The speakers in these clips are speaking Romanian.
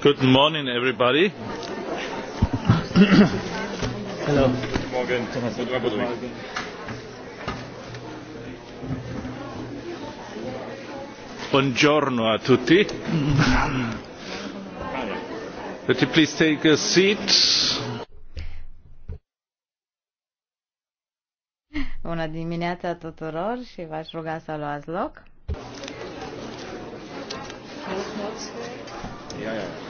Good morning, everybody. Hello. Buongiorno a tutti. Could you please take a seat? Bună dimineața tuturor și v-aș ruga să luați loc. Yeah, yeah.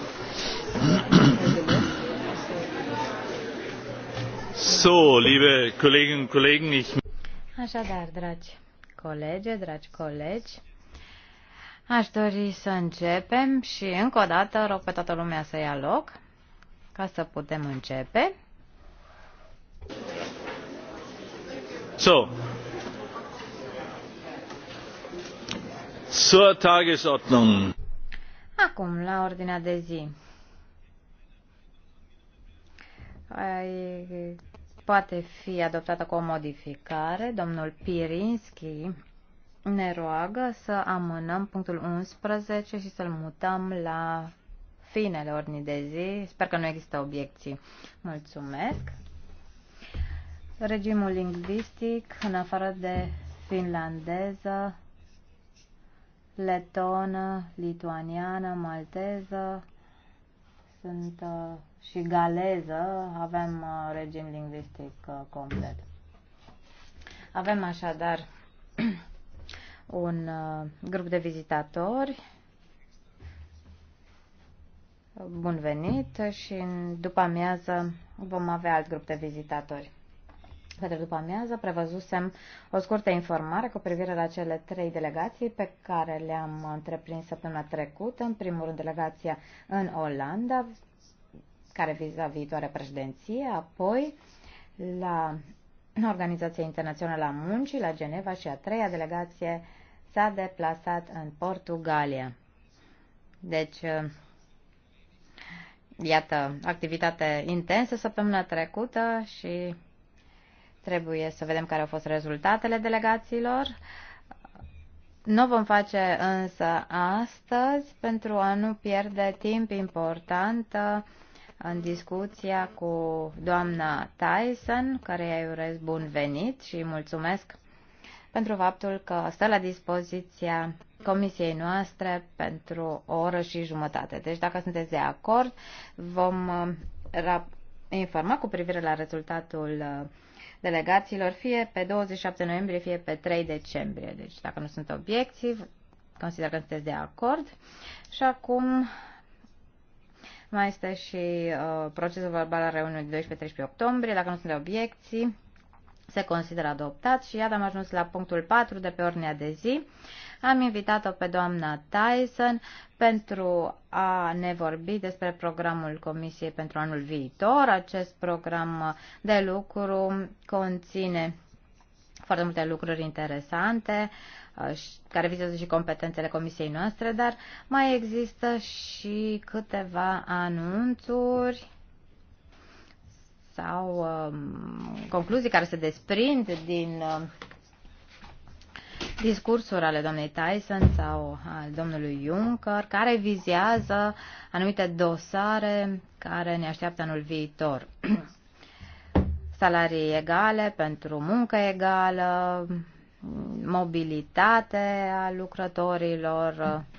Așadar, dragi colege, dragi colegi, aș dori să începem și încă o dată rog pe toată lumea să ia loc ca să putem începe. So. Zur Tagesordnung. Acum, la ordinea de zi poate fi adoptată cu o modificare. Domnul Pirinski ne roagă să amânăm punctul 11 și să-l mutăm la finele ordinii de zi. Sper că nu există obiecții. Mulțumesc. Regimul lingvistic, în afară de finlandeză, letonă, lituaniană, malteză, sunt uh, și galeză avem uh, regim lingvistic uh, complet. Avem așadar un uh, grup de vizitatori. Bun venit și după amiază vom avea alt grup de vizitatori. Pentru după amiază prevăzusem o scurtă informare cu privire la cele trei delegații pe care le-am întreprins săptămâna trecută. În primul rând, delegația în Olanda, care viza viitoarea președinție, apoi la Organizația Internațională a Muncii la Geneva și a treia delegație s-a deplasat în Portugalia. Deci, uh, iată, activitate intensă săptămâna trecută și trebuie să vedem care au fost rezultatele delegațiilor. Nu vom face însă astăzi pentru a nu pierde timp important uh, în discuția cu doamna Tyson, care îi urez bun venit și mulțumesc pentru faptul că stă la dispoziția comisiei noastre pentru o oră și jumătate. Deci, dacă sunteți de acord, vom uh, informa cu privire la rezultatul uh, delegațiilor fie pe 27 noiembrie, fie pe 3 decembrie. Deci, dacă nu sunt obiectiv, consider că sunteți de acord. Și acum mai este și uh, procesul verbal al reuniunii 12-13 octombrie. Dacă nu sunt obiecții, se consideră adoptat și iată am ajuns la punctul 4 de pe ordinea de zi. Am invitat-o pe doamna Tyson pentru a ne vorbi despre programul Comisiei pentru anul viitor. Acest program de lucru conține foarte multe lucruri interesante. Uh, care vizează și competențele comisiei noastre, dar mai există și câteva anunțuri sau um, concluzii care se desprind din uh, discursuri ale doamnei Tyson sau al domnului Juncker, care vizează anumite dosare care ne așteaptă anul viitor. Salarii egale pentru muncă egală, mobilitate a lucrătorilor uh,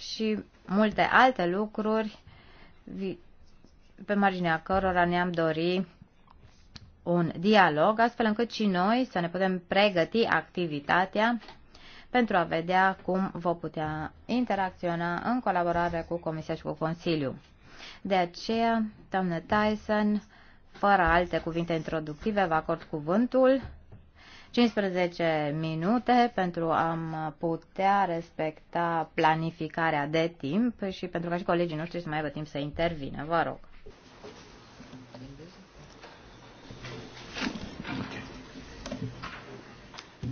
și multe alte lucruri pe marginea cărora ne-am dori un dialog, astfel încât și noi să ne putem pregăti activitatea pentru a vedea cum vă putea interacționa în colaborare cu Comisia și cu Consiliu. De aceea, doamnă Tyson, fără alte cuvinte introductive, vă acord cuvântul 15 minute pentru a putea respecta planificarea de timp și pentru ca și colegii noștri să mai aibă timp să intervină. Vă rog.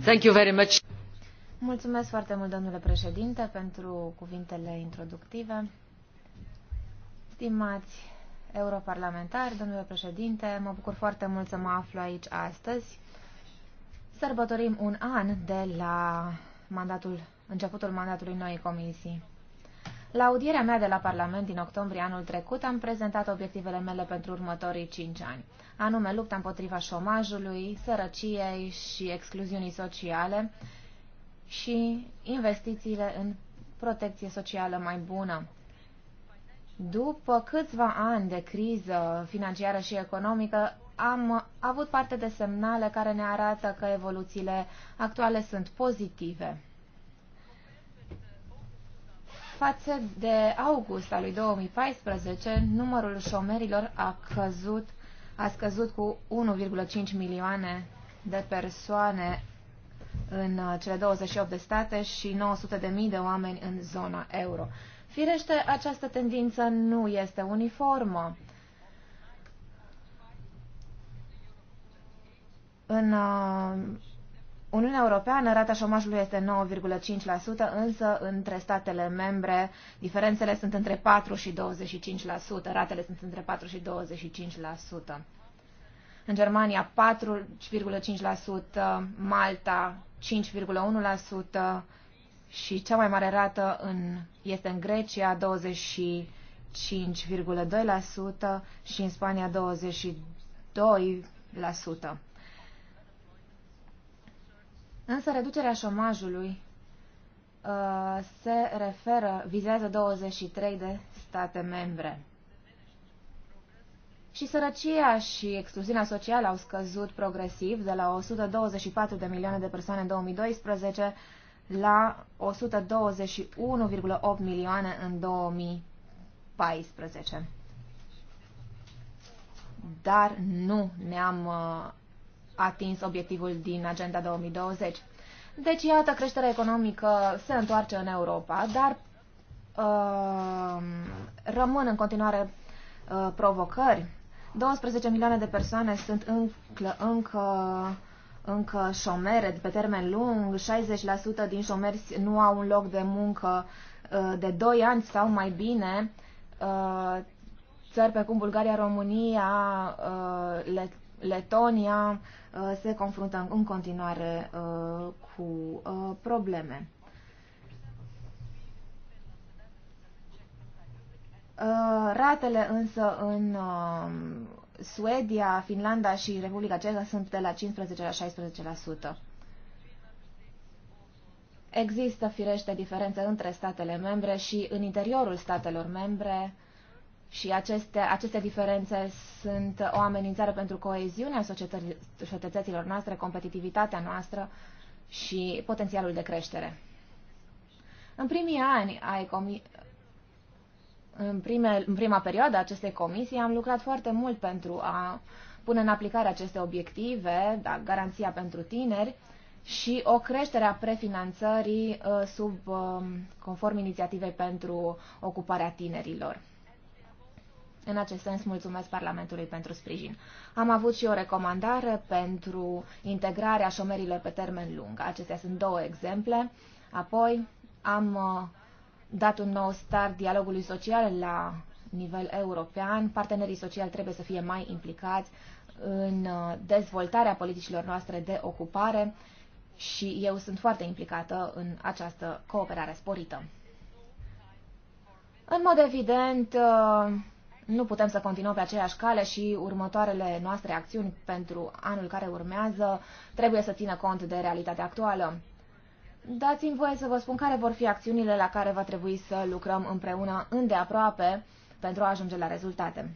Thank you very much. Mulțumesc foarte mult, domnule președinte, pentru cuvintele introductive. Stimați europarlamentari, domnule președinte, mă bucur foarte mult să mă aflu aici astăzi sărbătorim un an de la mandatul, începutul mandatului noii comisii. La audierea mea de la Parlament din octombrie anul trecut am prezentat obiectivele mele pentru următorii cinci ani, anume lupta împotriva șomajului, sărăciei și excluziunii sociale și investițiile în protecție socială mai bună. După câțiva ani de criză financiară și economică, am avut parte de semnale care ne arată că evoluțiile actuale sunt pozitive. Față de august al lui 2014, numărul șomerilor a căzut, a scăzut cu 1,5 milioane de persoane în cele 28 de state și mii de oameni în zona euro. Firește, această tendință nu este uniformă. În uh, Uniunea Europeană rata șomajului este 9,5%, însă între statele membre diferențele sunt între 4 și 25%, ratele sunt între 4 și 25%. În Germania 4,5%, Malta 5,1% și cea mai mare rată în, este în Grecia 25,2% și în Spania 22%. Însă reducerea șomajului uh, se referă, vizează 23 de state membre. Și sărăcia și excluziunea socială au scăzut progresiv de la 124 de milioane de persoane în 2012 la 121,8 milioane în 2014. Dar nu ne-am uh, atins obiectivul din Agenda 2020. Deci, iată, creșterea economică se întoarce în Europa, dar uh, rămân în continuare uh, provocări. 12 milioane de persoane sunt încă, încă, încă șomere pe termen lung, 60% din șomeri nu au un loc de muncă uh, de 2 ani sau mai bine. Uh, țări precum Bulgaria, România, uh, Letonia uh, se confruntă în continuare uh, cu uh, probleme. Ratele însă în um, Suedia, Finlanda și Republica Cehă sunt de la 15 la 16%. Există firește diferențe între statele membre și în interiorul statelor membre uh, și aceste, aceste diferențe sunt o amenințare pentru coeziunea societăților noastre, competitivitatea noastră și potențialul de creștere. În primii ani ai comi- în, prime, în prima perioadă a acestei comisii am lucrat foarte mult pentru a pune în aplicare aceste obiective, da, garanția pentru tineri și o creștere a prefinanțării uh, sub um, conform inițiativei pentru ocuparea tinerilor. În acest sens, mulțumesc Parlamentului pentru sprijin. Am avut și o recomandare pentru integrarea șomerilor pe termen lung. Acestea sunt două exemple. Apoi am uh, dat un nou start dialogului social la nivel european. Partenerii sociali trebuie să fie mai implicați în uh, dezvoltarea politicilor noastre de ocupare și eu sunt foarte implicată în această cooperare sporită. În mod evident, uh, nu putem să continuăm pe aceeași cale și următoarele noastre acțiuni pentru anul care urmează trebuie să țină cont de realitatea actuală. Dați-mi voie să vă spun care vor fi acțiunile la care va trebui să lucrăm împreună îndeaproape pentru a ajunge la rezultate.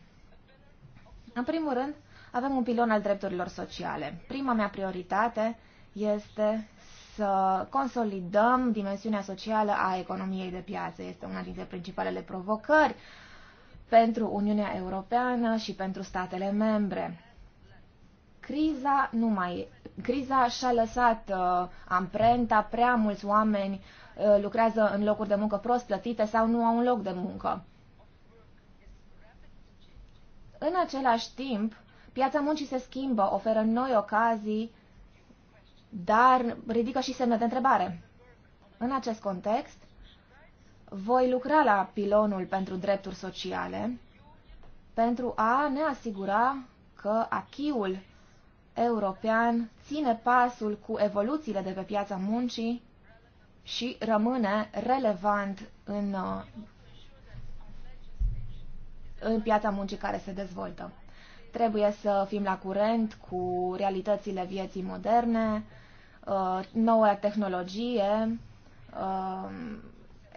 În primul rând, avem un pilon al drepturilor sociale. Prima mea prioritate este să consolidăm dimensiunea socială a economiei de piață. Este una dintre principalele provocări uh, pentru Uniunea Europeană și pentru statele membre. Criza, nu mai, criza și-a lăsat uh, amprenta, prea mulți oameni uh, lucrează în locuri de muncă prost plătite sau nu au un loc de muncă. În același timp, piața muncii se schimbă, oferă noi ocazii, dar ridică și semne de întrebare. În acest context, voi lucra la pilonul pentru drepturi sociale pentru a ne asigura că achiul european ține pasul cu evoluțiile de pe piața muncii și rămâne relevant în, uh, în piața muncii care se dezvoltă. Trebuie să fim la curent cu realitățile vieții moderne, uh, noua tehnologie, uh,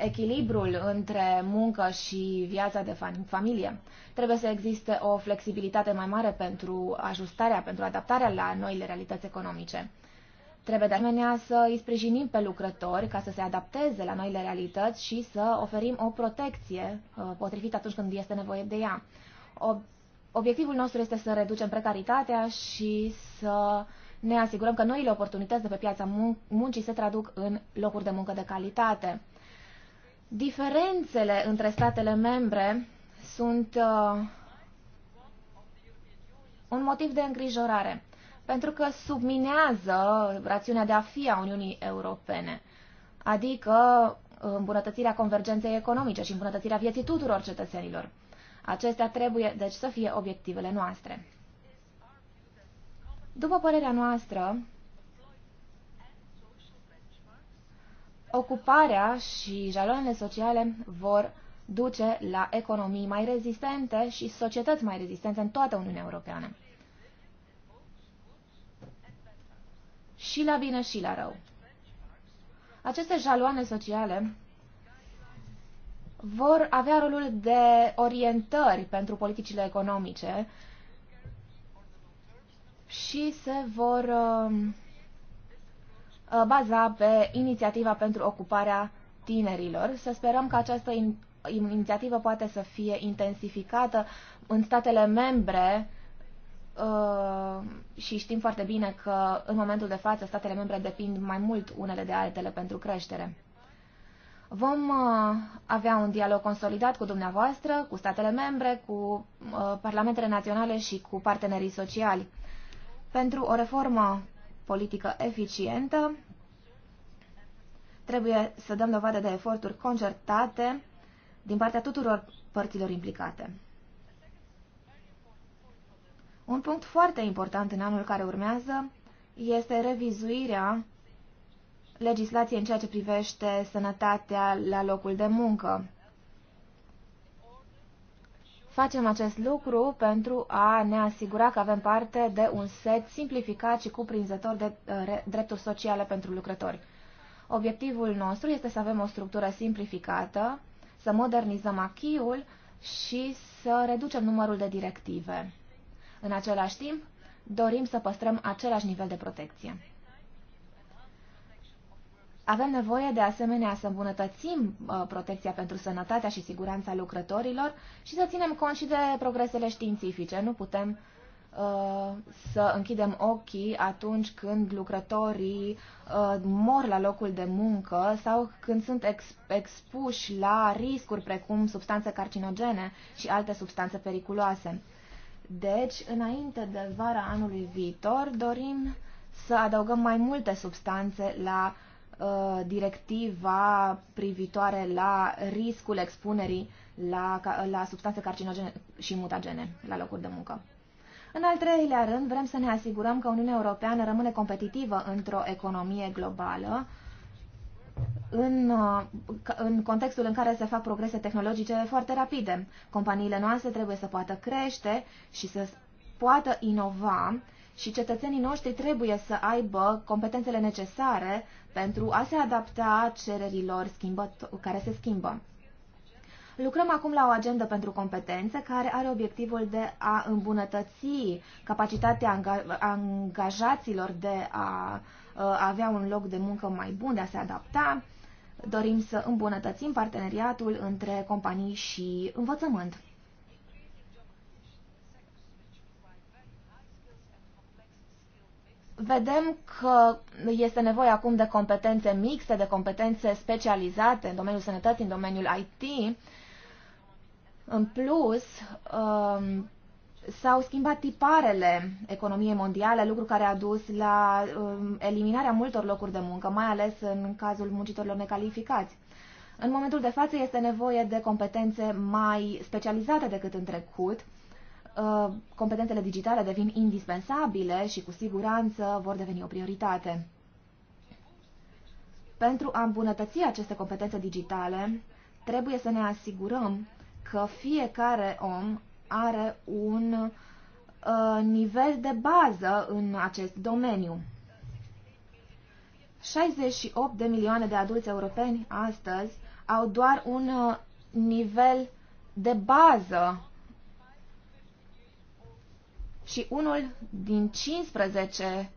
echilibrul între muncă și viața de familie. Trebuie să existe o flexibilitate mai mare pentru ajustarea, pentru adaptarea la noile realități economice. Trebuie de asemenea să îi sprijinim pe lucrători ca să se adapteze la noile realități și să oferim o protecție uh, potrivit atunci când este nevoie de ea. Obiectivul nostru este să reducem precaritatea și să ne asigurăm că noile oportunități de pe piața muncii se traduc în locuri de muncă de calitate. Diferențele între statele membre sunt uh, un motiv de îngrijorare, pentru că subminează rațiunea de a fi a Uniunii Europene, adică uh, îmbunătățirea convergenței economice și îmbunătățirea vieții tuturor cetățenilor. Acestea trebuie, deci, să fie obiectivele noastre. După părerea noastră, ocuparea și jaloanele sociale vor duce la economii mai rezistente și societăți mai rezistente în toată Uniunea Europeană. Și la bine și la rău. Aceste jaloane sociale vor avea rolul de orientări pentru politicile economice și se vor uh, Uh, baza pe inițiativa pentru ocuparea tinerilor. Să sperăm că această in, inițiativă poate să fie intensificată în statele membre uh, și știm foarte bine că în momentul de față statele membre depind mai mult unele de altele pentru creștere. Vom uh, avea un dialog consolidat cu dumneavoastră, cu statele membre, cu uh, parlamentele naționale și cu partenerii sociali pentru o reformă politică eficientă. Trebuie să dăm dovadă de eforturi concertate din partea tuturor părților implicate. Un punct foarte important în anul care urmează este revizuirea legislației în ceea ce privește sănătatea la locul de muncă. Facem acest lucru pentru a ne asigura că avem parte de un set simplificat și cuprinzător de uh, drepturi sociale pentru lucrători. Obiectivul nostru este să avem o structură simplificată, să modernizăm achiul și să reducem numărul de directive. În același timp, dorim să păstrăm același nivel de protecție. Avem nevoie de asemenea să îmbunătățim uh, protecția pentru sănătatea și siguranța lucrătorilor și să ținem cont și de progresele științifice. Nu putem uh, să închidem ochii atunci când lucrătorii uh, mor la locul de muncă sau când sunt expuși la riscuri precum substanțe carcinogene și alte substanțe periculoase. Deci, înainte de vara anului viitor, dorim să adăugăm mai multe substanțe la uh, Uh, directiva privitoare la riscul expunerii la, la substanțe carcinogene și mutagene la locul de muncă. În al treilea rând, vrem să ne asigurăm că Uniunea Europeană rămâne competitivă într-o economie globală, în, uh, în contextul în care se fac progrese tehnologice foarte rapide. Companiile noastre trebuie să poată crește și să poată inova și cetățenii noștri trebuie să aibă competențele necesare pentru a se adapta cererilor care se schimbă. Lucrăm acum la o agendă pentru competențe care are obiectivul de a îmbunătăți capacitatea angajaților de a ă, avea un loc de muncă mai bun, de a se adapta. Dorim să îmbunătățim parteneriatul între companii și învățământ. Vedem că este nevoie acum de competențe mixte, de competențe specializate în domeniul sănătății, în domeniul IT. În plus, um, s-au schimbat tiparele economiei mondiale, lucru care a dus la um, eliminarea multor locuri de muncă, mai ales în cazul muncitorilor necalificați. În momentul de față este nevoie de competențe mai specializate decât în trecut Uh, competențele digitale devin indispensabile și cu siguranță vor deveni o prioritate. Pentru a îmbunătăți aceste competențe digitale, trebuie să ne asigurăm că fiecare om are un uh, nivel de bază în acest domeniu. 68 de milioane de adulți europeni astăzi au doar un uh, nivel de bază și unul din 15,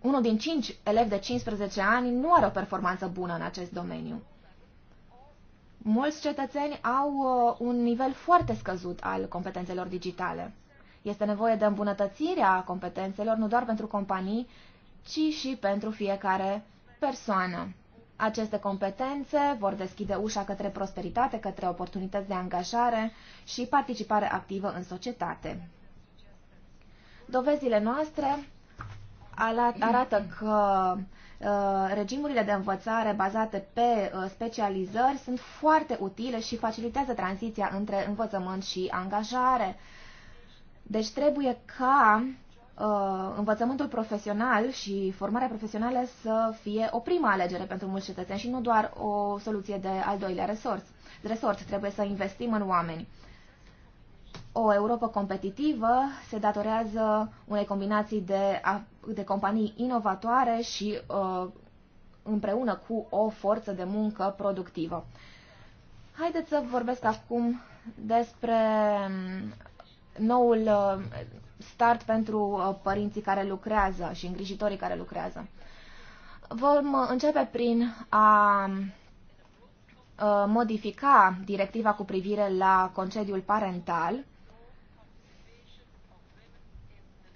unul din 5 elevi de 15 ani nu are o performanță bună în acest domeniu. Mulți cetățeni au uh, un nivel foarte scăzut al competențelor digitale. Este nevoie de îmbunătățirea competențelor nu doar pentru companii, ci și pentru fiecare persoană. Aceste competențe vor deschide ușa către prosperitate, către oportunități de angajare și participare activă în societate. Dovezile noastre arată că uh, regimurile de învățare bazate pe uh, specializări sunt foarte utile și facilitează tranziția între învățământ și angajare. Deci trebuie ca uh, învățământul profesional și formarea profesională să fie o prima alegere pentru mulți cetățeni și nu doar o soluție de al doilea resort. Resort trebuie să investim în oameni. O Europa competitivă se datorează unei combinații de, de companii inovatoare și uh, împreună cu o forță de muncă productivă. Haideți să vorbesc acum despre um, noul uh, start pentru uh, părinții care lucrează și îngrijitorii care lucrează. Vom începe prin a uh, modifica directiva cu privire la concediul parental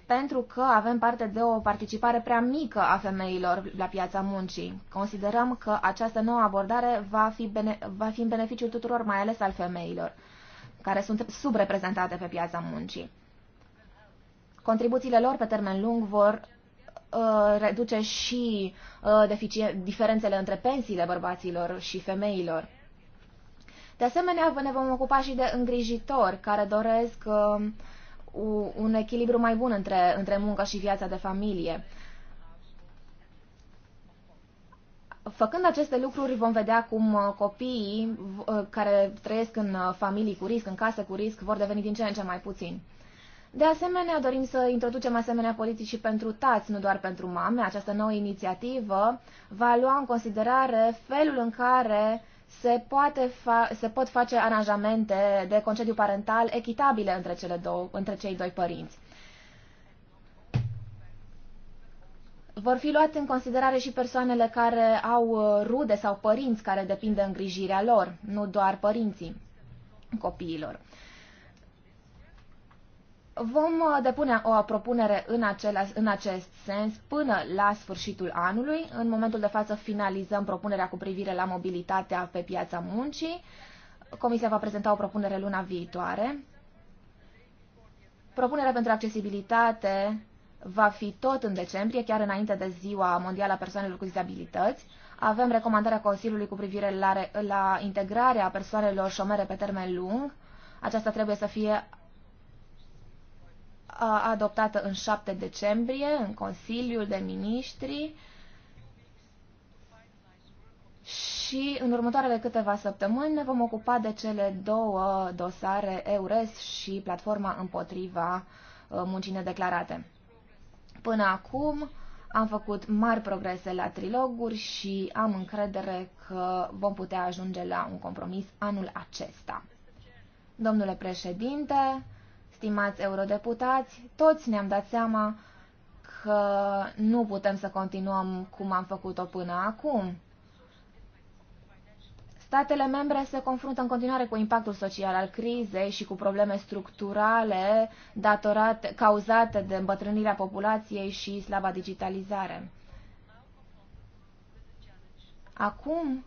pentru că avem parte de o participare prea mică a femeilor la piața muncii. Considerăm că această nouă abordare va fi, bene, va fi în beneficiul tuturor, mai ales al femeilor, care sunt subreprezentate pe piața muncii. Contribuțiile lor pe termen lung vor uh, reduce și uh, diferențele între pensiile bărbaților și femeilor. De asemenea, ne vom ocupa și de îngrijitori care doresc uh, un echilibru mai bun între, între muncă și viața de familie. Făcând aceste lucruri vom vedea cum uh, copiii uh, care trăiesc în uh, familii cu risc, în case cu risc, vor deveni din ce în ce mai puțini. De asemenea, dorim să introducem asemenea politici și pentru tați, nu doar pentru mame. Această nouă inițiativă va lua în considerare felul în care se, poate fa- se pot face aranjamente de concediu parental echitabile între, cele două, între cei doi părinți. Vor fi luate în considerare și persoanele care au uh, rude sau părinți care depind de îngrijirea lor, nu doar părinții copiilor. Vom uh, depune o propunere în, acela, în acest sens până la sfârșitul anului. În momentul de față finalizăm propunerea cu privire la mobilitatea pe piața muncii. Comisia va prezenta o propunere luna viitoare. Propunerea pentru accesibilitate va fi tot în decembrie, chiar înainte de Ziua Mondială a Persoanelor cu Dizabilități. Avem recomandarea Consiliului cu privire la, la integrarea persoanelor șomere pe termen lung. Aceasta trebuie să fie adoptată în 7 decembrie în Consiliul de Ministri și în următoarele câteva săptămâni ne vom ocupa de cele două dosare EURES și platforma împotriva uh, muncii nedeclarate. Până acum am făcut mari progrese la triloguri și am încredere că vom putea ajunge la un compromis anul acesta. Domnule președinte, stimați eurodeputați, toți ne-am dat seama că nu putem să continuăm cum am făcut-o până acum. Statele membre se confruntă în continuare cu impactul social al crizei și cu probleme structurale datorate, cauzate de îmbătrânirea populației și slaba digitalizare. Acum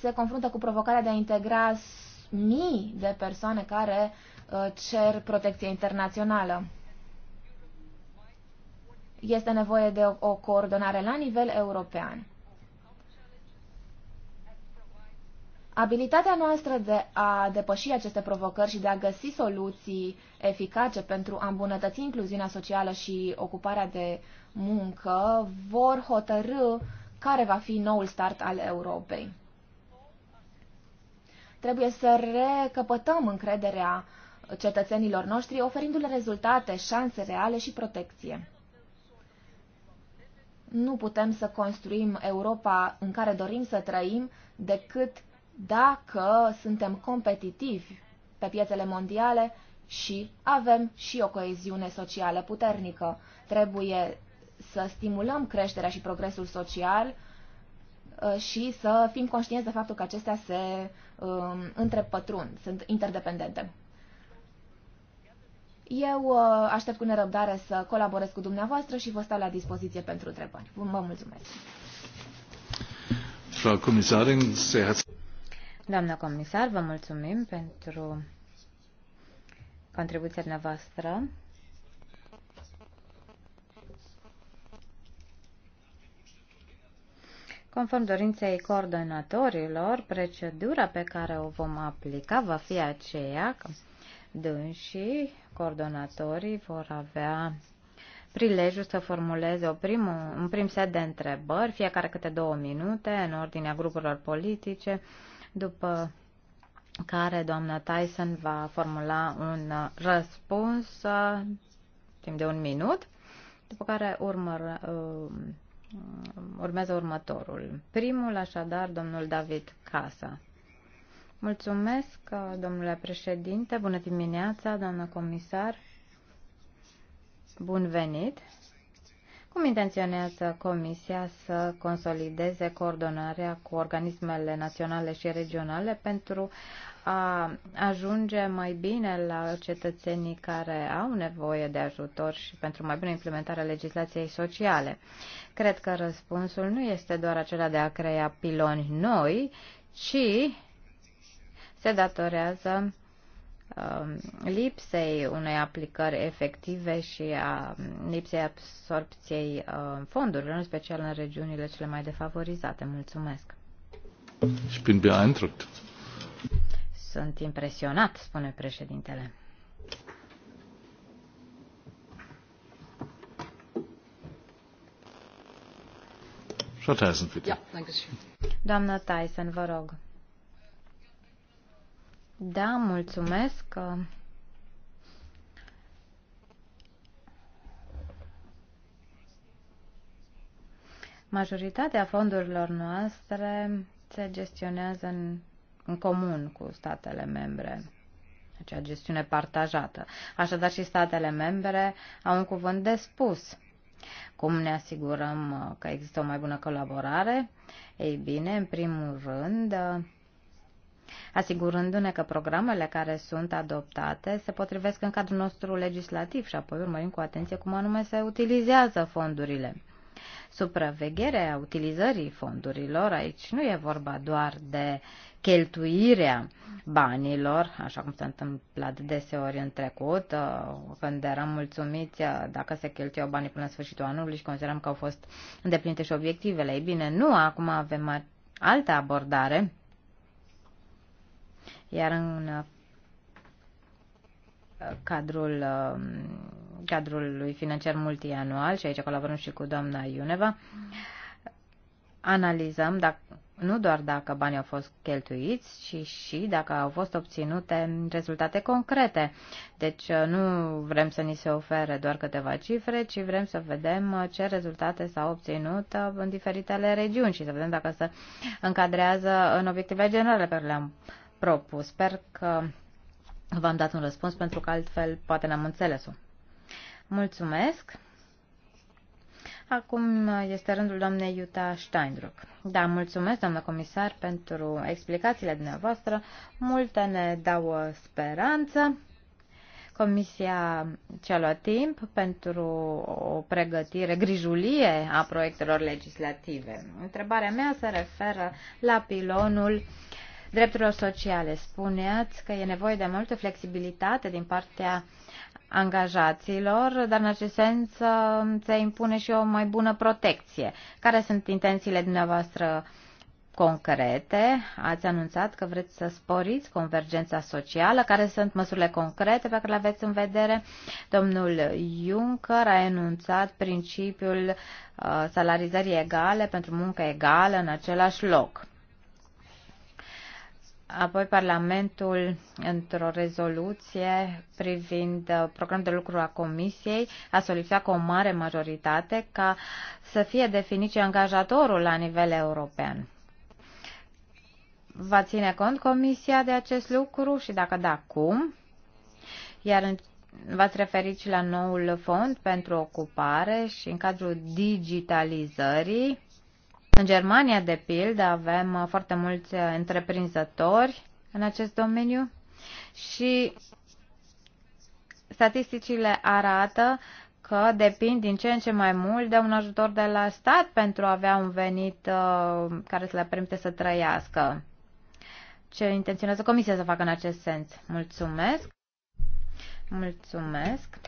se confruntă cu provocarea de a integra mii de persoane care Uh, cer protecție internațională. Este nevoie de o coordonare la nivel european. Abilitatea noastră de a depăși aceste provocări și de a găsi soluții eficace pentru a îmbunătăți incluziunea socială și ocuparea de muncă vor hotărâ care va fi noul start al Europei. Trebuie să recăpătăm încrederea cetățenilor noștri, oferindu-le rezultate, șanse reale și protecție. Nu putem să construim Europa în care dorim să trăim decât dacă suntem competitivi pe piețele mondiale și avem și o coeziune socială puternică. Trebuie să stimulăm creșterea și progresul social uh, și să fim conștienți de faptul că acestea se um, întrepătrund, sunt interdependente. Eu uh, aștept cu nerăbdare să colaborez cu dumneavoastră și vă stau la dispoziție pentru întrebări. Vă mulțumesc. Frau Comisarin, Doamna comisar, vă mulțumim pentru contribuția dumneavoastră. Conform dorinței coordonatorilor, procedura pe care o vom aplica va fi aceea că dânsii, coordonatorii vor avea prilejul să formuleze o primă, un prim set de întrebări, fiecare câte două minute, în ordinea grupurilor politice, după care doamna Tyson va formula un răspuns uh, timp de un minut, după care urmă, uh, urmează următorul. Primul, așadar, domnul David Casa. Mulțumesc, uh, domnule președinte. Bună dimineața, doamnă comisar. Bun venit. Cum intenționează Comisia să consolideze coordonarea cu organismele naționale și regionale pentru a ajunge mai bine la cetățenii care au nevoie de ajutor și pentru mai bună implementare a legislației sociale? Cred că răspunsul nu este doar acela de a crea piloni noi, ci se datorează um, lipsei unei aplicări efective și a um, lipsei absorpției um, fondurilor, în special în regiunile cele mai defavorizate. Mulțumesc! Ich bin beeindruckt. Sunt impresionat, spune președintele. Frau Tyson, bitte. Ja, danke schön. Doamna Tyson, vă rog. Da, mulțumesc. Majoritatea fondurilor noastre se gestionează în, în comun cu statele membre, acea gestiune partajată. Așadar și statele membre au un cuvânt de spus. Cum ne asigurăm uh, că există o mai bună colaborare? Ei bine, în primul rând, uh, asigurându-ne că programele care sunt adoptate se potrivesc în cadrul nostru legislativ și apoi urmărim cu atenție cum anume se utilizează fondurile. Supravegherea utilizării fondurilor, aici nu e vorba doar de cheltuirea banilor, așa cum s-a întâmplat deseori în trecut, uh, când eram mulțumiți uh, dacă se cheltuiau banii până la sfârșitul anului și consideram că au fost îndeplinite și obiectivele. Ei bine, nu, acum avem altă abordare iar în uh, cadrul um, cadrul lui financiar multianual, și aici colaborăm și cu doamna Iuneva, analizăm dacă, nu doar dacă banii au fost cheltuiți, ci și dacă au fost obținute rezultate concrete. Deci uh, nu vrem să ni se ofere doar câteva cifre, ci vrem să vedem uh, ce rezultate s-au obținut în diferitele regiuni și să vedem dacă se încadrează în obiectivele generale pe care le-am propus. Sper că v-am dat un răspuns pentru că altfel poate n-am înțeles-o. Mulțumesc! Acum este rândul doamnei Iuta Steindruck. Da, mulțumesc, doamnă comisar, pentru explicațiile dumneavoastră. Multe ne dau speranță. Comisia ce a luat timp pentru o pregătire, grijulie a proiectelor legislative. Întrebarea mea se referă la pilonul uh, drepturilor sociale. Spuneați că e nevoie de multă flexibilitate din partea angajaților, dar în acest sens um, se impune și o mai bună protecție. Care sunt intențiile dumneavoastră concrete? Ați anunțat că vreți să sporiți convergența socială. Care sunt măsurile concrete pe care le aveți în vedere? Domnul Juncker a enunțat principiul uh, salarizării egale pentru muncă egală în același loc. Apoi Parlamentul, într-o rezoluție privind uh, programul de lucru a Comisiei, a solicitat cu o mare majoritate ca să fie definit și angajatorul la nivel european. Va ține cont Comisia de acest lucru și dacă da, cum? Iar în V-ați referit și la noul fond pentru ocupare și în cadrul digitalizării. În Germania, de pildă, avem uh, foarte mulți uh, întreprinzători în acest domeniu și statisticile arată că depind din ce în ce mai mult de un ajutor de la stat pentru a avea un venit uh, care să le permite să trăiască. Ce intenționează Comisia să facă în acest sens? Mulțumesc! Mulțumesc!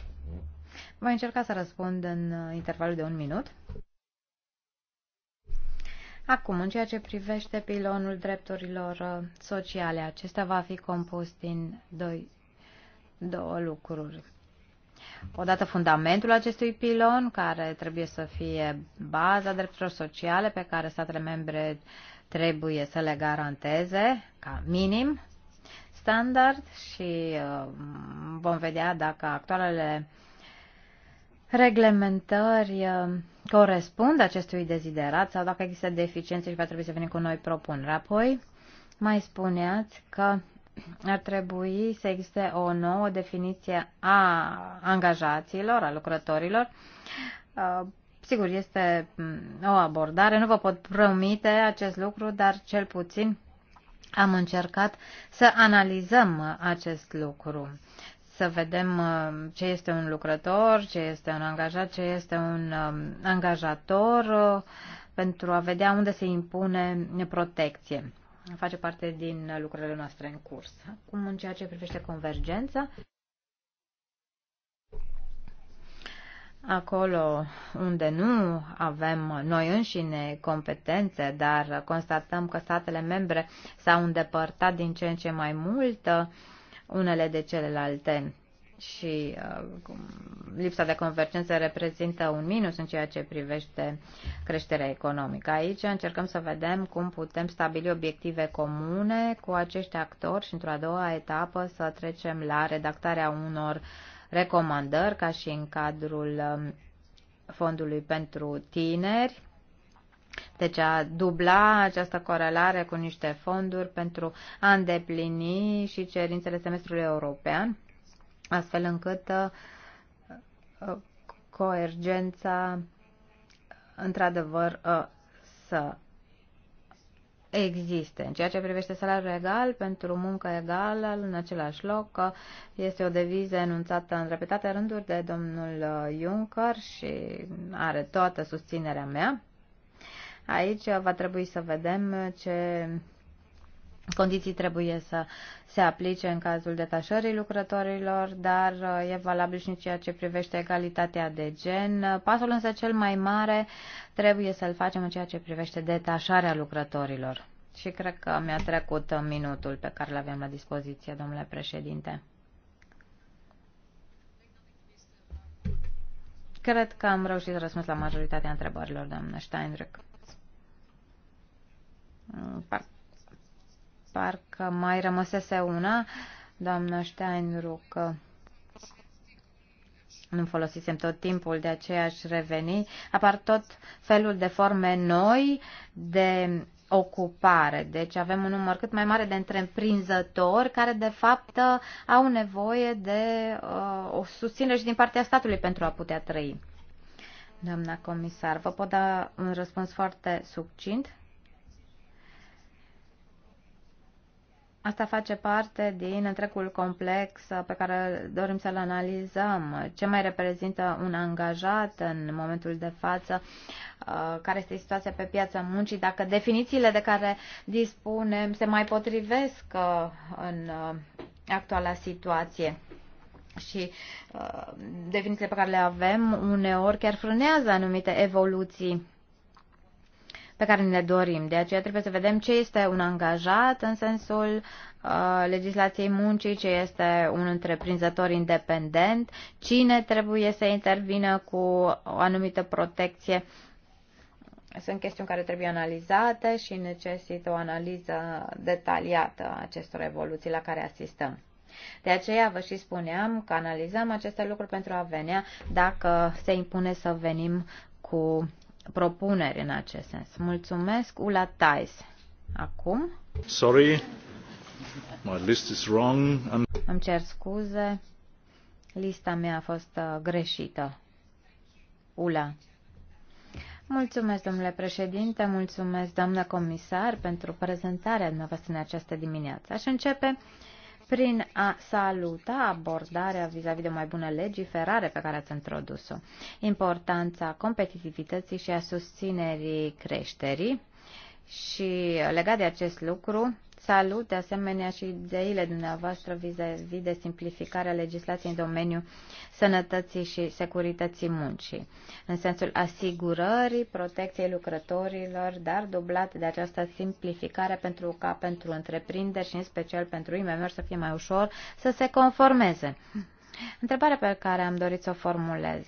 Voi încerca să răspund în intervalul de un minut. Acum, în ceea ce privește pilonul drepturilor uh, sociale, acesta va fi compus din doi, două lucruri. Odată fundamentul acestui pilon, care trebuie să fie baza drepturilor sociale pe care statele membre trebuie să le garanteze ca minim standard și uh, vom vedea dacă actualele reglementări uh, corespund acestui deziderat sau dacă există deficiențe și va trebui să venim cu noi propuneri. Apoi, mai spuneați că ar trebui să existe o nouă definiție a angajaților, a lucrătorilor. Uh, sigur, este mm, o abordare, nu vă pot promite acest lucru, dar cel puțin am încercat să analizăm acest lucru să vedem uh, ce este un lucrător, ce este un angajat, ce este un um, angajator, uh, pentru a vedea unde se impune protecție. Face parte din lucrările noastre în curs. Acum, în ceea ce privește convergența, acolo unde nu avem noi înșine competențe, dar constatăm că statele membre s-au îndepărtat din ce în ce mai mult, uh, unele de celelalte și uh, lipsa de convergență reprezintă un minus în ceea ce privește creșterea economică. Aici încercăm să vedem cum putem stabili obiective comune cu acești actori și într-o a doua etapă să trecem la redactarea unor recomandări ca și în cadrul um, Fondului pentru Tineri deci a dubla această corelare cu niște fonduri pentru a îndeplini și cerințele semestrului european, astfel încât uh, coergența într-adevăr uh, să existe. În ceea ce privește salariul egal, pentru muncă egală, în același loc, uh, este o deviză enunțată în repetate rânduri de domnul Juncker și are toată susținerea mea. Aici va trebui să vedem ce condiții trebuie să se aplice în cazul detașării lucrătorilor, dar uh, e valabil și în ceea ce privește egalitatea de gen. Pasul însă cel mai mare trebuie să-l facem în ceea ce privește detașarea lucrătorilor. Și cred că mi-a trecut minutul pe care l-aveam la dispoziție, domnule președinte. Cred că am reușit să răspuns la majoritatea întrebărilor, doamnă Steinrück par, parcă mai rămăsese una, doamna Steinruck nu folosisem tot timpul, de aceea aș reveni, apar tot felul de forme noi de ocupare. Deci avem un număr cât mai mare de întreprinzători care, de fapt, au nevoie de uh, o susținere și din partea statului pentru a putea trăi. Doamna comisar, vă pot da un răspuns foarte succint? Asta face parte din întregul complex pe care dorim să-l analizăm. Ce mai reprezintă un angajat în momentul de față, uh, care este situația pe piața muncii, dacă definițiile de care dispunem se mai potrivesc uh, în uh, actuala situație. Și definițiile pe care le avem uneori chiar frânează anumite evoluții pe care ne dorim. De aceea trebuie să vedem ce este un angajat în sensul uh, legislației muncii, ce este un întreprinzător independent, cine trebuie să intervină cu o anumită protecție. Sunt chestiuni care trebuie analizate și necesită o analiză detaliată a acestor evoluții la care asistăm. De aceea vă și spuneam că analizăm aceste lucruri pentru a venea dacă se impune să venim cu propuneri în acest sens. Mulțumesc, Ula Tais. Acum? Sorry, my list is wrong. I'm... Îmi cer scuze, lista mea a fost uh, greșită. Ula. Mulțumesc, domnule președinte, mulțumesc, doamnă comisar, pentru prezentarea dumneavoastră în această dimineață. Aș începe uh, prin a saluta abordarea vis-a-vis -vis de mai bună legiferare pe care ați introdus-o, importanța competitivității și a susținerii creșterii și legat de acest lucru, Salut de asemenea și ideile dumneavoastră vis-a-vis de simplificarea legislației în domeniul sănătății și securității muncii, în sensul asigurării protecției lucrătorilor, dar dublate de această simplificare pentru ca pentru întreprinderi și în special pentru imm să fie mai ușor să se conformeze. Întrebarea pe care am dorit să o formulez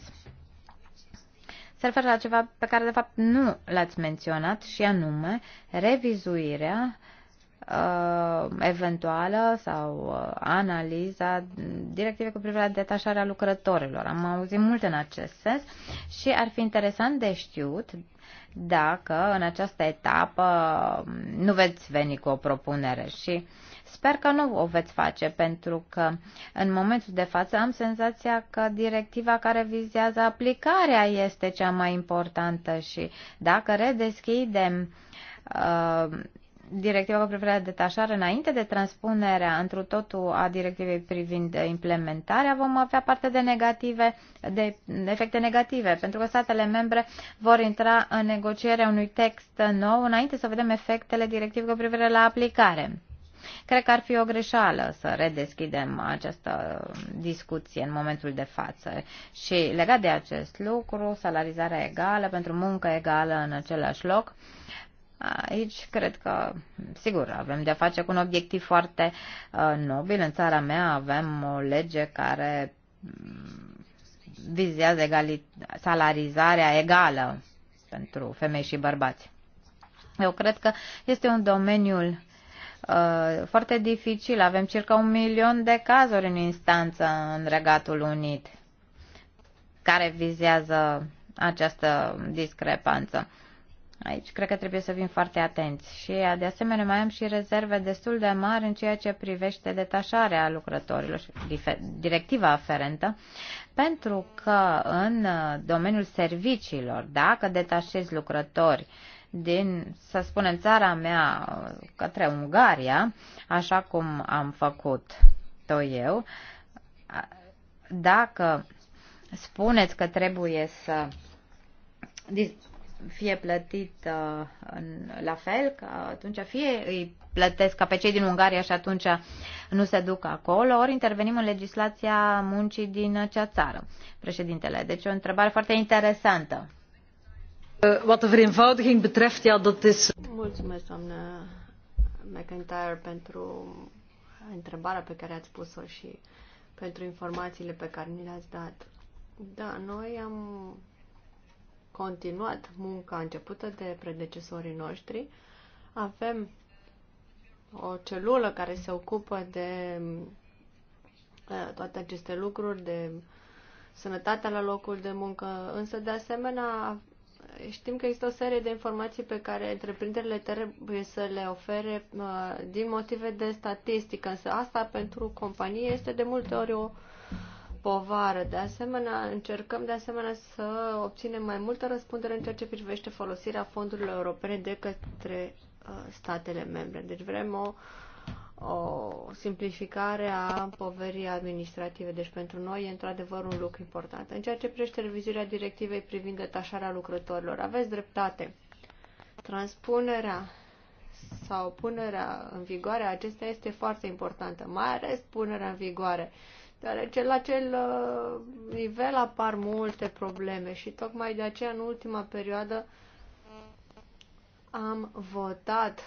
se referă la ceva pe care de fapt nu l-ați menționat și anume revizuirea Uh, eventuală sau uh, analiza directivei cu privire la detașarea lucrătorilor. Am auzit mult în acest sens și ar fi interesant de știut dacă în această etapă um, nu veți veni cu o propunere și sper că nu o veți face pentru că în momentul de față am senzația că directiva care vizează aplicarea este cea mai importantă și dacă redeschidem uh, directiva cu privire la detașare, înainte de transpunerea întru totul a directivei privind implementarea, vom avea parte de, negative, de efecte negative, pentru că statele membre vor intra în negocierea unui text nou înainte să vedem efectele directivei cu privire la aplicare. Cred că ar fi o greșeală să redeschidem această discuție în momentul de față. Și legat de acest lucru, salarizarea egală pentru muncă egală în același loc, Aici cred că, sigur, avem de-a face cu un obiectiv foarte uh, nobil. În țara mea avem o lege care mm, vizează egali- salarizarea egală pentru femei și bărbați. Eu cred că este un domeniu uh, foarte dificil. Avem circa un milion de cazuri în instanță în Regatul Unit care vizează această discrepanță. Aici cred că trebuie să fim foarte atenți și de asemenea mai am și rezerve destul de mari în ceea ce privește detașarea lucrătorilor și directiva aferentă, pentru că în domeniul serviciilor, dacă detașezi lucrători din, să spunem, țara mea către Ungaria, așa cum am făcut-o eu, dacă spuneți că trebuie să fie plătit uh, în, la fel, că atunci fie îi plătesc ca pe cei din Ungaria și atunci nu se duc acolo, ori intervenim în legislația muncii din acea țară, președintele. Deci o întrebare foarte interesantă. Eh, wat de vereenvoudiging betreft, ja, dat is... Mulțumesc, doamnă McIntyre, pentru întrebarea pe care ați pus-o și pentru informațiile pe care ni le-ați dat. Da, noi am continuat munca începută de predecesorii noștri. Avem o celulă care se ocupă de eh, toate aceste lucruri, de sănătatea la locul de muncă, însă de asemenea știm că există o serie de informații pe care întreprinderile trebuie să le ofere eh, din motive de statistică, însă asta pentru companie este de multe ori o uh, povară. De asemenea, încercăm de asemenea să obținem mai multă răspundere în ceea ce privește folosirea fondurilor europene de către uh, statele membre. Deci vrem o, o simplificare a poverii administrative. Deci pentru noi e într-adevăr un lucru important. În ceea ce privește revizuirea directivei privind detașarea lucrătorilor, aveți dreptate. Transpunerea sau punerea în vigoare acesta acestea este foarte importantă, mai ales punerea în vigoare. Uh, deoarece la acel uh, nivel apar multe probleme și tocmai de aceea în ultima perioadă am votat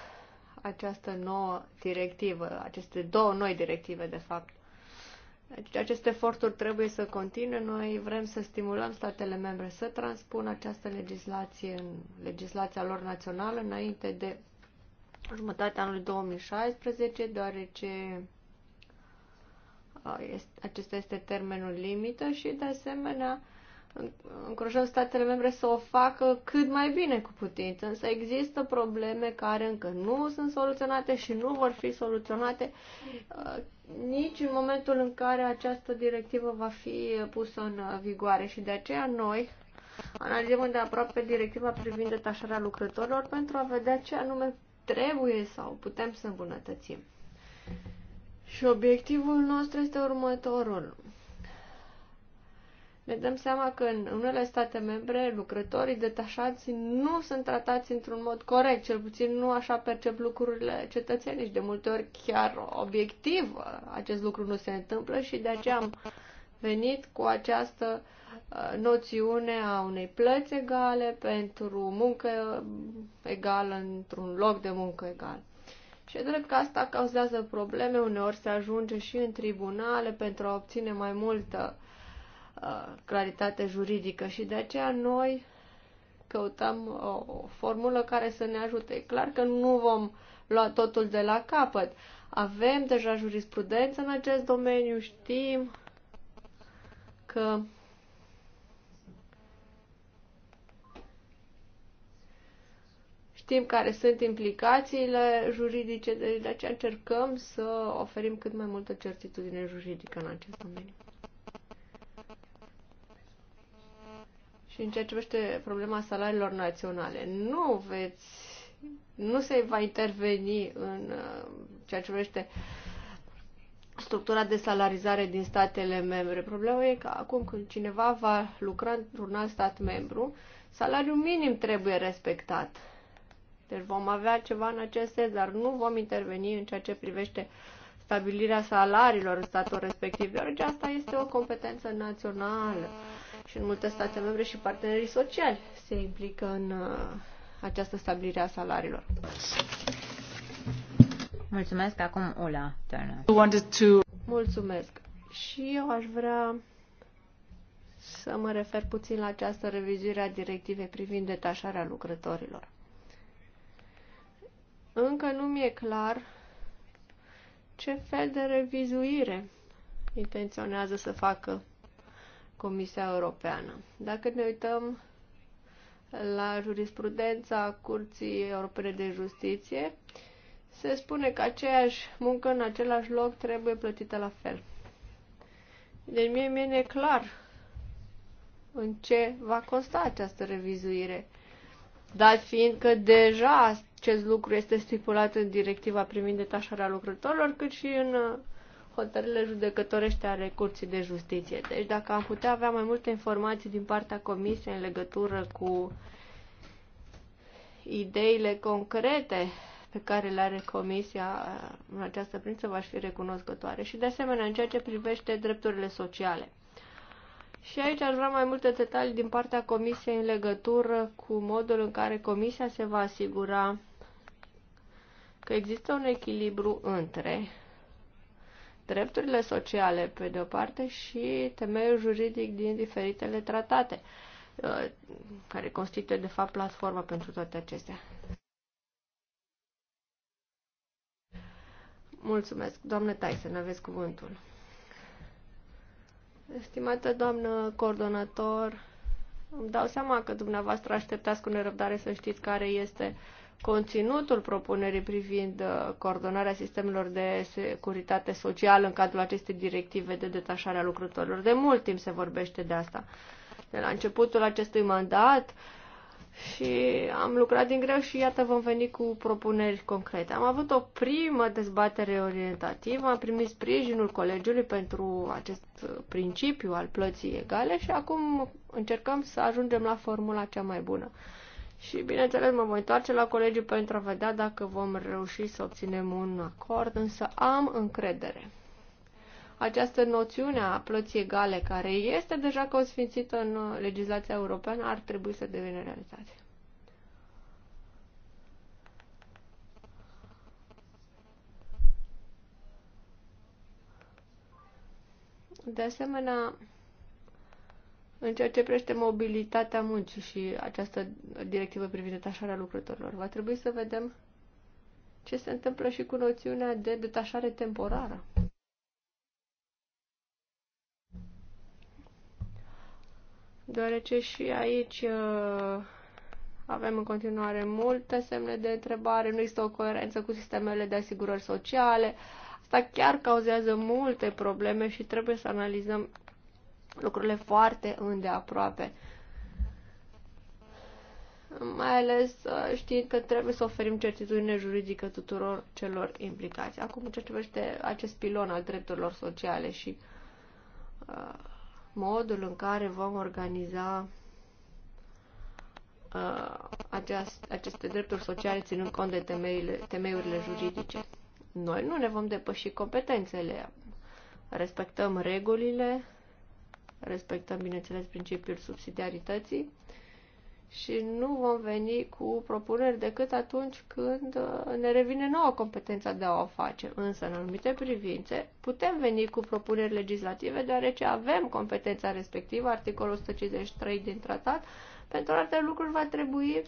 această nouă directivă, aceste două noi directive, de fapt. Deci aceste eforturi trebuie să continue. Noi vrem să stimulăm statele membre să transpună această legislație în legislația lor națională înainte de jumătatea anului 2016, deoarece acesta este termenul limită și, de asemenea, încurajăm statele membre să o facă cât mai bine cu putință, însă există probleme care încă nu sunt soluționate și nu vor fi soluționate nici în momentul în care această directivă va fi pusă în vigoare și de aceea noi analizăm de aproape directiva privind detașarea lucrătorilor pentru a vedea ce anume trebuie sau putem să îmbunătățim. Și obiectivul nostru este următorul. Ne dăm seama că în unele state membre lucrătorii detașați nu sunt tratați într-un mod corect, cel puțin nu așa percep lucrurile cetățenii și de multe ori chiar obiectiv acest lucru nu se întâmplă și de aceea am venit cu această uh, noțiune a unei plăți egale pentru muncă egală într-un loc de muncă egal. Și e drept că asta cauzează probleme, uneori se ajunge și în tribunale pentru a obține mai multă uh, claritate juridică și de aceea noi căutăm o, uh, o formulă care să ne ajute. E clar că nu vom lua totul de la capăt. Avem deja jurisprudență în acest domeniu, știm că Știm care sunt implicațiile juridice, de de aceea încercăm să oferim cât mai multă certitudine juridică în acest domeniu. Și în ceea ce vește problema salariilor naționale, nu veți, nu se va interveni în uh, ceea ce vește structura de salarizare din statele membre. Problema e că acum când cineva va lucra într-un alt stat membru, salariul minim trebuie respectat. Deci vom avea ceva în acest sens, dar nu vom interveni în ceea ce privește stabilirea salariilor în statul respectiv, deoarece asta este o competență națională și în multe state membre și partenerii sociali se implică în uh, această stabilire a salariilor. Mulțumesc. Acum Ola Turner. Mulțumesc. Și eu aș vrea să mă refer puțin la această revizuire a directivei privind detașarea lucrătorilor încă nu mi-e clar ce fel de revizuire intenționează să facă Comisia Europeană. Dacă ne uităm la jurisprudența Curții Europene de Justiție, se spune că aceeași muncă în același loc trebuie plătită la fel. Deci mie mi e clar în ce va consta această revizuire. Dar fiindcă deja acest lucru este stipulat în directiva privind detașarea lucrătorilor, cât și în uh, hotările judecătorești ale Curții de Justiție. Deci dacă am putea avea mai multe informații din partea Comisiei în legătură cu ideile concrete pe care le are Comisia uh, în această prință, v-aș fi recunoscătoare. Și de asemenea, în ceea ce privește drepturile sociale. Și aici aș vrea mai multe detalii din partea Comisiei în legătură cu modul în care Comisia se va asigura că există un echilibru între drepturile sociale, pe de-o parte, și temeiul juridic din diferitele tratate, uh, care constituie, de fapt, platforma pentru toate acestea. Mulțumesc. Doamne Tyson, aveți cuvântul. Estimată doamnă coordonator, îmi dau seama că dumneavoastră așteptați cu nerăbdare să știți care este uh, conținutul propunerii privind uh, coordonarea sistemelor de securitate socială în cadrul acestei directive de detașare a lucrătorilor. De mult timp se vorbește de asta. De la începutul acestui mandat și am lucrat din greu și iată vom veni cu propuneri concrete. Am avut o primă dezbatere orientativă, am primit sprijinul colegiului pentru acest uh, principiu al plății egale și acum încercăm să ajungem la formula cea mai bună. Și, bineînțeles, mă voi întoarce la colegiu pentru a vedea dacă vom reuși să obținem un acord, însă am încredere. Această noțiune a plății egale, care este deja consfințită în legislația europeană, ar trebui să devină realitate. De asemenea, în ceea ce prește mobilitatea muncii și această directivă privind detașarea lucrătorilor. Va trebui să vedem ce se întâmplă și cu noțiunea de detașare temporară. Deoarece și aici uh, avem în continuare multe semne de întrebare, nu există o coerență cu sistemele de asigurări sociale. Asta chiar cauzează multe probleme și trebuie să analizăm lucrurile foarte îndeaproape. Mai ales uh, știind că trebuie să oferim certitudine juridică tuturor celor implicați. Acum, ce privește acest pilon al drepturilor sociale și uh, modul în care vom organiza uh, aceast, aceste drepturi sociale ținând cont de temeile, temeiurile juridice. Noi nu ne vom depăși competențele, respectăm regulile, respectăm, bineînțeles, principiul subsidiarității și nu vom veni cu propuneri decât atunci când uh, ne revine nouă competența de a o face. Însă, în anumite privințe, putem veni cu propuneri legislative, deoarece avem competența respectivă, articolul 153 din tratat. Pentru alte lucruri va trebui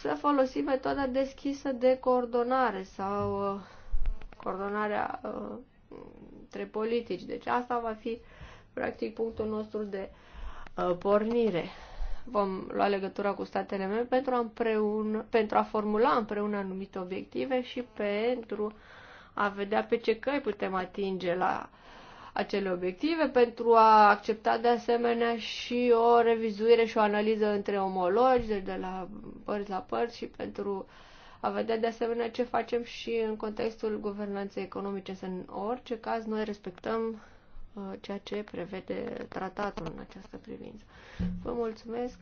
să folosim metoda deschisă de coordonare sau uh, coordonarea uh, între politici. Deci asta va fi uh, practic punctul nostru de uh, pornire. Vom lua legătura cu statele membre pentru a, împreună, pentru a formula împreună anumite obiective și pentru a vedea pe ce căi putem atinge la acele obiective, pentru a accepta de asemenea și o revizuire și o analiză între omologi, deci de la părți la părți și pentru a vedea de asemenea ce facem și în contextul guvernanței economice. În orice caz, noi respectăm Uh, ceea ce prevede tratatul în această privință. Vă mulțumesc.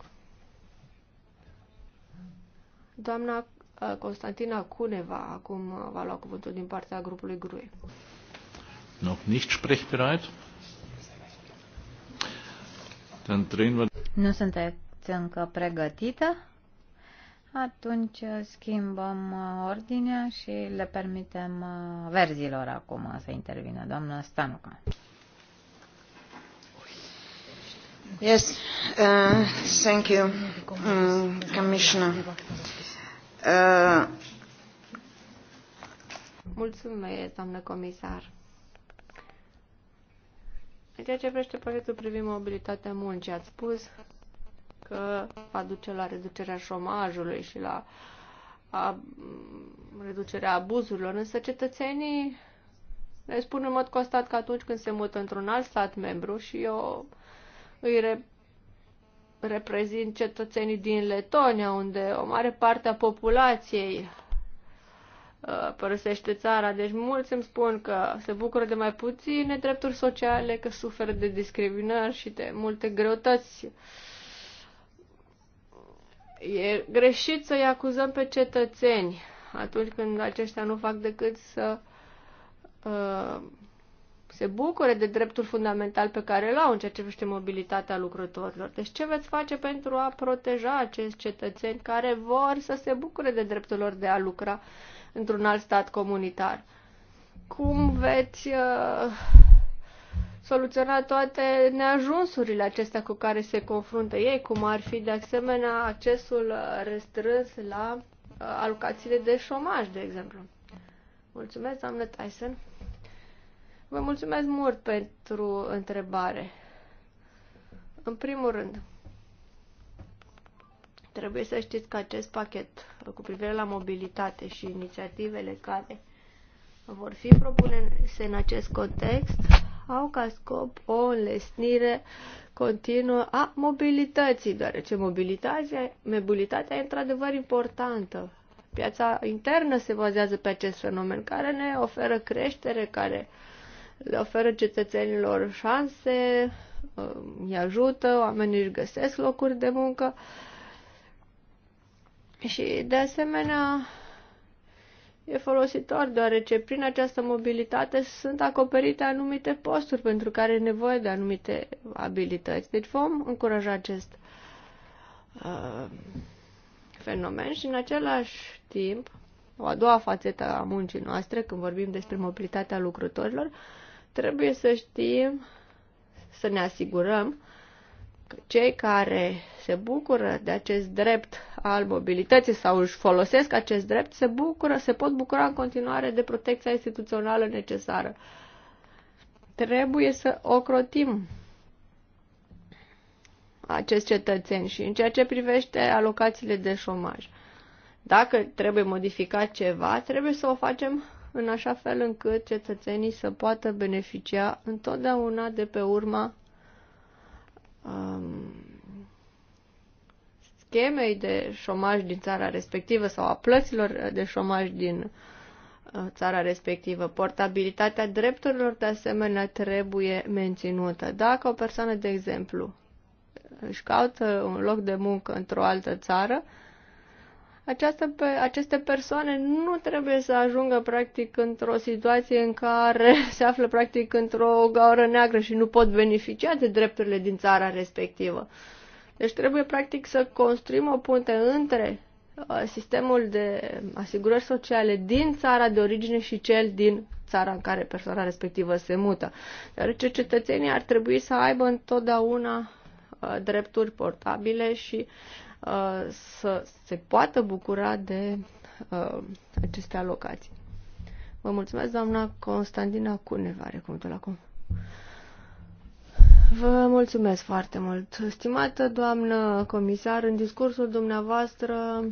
Doamna uh, Constantina Cuneva acum uh, va lua cuvântul din partea grupului GRUE. Noch nicht sprechbereit? Dann drehen wir... Nu sunteți încă pregătită? Atunci schimbăm ordinea și le permitem verzilor acum să intervină. Doamna Stanuca. Yes, uh, thank you, um, Commissioner. Uh, Mulțumesc, doamnă comisar. În ceea ce vrește proiectul privind mobilitatea muncii, ați spus că va duce la reducerea șomajului și la a, reducerea abuzurilor, însă cetățenii ne spun în mod constat că atunci când se mută într-un alt stat membru și eu îi re- reprezint cetățenii din Letonia, unde o mare parte a populației uh, părăsește țara. Deci mulți îmi spun că se bucură de mai puține drepturi sociale, că suferă de discriminări și de multe greutăți. E greșit să-i acuzăm pe cetățeni atunci când aceștia nu fac decât să uh, se bucure de dreptul fundamental pe care îl au în ceea ce privește mobilitatea lucrătorilor. Deci ce veți face pentru a proteja acești cetățeni care vor să se bucure de dreptul lor de a lucra într-un alt stat comunitar? Cum veți uh, soluționa toate neajunsurile acestea cu care se confruntă ei, cum ar fi de asemenea accesul uh, restrâns la uh, alocațiile de șomaj, de exemplu? Mulțumesc, doamnă Tyson. Vă mulțumesc mult pentru întrebare. În primul rând, trebuie să știți că acest pachet cu privire la mobilitate și inițiativele care vor fi propuse în acest context au ca scop o înlesnire continuă a mobilității, deoarece mobilitatea, mobilitatea e într-adevăr importantă. Piața internă se bazează pe acest fenomen care ne oferă creștere, care uh, le oferă cetățenilor șanse, um, îi ajută, oamenii își găsesc locuri de muncă și, de asemenea, e folositor, deoarece prin această mobilitate sunt acoperite anumite posturi pentru care e nevoie de anumite abilități. Deci vom încuraja acest uh, fenomen și, în același timp, o a doua fațetă a muncii noastre, când vorbim despre mobilitatea lucrătorilor, uh, Trebuie să știm, să ne asigurăm că cei care se bucură de acest drept al mobilității sau își folosesc acest drept, se bucură, se pot bucura în continuare de protecția instituțională necesară. Trebuie să ocrotim acest cetățeni și în ceea ce privește alocațiile de șomaj. Dacă trebuie modificat ceva, trebuie să o facem în așa fel încât cetățenii să poată beneficia întotdeauna de pe urma um, schemei de șomaj din țara respectivă sau a plăților de șomaj din uh, țara respectivă. Portabilitatea drepturilor de asemenea trebuie menținută. Dacă o persoană, de exemplu, își caută un loc de muncă într-o altă țară, această, aceste persoane nu trebuie să ajungă practic într-o situație în care se află practic într-o gaură neagră și nu pot beneficia de drepturile din țara respectivă. Deci trebuie practic să construim o punte între uh, sistemul de asigurări sociale din țara de origine și cel din țara în care persoana respectivă se mută. Deoarece cetățenii ar trebui să aibă întotdeauna uh, drepturi portabile și Uh, să se poată bucura de uh, aceste alocații. Vă mulțumesc, doamna Constantina Cuneva, recomandul acum. Vă mulțumesc foarte mult. Stimată doamnă comisar, în discursul dumneavoastră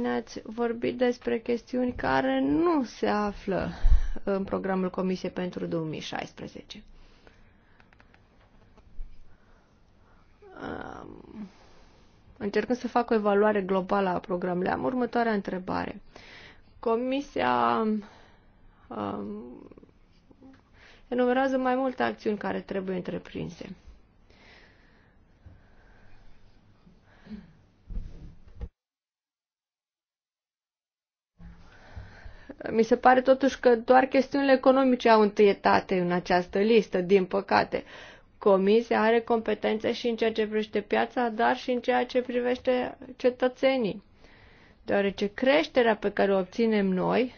ne-ați vorbit despre chestiuni care nu se află în programul Comisiei pentru 2016. încercând să fac o evaluare globală a programului, am următoarea întrebare. Comisia enumerează mai multe acțiuni care trebuie întreprinse. Mi se pare totuși că doar chestiunile economice au întâietate în această listă, din păcate. Uh, Comisia are competențe și în ceea ce privește piața, dar și în ceea ce privește cetățenii. Deoarece creșterea pe care o obținem noi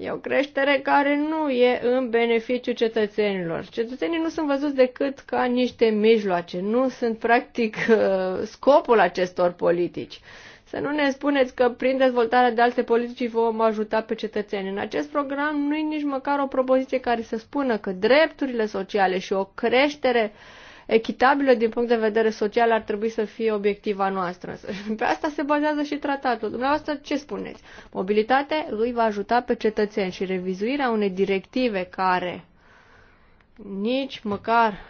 e o creștere care nu e în beneficiu cetățenilor. Cetățenii nu sunt văzuți decât ca niște mijloace, nu sunt practic scopul acestor politici. Să nu ne spuneți că prin dezvoltarea de alte politici vom ajuta pe cetățeni. În acest program nu e nici măcar o propoziție care să spună că drepturile sociale și o creștere echitabilă din punct de vedere social ar trebui să fie obiectiva noastră. Pe asta se bazează și tratatul. Dumneavoastră ce spuneți? Mobilitate îi va ajuta pe cetățeni și revizuirea unei directive care nici măcar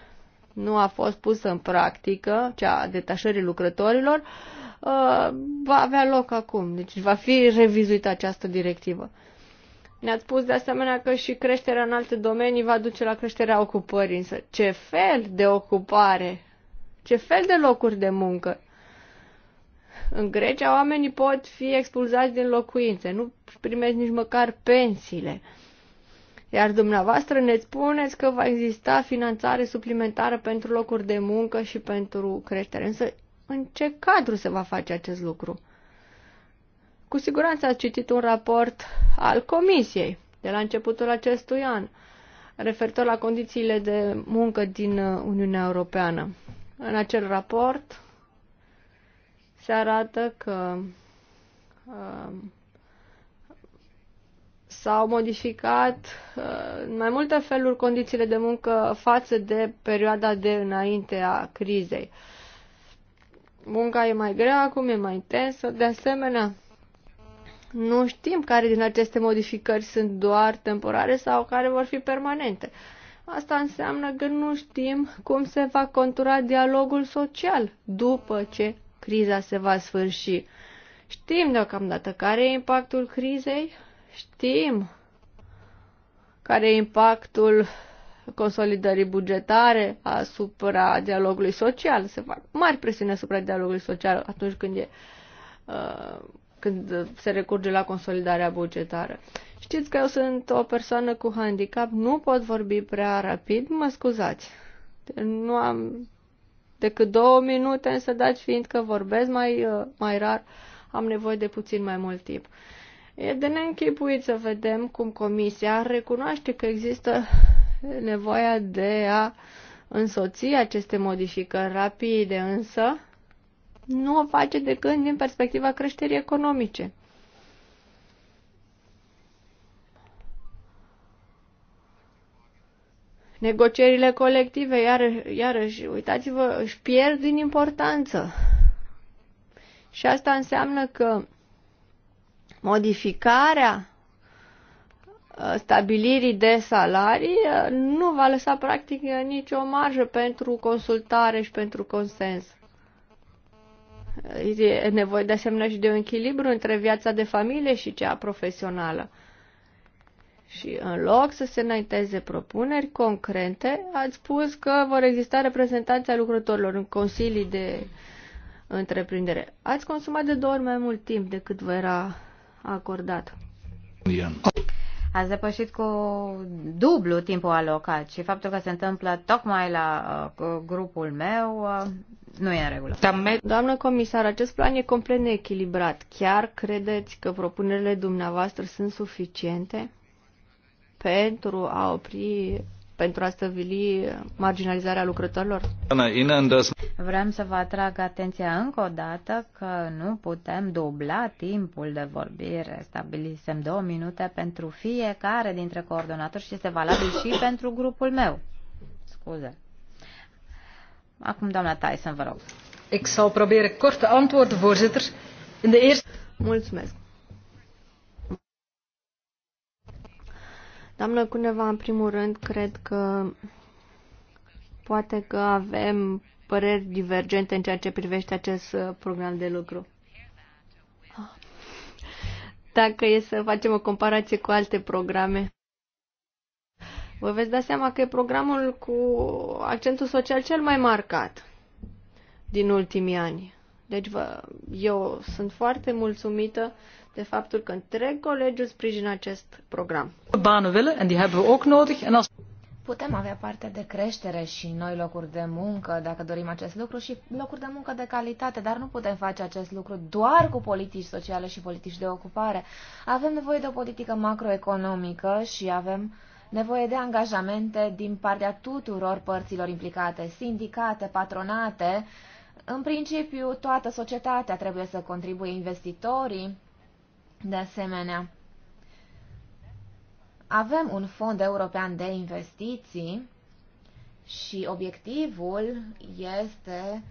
nu a fost pusă în practică, cea a detașării lucrătorilor, uh, Uh, va avea loc acum, deci va fi revizuită această directivă. Ne-ați spus de asemenea că și creșterea în alte domenii va duce la creșterea ocupării, însă ce fel de ocupare, ce fel de locuri de muncă? În Grecia oamenii pot fi expulzați din locuințe, nu primesc nici măcar pensiile. Iar dumneavoastră ne spuneți că va exista finanțare suplimentară pentru locuri de muncă și pentru creștere. Însă în ce cadru se va face acest lucru. Cu siguranță ați citit un raport al Comisiei de la începutul acestui an, referitor la condițiile de muncă din Uniunea Europeană. În acel raport se arată că uh, s-au modificat uh, în mai multe feluri condițiile de muncă față de perioada de înainte a crizei. Uh, munca e mai grea acum, e mai intensă. De asemenea, nu știm care din aceste modificări sunt doar temporare sau care vor fi permanente. Asta înseamnă că nu știm cum se va contura dialogul social după ce criza se va sfârși. Știm deocamdată care e impactul crizei, știm care e impactul consolidării bugetare, asupra dialogului social. Se fac mari presiuni asupra dialogului social atunci când, e, uh, când se recurge la consolidarea bugetară. Știți că eu sunt o persoană cu handicap, nu pot vorbi prea rapid, mă scuzați. Deci nu am decât două minute, însă dați fiind că vorbesc mai, uh, mai rar, am nevoie de puțin mai mult timp. E de neînchipuit să vedem cum comisia recunoaște că există nevoia de a însoți aceste modificări rapide, însă nu o face decât din perspectiva creșterii economice. Negocierile colective, iar, iarăși, uitați-vă, își pierd din importanță. Și asta înseamnă că modificarea Uh, stabilirii de salarii uh, nu va lăsa practic uh, nicio marjă pentru consultare și pentru consens. E nevoie de asemenea și de un echilibru între viața de familie și cea profesională. Și în loc să se înainteze propuneri concrete, ați spus că vor exista reprezentanții lucrătorilor în consilii de întreprindere. Ați consumat de două ori mai mult timp decât vă era acordat. Yeah ați depășit cu dublu timpul alocat și faptul că se întâmplă tocmai la uh, grupul meu uh, nu e în regulă. Doamnă comisar, acest plan e complet neechilibrat. Chiar credeți că propunerile dumneavoastră sunt suficiente pentru a opri pentru a stăvili marginalizarea lucrătorilor? Vrem să vă atrag atenția încă o dată că nu putem dubla timpul de vorbire. Stabilisem două minute pentru fiecare dintre coordonatori și este valabil și pentru grupul meu. Scuze. Acum, doamna Tyson, vă rog. Ik zal proberen kort te antwoorden, voorzitter. In de eerste... Mulțumesc. Doamnă Cuneva, în primul rând, cred că poate că avem păreri divergente în ceea ce privește acest uh, program de lucru. Dacă e să facem o comparație cu alte programe, vă veți da seama că e programul cu accentul social cel mai marcat din ultimii ani. Deci vă, eu sunt foarte mulțumită uh, de faptul că întreg colegiul sprijină acest program. Putem avea parte de creștere și noi locuri de muncă, dacă dorim acest lucru, și locuri de muncă de calitate, dar nu putem face acest lucru doar cu politici sociale și politici de ocupare. Avem nevoie de o politică macroeconomică și avem nevoie de angajamente din partea tuturor părților implicate, sindicate, patronate. În principiu, toată societatea trebuie să contribuie investitorii, de asemenea, avem un fond european de investiții și obiectivul este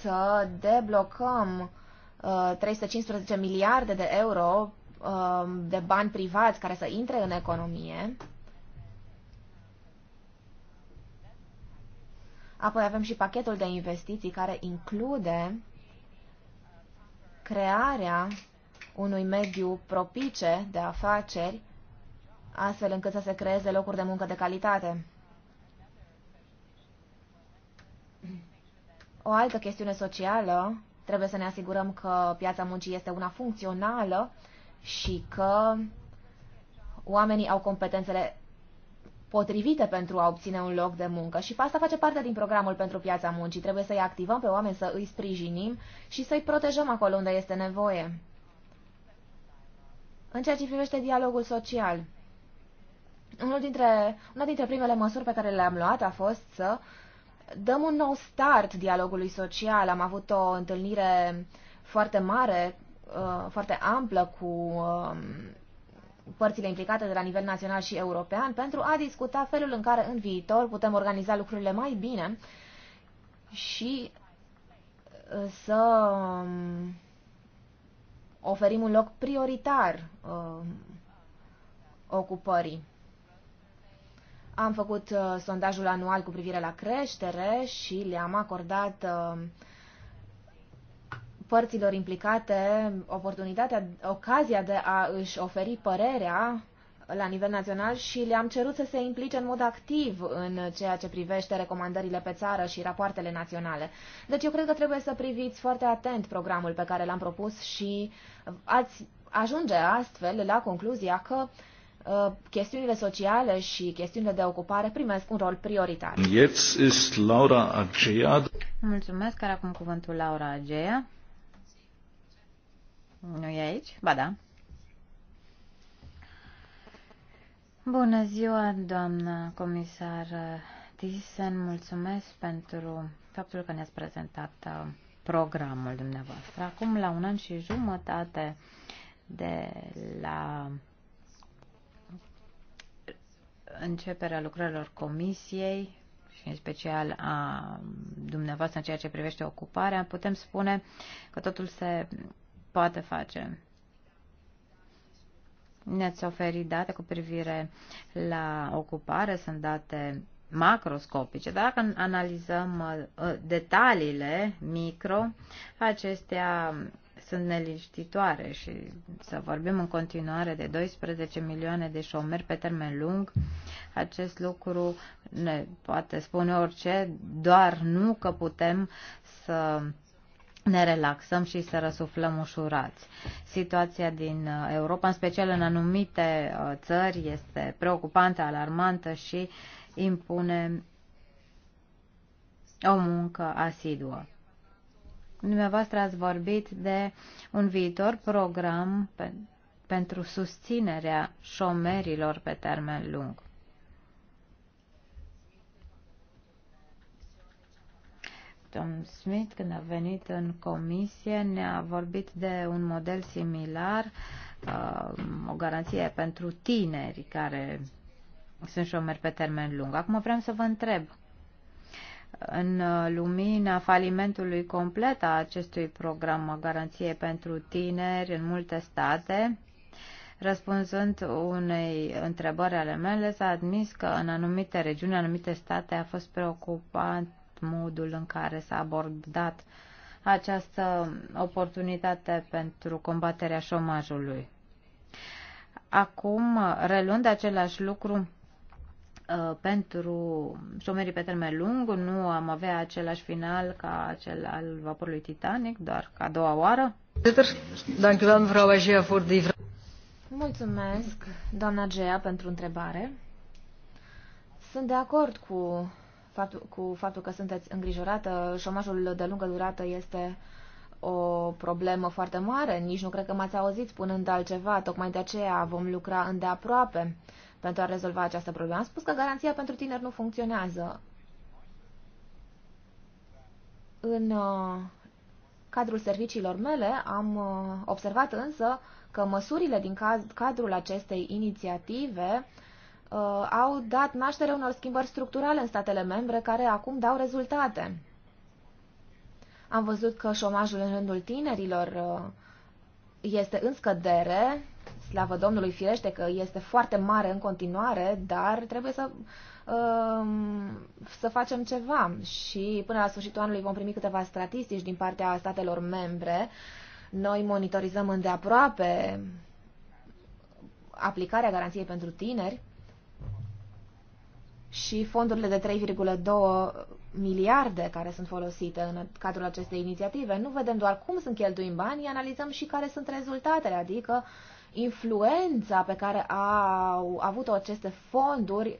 să deblocăm uh, 315 miliarde de euro uh, de bani privați care să intre în economie. Apoi avem și pachetul de investiții care include crearea unui mediu propice de afaceri, astfel încât să se creeze locuri de muncă de calitate. O altă chestiune socială, trebuie să ne asigurăm că piața muncii este una funcțională și că oamenii au competențele potrivite pentru a obține un loc de muncă. Și asta face parte din programul pentru piața muncii. Trebuie să-i activăm pe oameni, să îi sprijinim și să-i protejăm acolo unde este nevoie. În ceea ce privește dialogul social, unul dintre, una dintre primele măsuri pe care le-am luat a fost să dăm un nou start dialogului social. Am avut o întâlnire foarte mare, uh, foarte amplă cu um, părțile implicate de la nivel național și european pentru a discuta felul în care în viitor putem organiza lucrurile mai bine și uh, să um, oferim un loc prioritar uh, ocupării. Am făcut uh, sondajul anual cu privire la creștere și le-am acordat uh, părților implicate oportunitatea, ocazia de a își oferi părerea la nivel național și le-am cerut să se implice în mod activ în ceea ce privește recomandările pe țară și rapoartele naționale. Deci eu cred că trebuie să priviți foarte atent programul pe care l-am propus și ați ajunge astfel la concluzia că uh, chestiunile sociale și chestiunile de ocupare primesc un rol prioritar. Laura Agea. Mulțumesc, care acum cuvântul Laura Agea. Nu e aici? Ba da. Bună ziua, doamnă comisar Thyssen. Mulțumesc pentru faptul că ne-ați prezentat uh, programul dumneavoastră. Acum, la un an și jumătate de la începerea lucrărilor comisiei și în special a dumneavoastră în ceea ce privește ocuparea, putem spune că totul se poate face. Ne-ați oferit date cu privire la ocupare, sunt date macroscopice. Dacă analizăm uh, detaliile micro, acestea sunt neliștitoare și să vorbim în continuare de 12 milioane de șomeri pe termen lung, acest lucru ne poate spune orice, doar nu că putem să ne relaxăm și să răsuflăm ușurați. Situația din uh, Europa, în special în anumite uh, țări, este preocupantă, alarmantă și impune o muncă asiduă. Dumneavoastră ați vorbit de un viitor program pe, pentru susținerea șomerilor pe termen lung. Tom Smith, când a venit în comisie, ne-a vorbit de un model similar, uh, o garanție pentru tineri care sunt șomeri pe termen lung. Acum vreau să vă întreb, în lumina falimentului complet a acestui program o garanție pentru tineri în multe state, Răspunzând unei întrebări ale mele, s-a admis că în anumite regiuni, în anumite state a fost preocupant modul în care s-a abordat această oportunitate pentru combaterea șomajului. Acum, reluând același lucru uh, pentru șomerii pe termen lung, nu am avea același final ca cel al vaporului Titanic, doar ca a doua oară? Mulțumesc, doamna Gea, pentru întrebare. Sunt de acord cu faptul, cu faptul că sunteți îngrijorată. Șomajul de lungă durată este o problemă foarte mare. Nici nu cred că m-ați auzit spunând altceva. Tocmai de aceea vom lucra îndeaproape pentru a rezolva această problemă. Am spus că garanția pentru tineri nu funcționează. În uh, cadrul serviciilor mele am uh, observat însă că măsurile din cadrul acestei inițiative uh, uh, au dat naștere unor schimbări structurale în statele membre care acum dau rezultate. Am văzut că șomajul în rândul tinerilor uh, este în scădere, slavă Domnului firește că este foarte mare în continuare, dar trebuie să, uh, să facem ceva și până la sfârșitul anului vom primi câteva statistici din partea statelor membre. Noi monitorizăm îndeaproape aplicarea garanției pentru tineri și fondurile de 3,2 miliarde care sunt folosite în cadrul acestei inițiative. Nu vedem doar cum sunt cheltuim banii, analizăm și care sunt rezultatele, adică influența pe care au avut-o aceste fonduri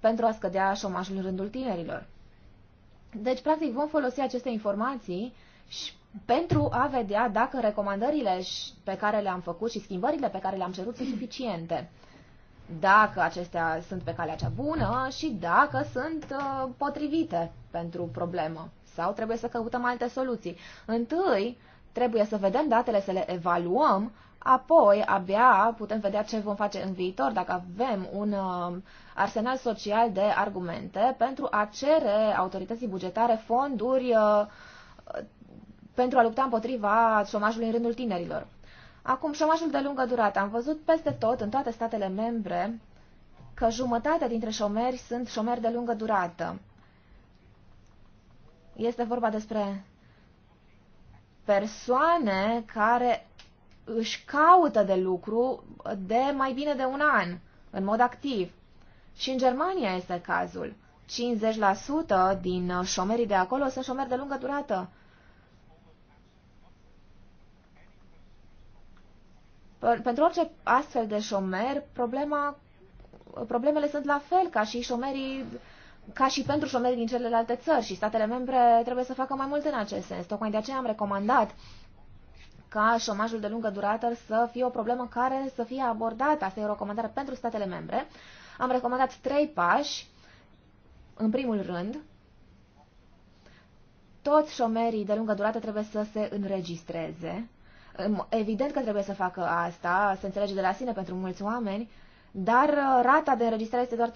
pentru a scădea șomajul în rândul tinerilor. Deci, practic, vom folosi aceste informații și pentru a vedea dacă recomandările pe care le-am făcut și schimbările pe care le-am cerut sunt suficiente dacă acestea sunt pe calea cea bună și dacă sunt uh, potrivite pentru problemă sau trebuie să căutăm alte soluții. Întâi, trebuie să vedem datele, să le evaluăm, apoi abia putem vedea ce vom face în viitor dacă avem un uh, arsenal social de argumente pentru a cere autorității bugetare fonduri uh, pentru a lupta împotriva șomajului în rândul tinerilor. Acum, șomajul de lungă durată. Am văzut peste tot, în toate statele membre, că jumătate dintre șomeri sunt șomeri de lungă durată. Este vorba despre persoane care își caută de lucru de mai bine de un an, în mod activ. Și în Germania este cazul. 50% din șomerii de acolo sunt șomeri de lungă durată. Pentru orice astfel de șomer, problema, problemele sunt la fel ca și șomerii ca și pentru șomerii din celelalte țări și statele membre trebuie să facă mai multe în acest sens. Tocmai de aceea am recomandat ca șomajul de lungă durată să fie o problemă care să fie abordată. Asta e o recomandare pentru statele membre. Am recomandat trei pași. În primul rând, toți șomerii de lungă durată trebuie să se înregistreze Evident că trebuie să facă asta, se înțelege de la sine pentru mulți oameni, dar uh, rata de înregistrare este doar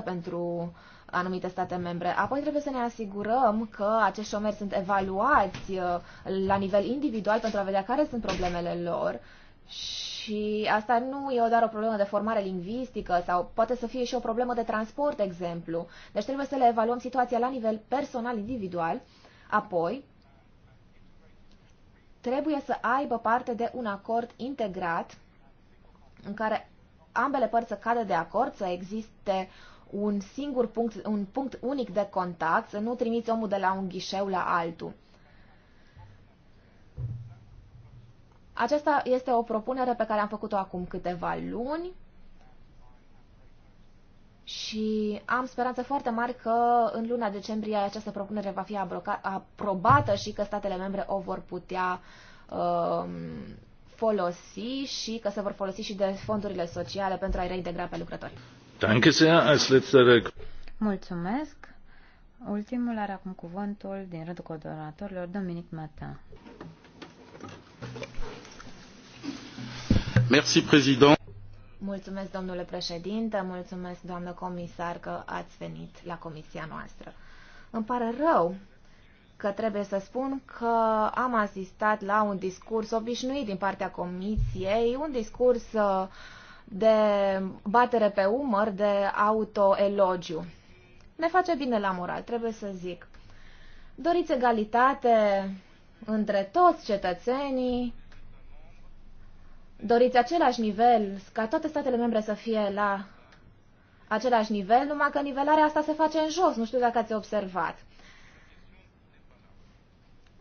30% pentru anumite state membre. Apoi trebuie să ne asigurăm că acești șomeri sunt evaluați uh, la nivel individual pentru a vedea care sunt problemele lor și asta nu e doar o problemă de formare lingvistică sau poate să fie și o problemă de transport, exemplu. Deci trebuie să le evaluăm situația la nivel personal, individual. Apoi, trebuie să aibă parte de un acord integrat în care ambele părți să cadă de acord, să existe un singur punct, un punct unic de contact, să nu trimiți omul de la un ghișeu la altul. Aceasta este o propunere pe care am făcut-o acum câteva luni și am speranțe foarte mari că în luna decembrie această propunere va fi aprobată și că statele membre o vor putea uh, folosi și că se vor folosi și de fondurile sociale pentru a-i reintegra pe lucrători. Mulțumesc. Ultimul are acum cuvântul din rândul coordonatorilor, Dominic Mata. Merci, président. Mulțumesc, domnule președinte, mulțumesc, doamnă comisar, că ați venit la comisia noastră. Îmi pare rău că trebuie să spun că am asistat la un discurs obișnuit din partea comisiei, un discurs uh, de batere pe umăr, de autoelogiu. Ne face bine la moral, trebuie să zic. Doriți egalitate între toți cetățenii, doriți același nivel, ca toate statele membre să fie la același nivel, numai că nivelarea asta se face în jos, nu știu dacă ați observat.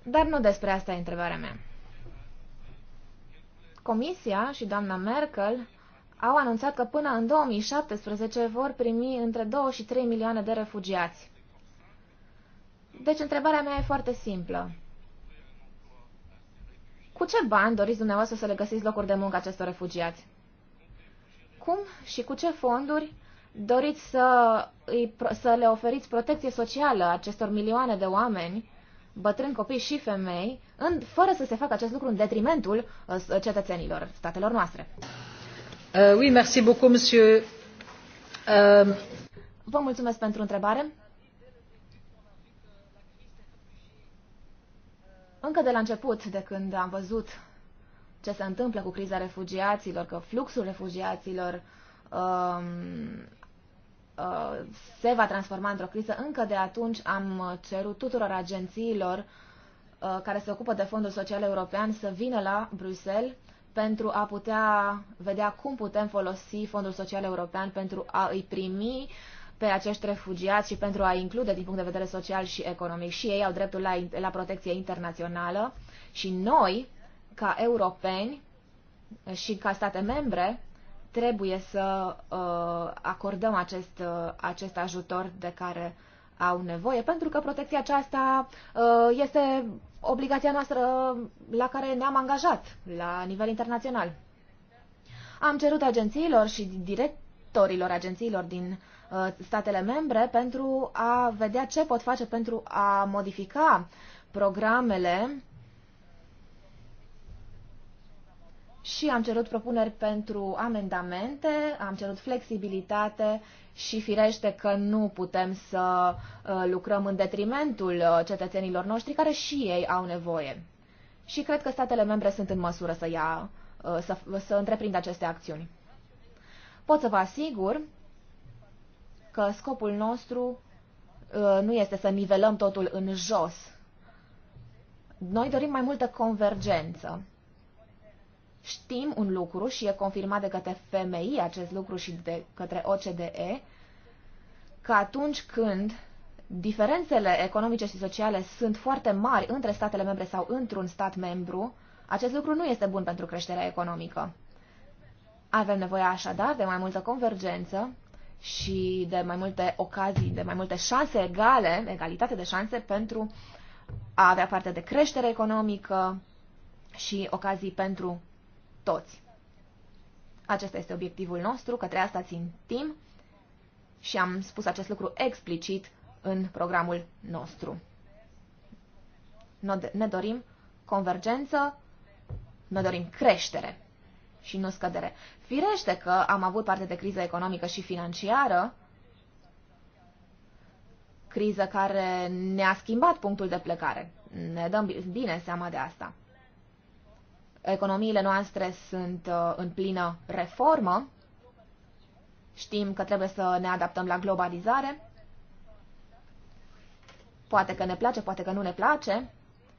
Dar nu despre asta e întrebarea mea. Comisia și doamna Merkel au anunțat că până în 2017 vor primi între 2 și 3 milioane de refugiați. Deci întrebarea mea e foarte simplă. Cu ce bani doriți dumneavoastră să le găsiți locuri de muncă acestor refugiați? Cum și cu ce fonduri doriți să, îi, să le oferiți protecție socială acestor milioane de oameni, bătrâni copii și femei, în, fără să se facă acest lucru în detrimentul uh, cetățenilor statelor noastre? Uh, oui, merci beaucoup, monsieur. Uh... Vă mulțumesc pentru întrebare. Încă de la început, de când am văzut ce se întâmplă cu criza refugiaților, că fluxul refugiaților um, uh, se va transforma într-o criză, încă de atunci am cerut tuturor agențiilor uh, care se ocupă de Fondul Social European să vină la Bruxelles pentru a putea vedea cum putem folosi Fondul Social European pentru a îi primi uh, pe acești refugiați și pentru a include din punct de vedere social și economic. Și ei au dreptul la, la protecție internațională și noi, ca europeni și ca state membre, trebuie să uh, acordăm acest, uh, acest ajutor de care au nevoie, pentru că protecția aceasta uh, este obligația noastră la care ne-am angajat la nivel internațional. Am cerut agențiilor și directorilor agențiilor din Uh, statele membre pentru a vedea ce pot face pentru a modifica programele și am cerut propuneri pentru amendamente, am cerut flexibilitate și firește că nu putem să uh, lucrăm în detrimentul uh, cetățenilor noștri care și ei au nevoie. Și cred că statele membre sunt în măsură să ia să, să întreprindă aceste acțiuni. Pot să vă asigur că scopul nostru uh, nu este să nivelăm totul în jos. Noi dorim mai multă convergență. Știm un lucru și e confirmat de către FMI acest lucru și de către OCDE, că atunci când diferențele economice și sociale sunt foarte mari între statele membre sau într-un stat membru, acest lucru nu este bun pentru creșterea economică. Avem nevoie așadar de mai multă convergență și de mai multe ocazii, de mai multe șanse egale, egalitate de șanse pentru a avea parte de creștere economică și ocazii pentru toți. Acesta este obiectivul nostru, către asta țintim și am spus acest lucru explicit în programul nostru. Ne dorim convergență, ne dorim creștere și nu scădere. Firește că am avut parte de criză economică și financiară, criză care ne-a schimbat punctul de plecare. Ne dăm bine seama de asta. Economiile noastre sunt uh, în plină reformă. Știm că trebuie să ne adaptăm la globalizare. Poate că ne place, poate că nu ne place,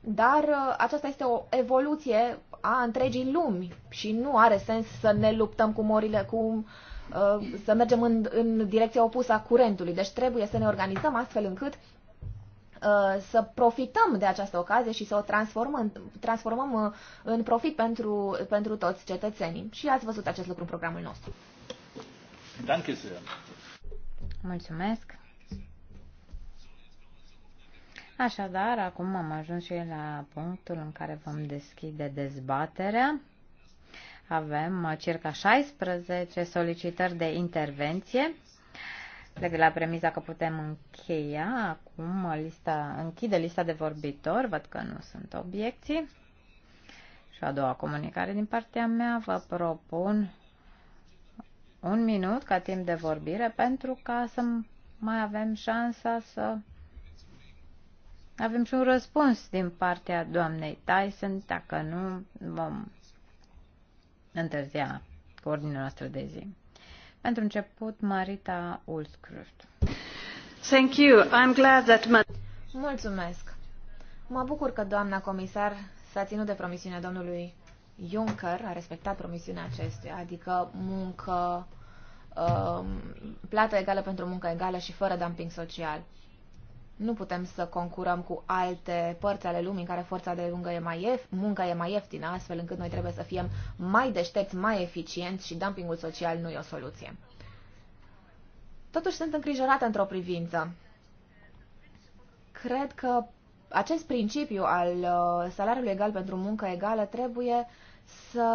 dar uh, aceasta este o evoluție a întregii lumi și nu are sens să ne luptăm cu morile, cu, uh, să mergem în, în direcția opusă a curentului. Deci trebuie să ne organizăm astfel încât uh, să profităm de această ocazie și să o transformăm, transformăm în profit pentru, pentru toți cetățenii. Și ați văzut acest lucru în programul nostru. Mulțumesc. Așadar, acum am ajuns și la punctul în care vom deschide dezbaterea. Avem circa 16 solicitări de intervenție. Plec de la premiza că putem încheia acum lista, închide lista de vorbitori, văd că nu sunt obiecții. Și a doua comunicare din partea mea, vă propun un minut ca timp de vorbire pentru ca să mai avem șansa să avem și un răspuns din partea doamnei Tyson, dacă nu vom întârzia cu ordinea noastră de zi. Pentru început, Marita Ulscruft. Thank you. I'm glad that my... Mulțumesc. Mă bucur că doamna comisar s-a ținut de promisiunea domnului Juncker, a respectat promisiunea acestuia, adică muncă, um, plată egală pentru muncă egală și fără dumping social. Nu putem să concurăm cu alte părți ale lumii în care forța de muncă e mai ieft, munca e mai ieftină, astfel încât noi trebuie să fim mai deștepți, mai eficienți și dumpingul social nu e o soluție. Totuși sunt îngrijorată într-o privință. Cred că acest principiu al uh, salariului egal pentru muncă egală trebuie să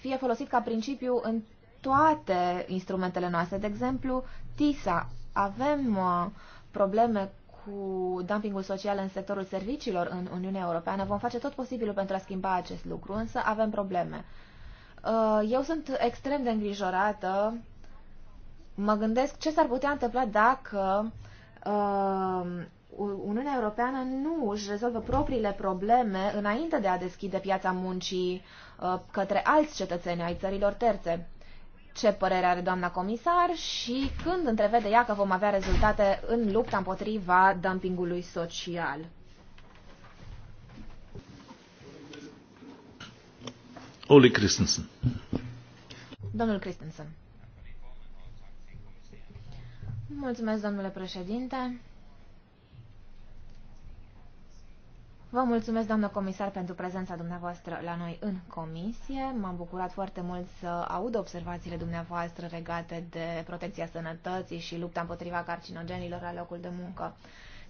fie folosit ca principiu în toate instrumentele noastre. De exemplu, TISA. Avem uh, probleme cu dumpingul social în sectorul serviciilor în Uniunea Europeană. Vom face tot posibilul pentru a schimba acest lucru, însă avem probleme. Uh, eu sunt extrem de îngrijorată. Mă gândesc ce s-ar putea întâmpla dacă uh, Uniunea Europeană nu își rezolvă propriile probleme înainte de a deschide piața muncii uh, către alți cetățeni ai țărilor terțe ce părere are doamna comisar și când întrevede ea că vom avea rezultate în lupta împotriva dumpingului social. Oli Christensen. Domnul Christensen. Mulțumesc, domnule președinte. Vă mulțumesc, doamnă comisar, pentru prezența dumneavoastră la noi în comisie. M-am bucurat foarte mult să aud observațiile dumneavoastră legate de protecția sănătății și lupta împotriva carcinogenilor la locul de muncă.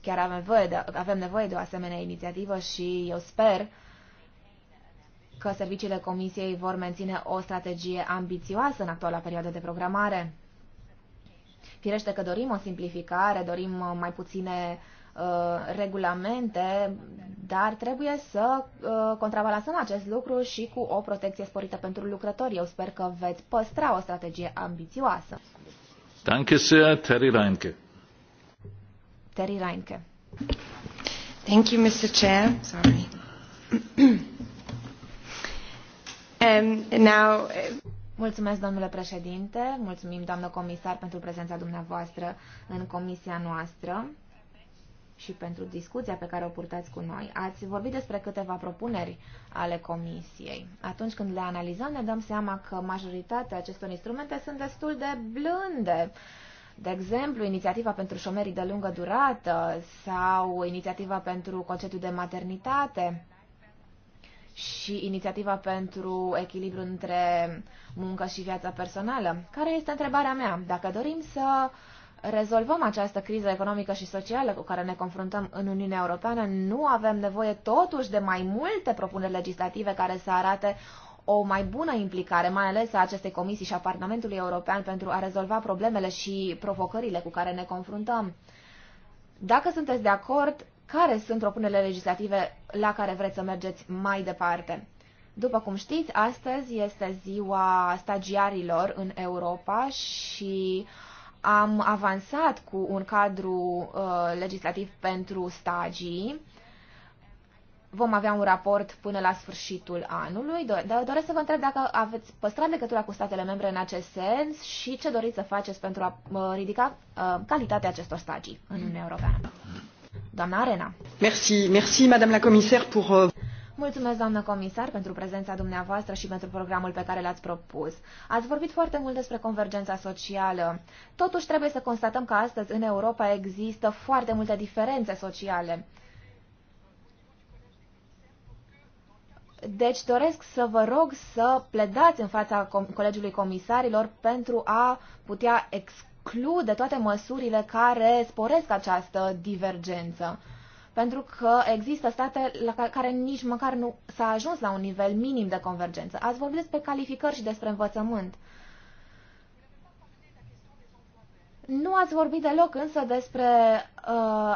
Chiar avem nevoie de, avem nevoie de o asemenea inițiativă și eu sper că serviciile comisiei vor menține o strategie ambițioasă în actuala perioadă de programare. Firește că dorim o simplificare, dorim mai puține uh, Uh, regulamente, dar trebuie să uh, contrabalansăm acest lucru și cu o protecție sporită pentru lucrători. Eu sper că veți păstra o strategie ambițioasă. Danke sehr, Terry Reinke. Terry Reinke. Thank you, Mr. Chair. Sorry. um, now... Mulțumesc, domnule președinte, mulțumim, doamnă comisar, pentru prezența dumneavoastră în comisia noastră și pentru discuția pe care o purtați cu noi. Ați vorbit despre câteva propuneri ale Comisiei. Atunci când le analizăm, ne dăm seama că majoritatea acestor instrumente sunt destul de blânde. De exemplu, inițiativa pentru șomerii de lungă durată sau inițiativa pentru concediu de maternitate și inițiativa pentru echilibru între muncă și viața personală. Care este întrebarea mea? Dacă dorim să uh, rezolvăm această criză economică și socială cu care ne confruntăm în Uniunea Europeană, nu avem nevoie totuși de mai multe propuneri legislative care să arate o mai bună implicare, mai ales a acestei comisii și a Parlamentului European pentru a rezolva problemele și provocările cu care ne confruntăm. Dacă sunteți de acord, care sunt propunerile legislative la care vreți să mergeți mai departe? După cum știți, astăzi este ziua stagiarilor în Europa și uh, am avansat cu un cadru uh, legislativ pentru stagii. Vom avea un raport până la sfârșitul anului, Do- doresc să vă întreb dacă aveți păstrat legătura cu statele membre în acest sens și ce doriți să faceți pentru a uh, ridica uh, calitatea acestor stagii în Uniunea Europeană. Doamna Arena. Merci, merci, Madame la Comisar, pour... Uh, Mulțumesc, doamnă comisar, pentru prezența dumneavoastră și pentru programul pe care l-ați propus. Ați vorbit foarte mult despre convergența socială. Totuși, trebuie să constatăm că astăzi în Europa există foarte multe diferențe sociale. Deci doresc să vă rog să pledați în fața Colegiului Comisarilor pentru a putea exclude toate măsurile care sporesc această divergență pentru că există state la care nici măcar nu s-a ajuns la un nivel minim de convergență. Ați vorbit despre calificări și despre învățământ. Nu ați vorbit deloc însă despre uh,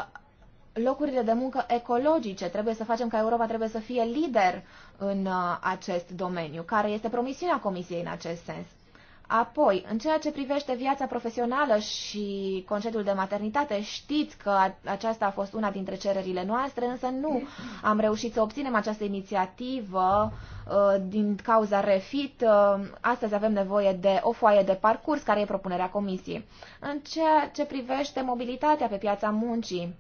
locurile de muncă ecologice. Trebuie să facem ca Europa trebuie să fie lider în uh, acest domeniu, care este promisiunea Comisiei în acest sens. Apoi, în ceea ce privește viața profesională și concediul de maternitate, știți că aceasta a fost una dintre cererile noastre, însă nu am reușit să obținem această inițiativă uh, din cauza refit. Uh, astăzi avem nevoie de o foaie de parcurs, care e propunerea comisiei. În ceea ce privește mobilitatea pe piața muncii,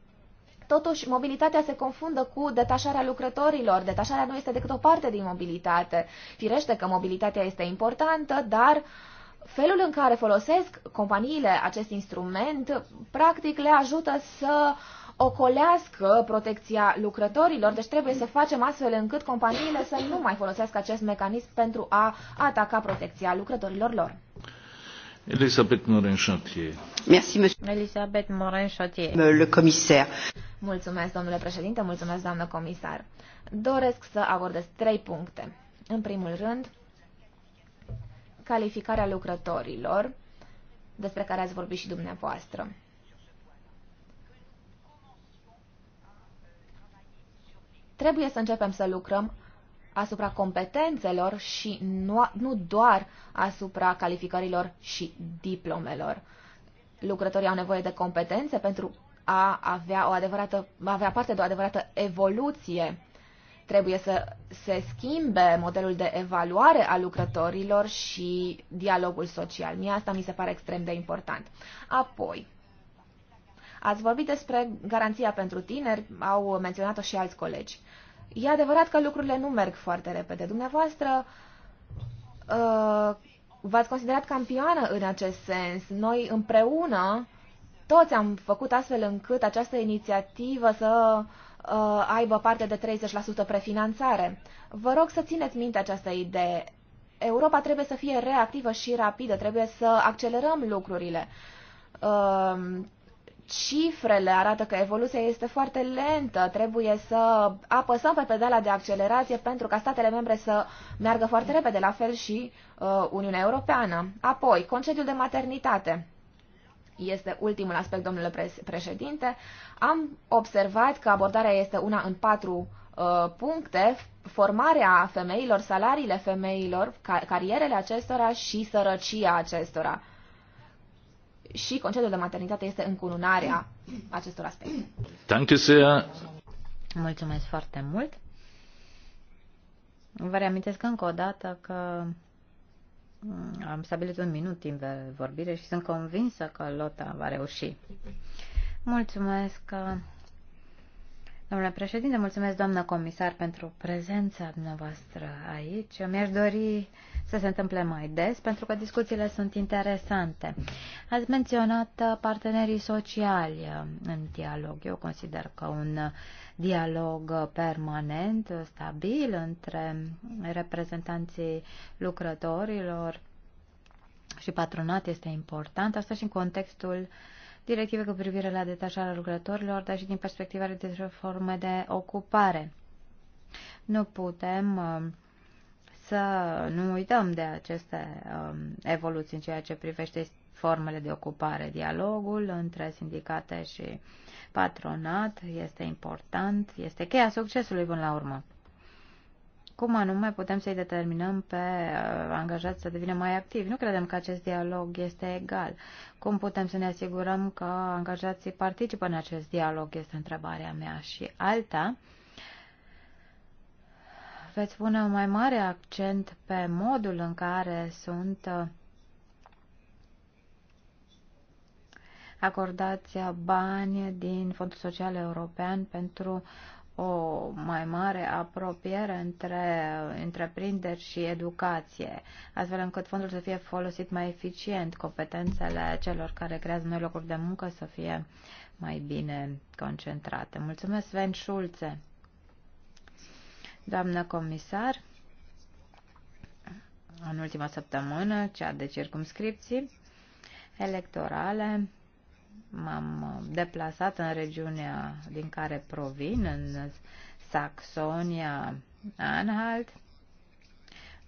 Totuși, mobilitatea se confundă cu detașarea lucrătorilor. Detașarea nu este decât o parte din mobilitate. Firește că mobilitatea este importantă, dar uh, felul în care folosesc companiile acest instrument, practic le ajută să ocolească protecția lucrătorilor, deci trebuie să facem astfel încât companiile să nu mai folosească acest mecanism pentru a ataca protecția lucrătorilor lor. Elisabeth Morin-Chartier. Elisabeth morin chantier euh, Le comisar. Mulțumesc, domnule președinte, mulțumesc, doamnă comisar. Doresc să abordez trei puncte. În primul rând, calificarea lucrătorilor, despre care ați vorbit și dumneavoastră. Trebuie să începem să lucrăm asupra competențelor și nu, nu doar asupra calificărilor și diplomelor. Lucrătorii au nevoie de competențe pentru a avea, o adevărată, a avea parte de o adevărată evoluție Trebuie să se schimbe modelul de evaluare a lucrătorilor și dialogul social. Mie asta mi se pare extrem de important. Apoi, ați vorbit despre garanția pentru tineri, au menționat-o și alți colegi. E adevărat că lucrurile nu merg foarte repede. Dumneavoastră uh, v-ați considerat campioană în acest sens. Noi împreună toți am făcut astfel încât această inițiativă să uh, Uh, aibă parte de 30% prefinanțare. Vă rog să țineți minte această idee. Europa trebuie să fie reactivă și rapidă, trebuie să accelerăm lucrurile. Uh, cifrele arată că evoluția este foarte lentă, trebuie să apăsăm pe pedala de accelerație pentru ca statele membre să meargă foarte repede, la fel și uh, Uniunea Europeană. Apoi, concediul de maternitate este ultimul aspect, domnule președinte, am observat că abordarea este una în patru uh, puncte, formarea femeilor, salariile femeilor, car carierele acestora și sărăcia acestora. Și concediul de maternitate este încununarea acestor aspecte. Mulțumesc foarte mult. Vă reamintesc încă o dată că am stabilit un minut timp de vorbire și sunt convinsă că Lota va reuși. Mulțumesc! Domnule președinte, mulțumesc, doamnă comisar, pentru prezența dumneavoastră aici. Mi-aș dori să se întâmple mai des, pentru că discuțiile sunt interesante. Ați menționat partenerii sociali în dialog. Eu consider că un dialog permanent, stabil, între reprezentanții lucrătorilor și patronat este important, asta și în contextul uh, directive cu privire la detașarea lucrătorilor, dar și din perspectiva de forme de ocupare. Nu putem um, să nu uităm de aceste um, evoluții în ceea ce privește formele de ocupare. Dialogul între sindicate și patronat este important, este cheia succesului până la urmă cum anume putem să-i determinăm pe uh, angajați să devină mai activi. Nu credem că acest dialog este egal. Cum putem să ne asigurăm că angajații participă în acest dialog, este întrebarea mea. Și alta, veți pune un mai mare accent pe modul în care sunt uh, acordați bani din Fondul Social European pentru o mai mare apropiere între întreprinderi și educație, astfel încât fondul să fie folosit mai eficient, competențele celor care creează noi locuri de muncă să fie mai bine concentrate. Mulțumesc, Sven Schulze. Doamnă comisar, în ultima săptămână, cea de circumscripții electorale, m-am uh, deplasat în regiunea din care provin, în Saxonia, Anhalt,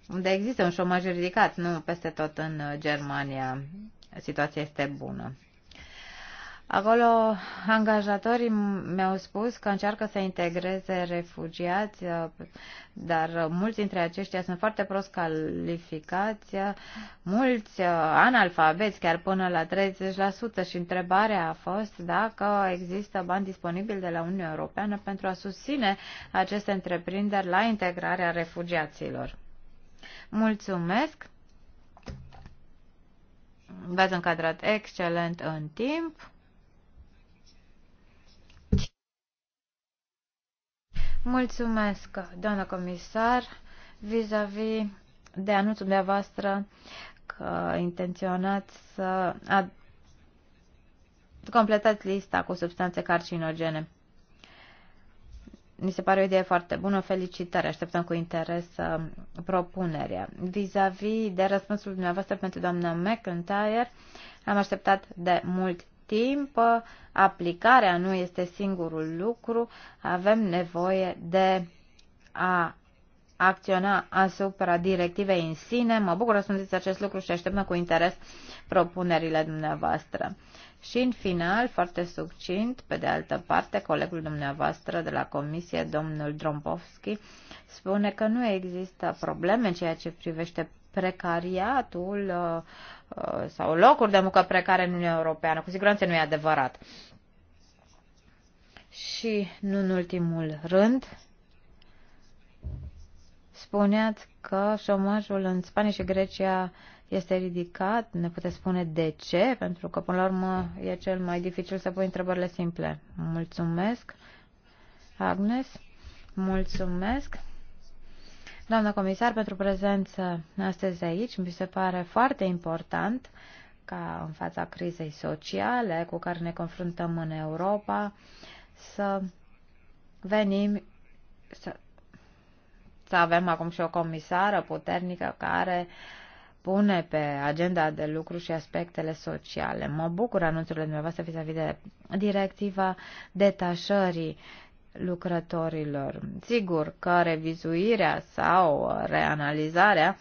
unde există un șomaj ridicat, nu peste tot în uh, Germania situația este bună. Acolo angajatorii mi-au spus că încearcă să integreze refugiați, uh, dar mulți dintre aceștia sunt foarte prost calificați, uh, mulți uh, analfabeți, chiar până la 30% și întrebarea a fost dacă există bani disponibili de la Uniunea Europeană pentru a susține aceste întreprinderi la integrarea refugiaților. Mulțumesc! V-ați încadrat excelent în timp. Mulțumesc, doamnă comisar, vis-a-vis -vis de anunțul dumneavoastră că intenționați să completați lista cu substanțe carcinogene. Mi se pare o idee foarte bună, felicitări, așteptăm cu interes uh, propunerea. Vis-a-vis -vis de răspunsul dumneavoastră pentru doamna McIntyre, am așteptat de mult timp, aplicarea nu este singurul lucru, avem nevoie de a acționa asupra directivei în sine. Mă bucur să spuneți acest lucru și așteptăm cu interes propunerile dumneavoastră. Și în final, foarte succint, pe de altă parte, colegul dumneavoastră de la comisie, domnul Drompovski, spune că nu există probleme în ceea ce privește precariatul uh, Uh, sau locuri de muncă precare în Uniunea Europeană. Cu siguranță nu e adevărat. Și, nu în ultimul rând, spuneați că șomajul în Spania și Grecia este ridicat. Ne puteți spune de ce? Pentru că, până la urmă, e cel mai dificil să pui întrebările simple. Mulțumesc, Agnes. Mulțumesc doamna comisar, pentru prezență astăzi aici. Mi se pare foarte important ca în fața crizei sociale cu care ne confruntăm în Europa să venim să, să avem acum și o comisară puternică care pune pe agenda de lucru și aspectele sociale. Mă bucur anunțurile dumneavoastră vis-a-vis -vis de directiva detașării lucrătorilor. Sigur că revizuirea sau reanalizarea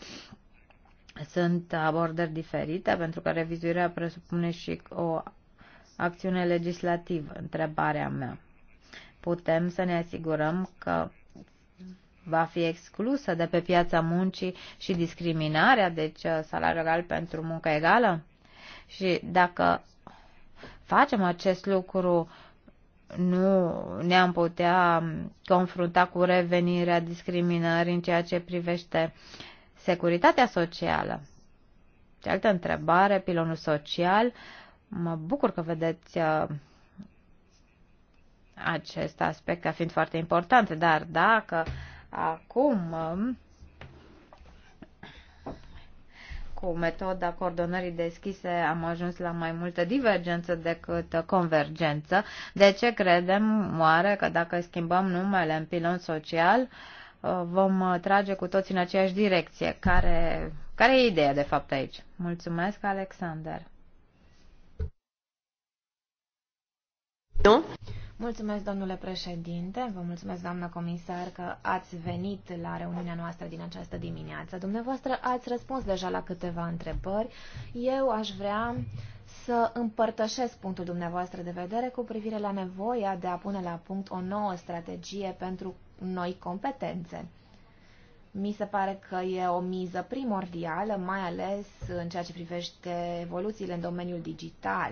sunt abordări diferite, pentru că revizuirea presupune și o acțiune legislativă, întrebarea mea. Putem să ne asigurăm că va fi exclusă de pe piața muncii și discriminarea, deci uh, salariul egal pentru muncă egală? Și dacă facem acest lucru uh, nu ne-am putea confrunta cu revenirea discriminării în ceea ce privește securitatea socială. Ce altă întrebare, pilonul social. Mă bucur că vedeți uh, acest aspect ca fiind foarte important, dar dacă acum um, cu metoda coordonării deschise am ajuns la mai multă divergență decât convergență. De ce credem oare că dacă schimbăm numele în pilon social, uh, vom trage cu toți în aceeași direcție? Care, care e ideea de fapt aici? Mulțumesc, Alexander. Nu? Mulțumesc, domnule președinte, vă mulțumesc, doamnă comisar, că ați venit la reuniunea noastră din această dimineață. Dumneavoastră ați răspuns deja la câteva întrebări. Eu aș vrea să împărtășesc punctul dumneavoastră de vedere cu privire la nevoia de a pune la punct o nouă strategie pentru noi competențe. Mi se pare că e o miză primordială, mai ales în ceea ce privește evoluțiile în domeniul digital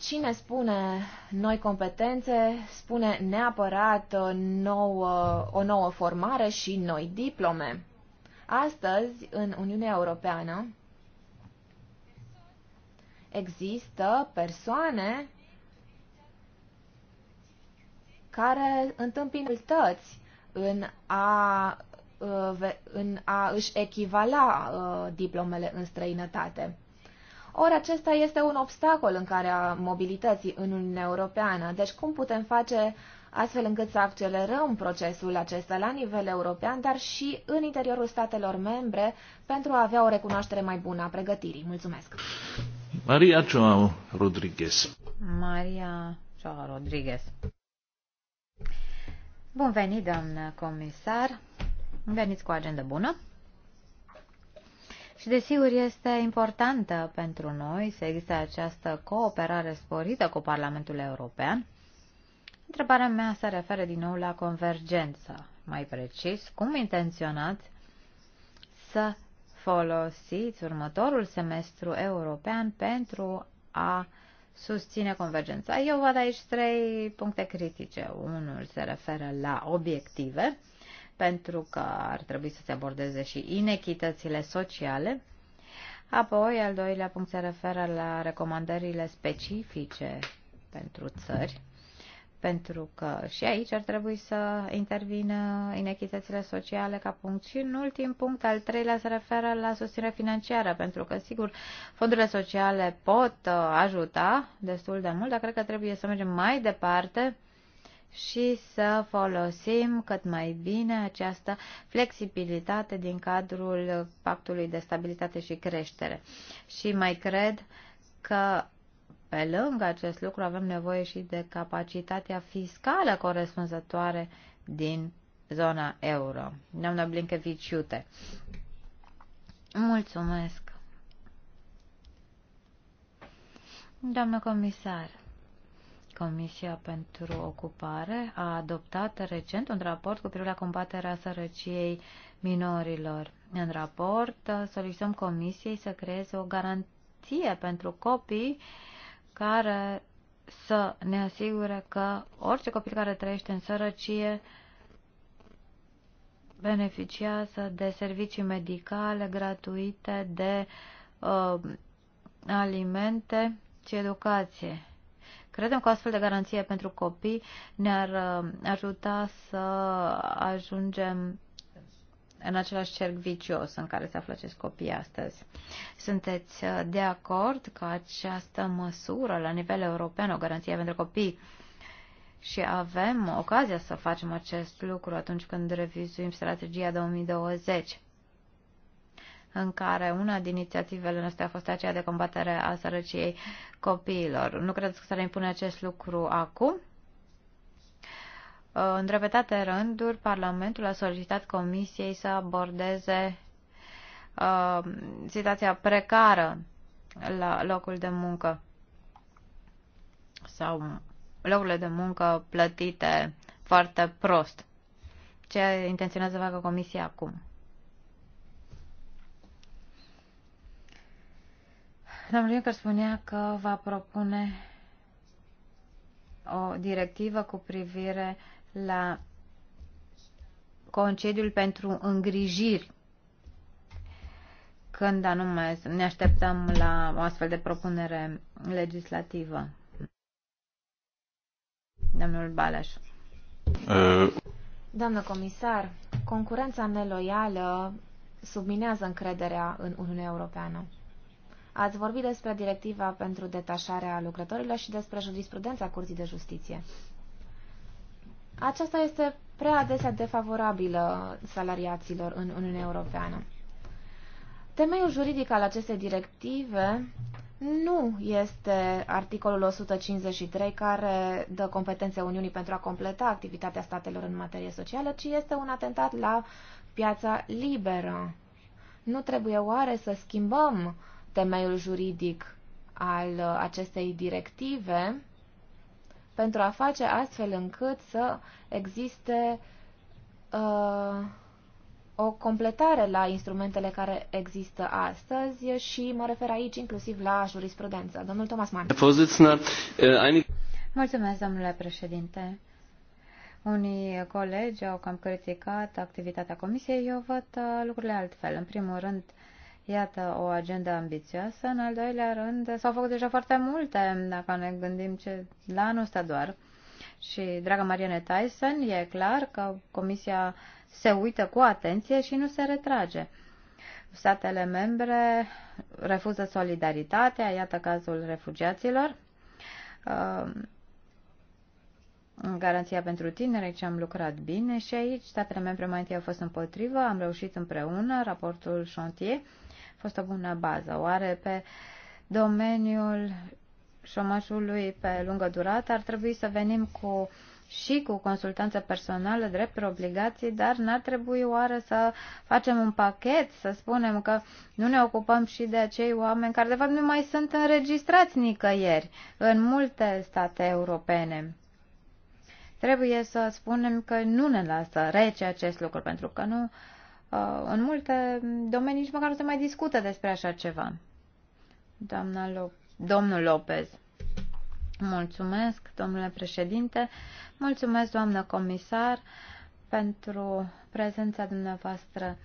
Cine spune noi competențe, spune neapărat uh, nouă, o nouă formare și noi diplome. Astăzi, în Uniunea Europeană, există persoane care întâmpină dificultăți în a, uh, în a își echivala uh, diplomele în străinătate. Ori acesta este un obstacol în care a mobilității în Uniunea Europeană. Deci cum putem face astfel încât să accelerăm procesul acesta la nivel european, dar și în interiorul statelor membre, pentru a avea o recunoaștere mai bună a pregătirii. Mulțumesc! Maria Joao Rodriguez. Maria Joao Rodriguez. Bun venit, doamnă comisar. Veniți cu o agendă bună. Și desigur este importantă pentru noi să existe această cooperare sporită cu Parlamentul European. Întrebarea mea se referă din nou la convergență. Mai precis, cum intenționați să folosiți următorul semestru european pentru a susține convergența. Eu văd aici trei puncte critice. Unul se referă la obiective, pentru că ar trebui să se abordeze și inechitățile sociale. Apoi, al doilea punct se referă la recomandările specifice pentru țări, pentru că și aici ar trebui să intervină inechitățile sociale ca punct. Și în ultim punct, al treilea, se referă la susținere financiară, pentru că, sigur, fondurile sociale pot uh, ajuta destul de mult, dar cred că trebuie să mergem mai departe și să folosim cât mai bine această flexibilitate din cadrul Pactului de Stabilitate și Creștere. Și mai cred că pe lângă acest lucru avem nevoie și de capacitatea fiscală corespunzătoare din zona euro. Doamna Blinkeviciute. Mulțumesc. Doamnă comisar, Comisia pentru Ocupare a adoptat recent un raport cu privire la combaterea sărăciei minorilor. În raport solicităm Comisiei să creeze o garanție pentru copii care să ne asigure că orice copil care trăiește în sărăcie beneficiază de servicii medicale gratuite, de uh, alimente și educație. Credem că o astfel de garanție pentru copii ne-ar uh, ajuta să ajungem în același cerc vicios în care se află acești copii astăzi. Sunteți uh, de acord că această măsură la nivel european, o garanție pentru copii, și avem ocazia să facem acest lucru atunci când revizuim strategia 2020 în care una din inițiativele noastre a fost aceea de combatere a sărăciei copiilor. Nu credeți că s-ar impune acest lucru acum? În repetate rânduri, Parlamentul a solicitat Comisiei să abordeze uh, situația precară la locul de muncă sau locurile de muncă plătite foarte prost. Ce intenționează să facă Comisia acum? Domnul Juncker spunea că va propune o directivă cu privire la concediul pentru îngrijiri când anume ne așteptăm la o astfel de propunere legislativă. Domnul Uh. Doamnă comisar, concurența neloială subminează încrederea în Uniunea Europeană. Ați vorbit despre directiva pentru detașarea lucrătorilor și despre jurisprudența Curții de Justiție. Aceasta este prea adesea defavorabilă salariaților în Uniunea Europeană. Temeiul juridic al acestei directive nu este articolul 153 care dă competențe Uniunii pentru a completa activitatea statelor în materie socială, ci este un atentat la piața liberă. Nu trebuie oare să schimbăm temeiul juridic al uh, acestei directive pentru a face astfel încât să existe uh, o completare la instrumentele care există astăzi și mă refer aici inclusiv la jurisprudență. Domnul Thomas Mann. Uh, Mulțumesc, domnule președinte. Unii colegi au cam criticat activitatea comisiei, eu văd uh, lucrurile altfel. În primul rând, uh, Iată o agendă ambițioasă. În al doilea rând, s-au făcut deja foarte multe, dacă ne gândim ce la anul ăsta doar. Și, dragă Marianne Tyson, e clar că Comisia se uită cu atenție și nu se retrage. Statele membre refuză solidaritatea, iată cazul refugiaților, uh, garanția pentru tineri, ce am lucrat bine și aici statele membre mai întâi au fost împotrivă, am reușit împreună raportul șantier fost o bună bază. Oare pe domeniul șomajului pe lungă durată ar trebui să venim cu și cu consultanță personală, drept obligații, dar n-ar trebui oare să facem un pachet, să spunem că nu ne ocupăm și de acei oameni care de fapt nu mai sunt înregistrați nicăieri în multe state europene. Trebuie să spunem că nu ne lasă rece acest lucru, pentru că nu Uh, în multe domenii nici măcar nu se mai discută despre așa ceva. Doamna Lo- Domnul Lopez. Mulțumesc, domnule președinte. Mulțumesc, doamnă comisar, pentru prezența dumneavoastră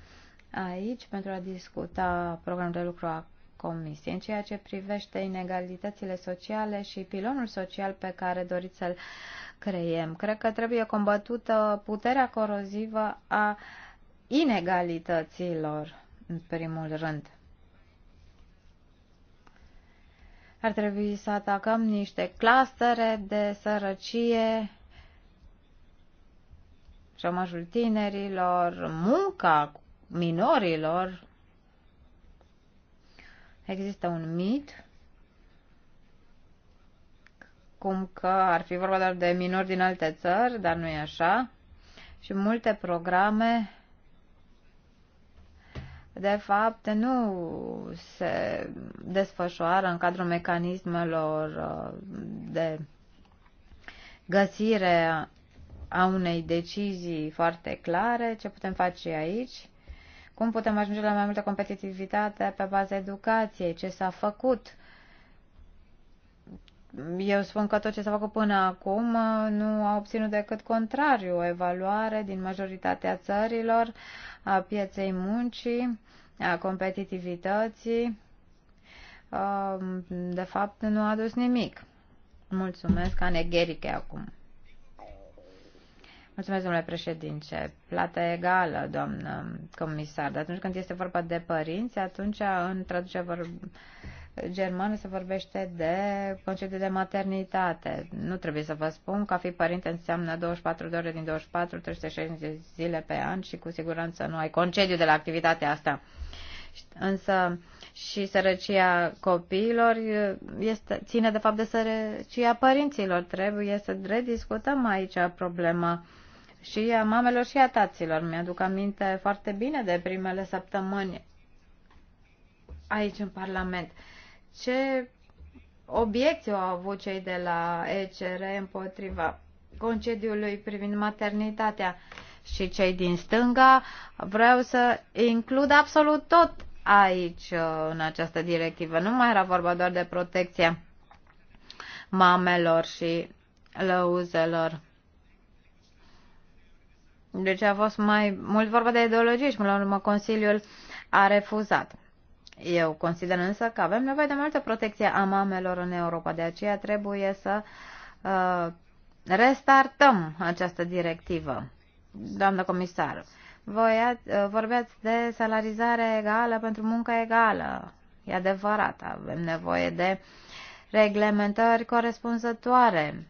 aici pentru a discuta programul de lucru a Comisiei în ceea ce privește inegalitățile sociale și pilonul social pe care doriți să-l creiem. Cred că trebuie combătută puterea corozivă a uh, inegalităților, în primul rând. Ar trebui să atacăm niște clastere de sărăcie, șomajul tinerilor, munca minorilor. Există un mit cum că ar fi vorba doar de minori din alte țări, dar nu e așa. Și multe programe de fapt, nu se desfășoară în cadrul mecanismelor uh, de găsire a unei decizii foarte clare, ce putem face aici, cum putem ajunge la mai multă competitivitate pe baza educației, ce s-a făcut. Eu spun că tot ce s-a făcut până acum uh, nu a obținut decât contrariu, o evaluare din majoritatea țărilor a pieței muncii, a competitivității, um, de fapt nu a adus nimic. Mulțumesc, Anegheriche, acum. Mulțumesc, domnule președinte. Plată egală, doamnă comisar. Dar atunci când este vorba de părinți, atunci în traducerea vorb germană se vorbește de concediu de maternitate. Nu trebuie să vă spun că a fi părinte înseamnă 24 de ore din 24, 360 zile pe an și cu siguranță nu ai concediu de la activitatea asta. Însă și sărăcia copiilor este, ține de fapt de sărăcia părinților. Trebuie să rediscutăm aici problema și a mamelor și a taților. Mi-aduc aminte foarte bine de primele săptămâni aici în Parlament. Uh, ce obiecții au avut cei de la ECR împotriva concediului privind maternitatea și cei din stânga vreau să includ absolut tot aici uh, în această directivă. Nu mai era vorba doar de protecția mamelor și lăuzelor. Deci a fost mai mult vorba de ideologie și, până la urmă, Consiliul a refuzat. Eu consider însă că avem nevoie de multă protecție a mamelor în Europa, de aceea trebuie să uh, restartăm această directivă. Doamnă comisar, voi uh, vorbeați de salarizare egală pentru muncă egală. E adevărat, avem nevoie de reglementări corespunzătoare.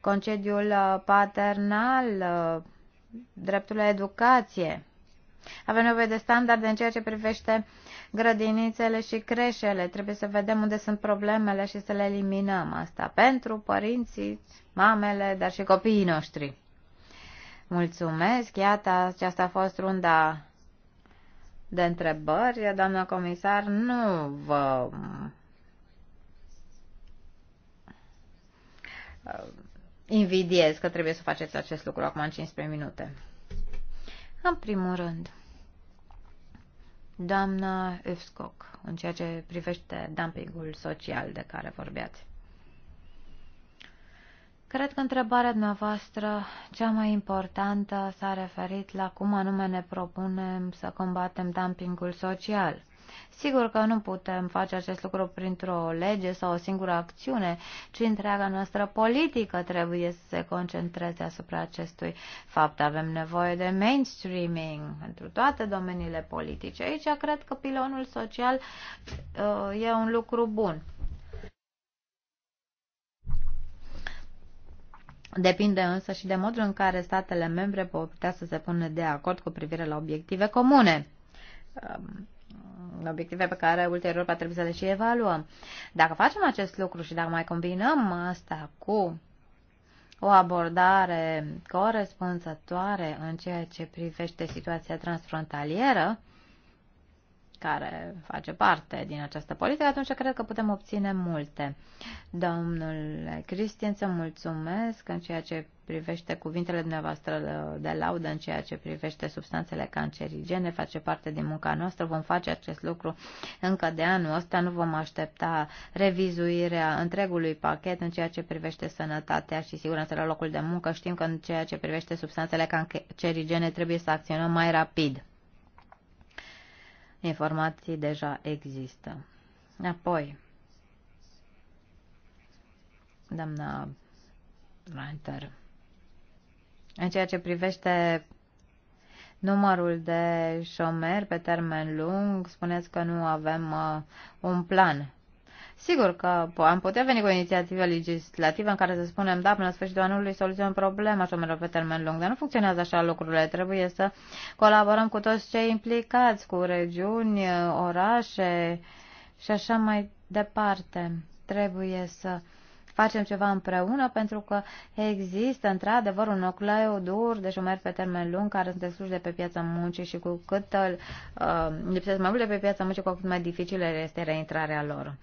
Concediul uh, paternal, uh, dreptul la educație, avem nevoie de standarde în ceea ce privește grădinițele și creșele. Trebuie să vedem unde sunt problemele și să le eliminăm asta pentru părinții, mamele, dar și copiii noștri. Mulțumesc! Iată, aceasta a fost runda de întrebări. Doamna comisar, nu vă uh, invidiez că trebuie să faceți acest lucru acum în 15 minute. În primul rând, doamna Evscoc, în ceea ce privește dumpingul social de care vorbeați. Cred că întrebarea dumneavoastră cea mai importantă s-a referit la cum anume ne propunem să combatem dumpingul social – Sigur că nu putem face acest lucru printr-o lege sau o singură acțiune, ci întreaga noastră politică trebuie să se concentreze asupra acestui fapt. Avem nevoie de mainstreaming pentru toate domeniile politice. Aici cred că pilonul social uh, e un lucru bun. Depinde însă și de modul în care statele membre pot putea să se pună de acord cu privire la obiective comune. Um, obiective pe care ulterior va trebui să le și evaluăm. Dacă facem acest lucru și dacă mai combinăm asta cu o abordare corespunzătoare în ceea ce privește situația transfrontalieră, care face parte din această politică, atunci cred că putem obține multe. Domnul Cristian, să mulțumesc în ceea ce privește cuvintele dumneavoastră uh, de laudă în ceea ce privește substanțele cancerigene, face parte din munca noastră, vom face acest lucru încă de anul ăsta, nu vom aștepta revizuirea întregului pachet în ceea ce privește sănătatea și siguranța la locul de muncă. Știm că în ceea ce privește substanțele cancerigene trebuie să acționăm mai rapid. Informații deja există. Apoi, doamna Reiter în ceea ce privește numărul de șomeri pe termen lung, spuneți că nu avem uh, un plan. Sigur că am putea veni cu o inițiativă legislativă în care să spunem, da, până la sfârșitul anului soluționăm problema șomerilor pe termen lung, dar nu funcționează așa lucrurile. Trebuie să colaborăm cu toți cei implicați, cu regiuni, uh, orașe și așa mai departe. Trebuie să facem ceva împreună, pentru că există într-adevăr un nucleu dur de șomeri pe termen lung care sunt excluși de pe piața muncii și cu cât uh, lipsesc mai mult de pe piața muncii, cu cât mai dificilă este reintrarea lor.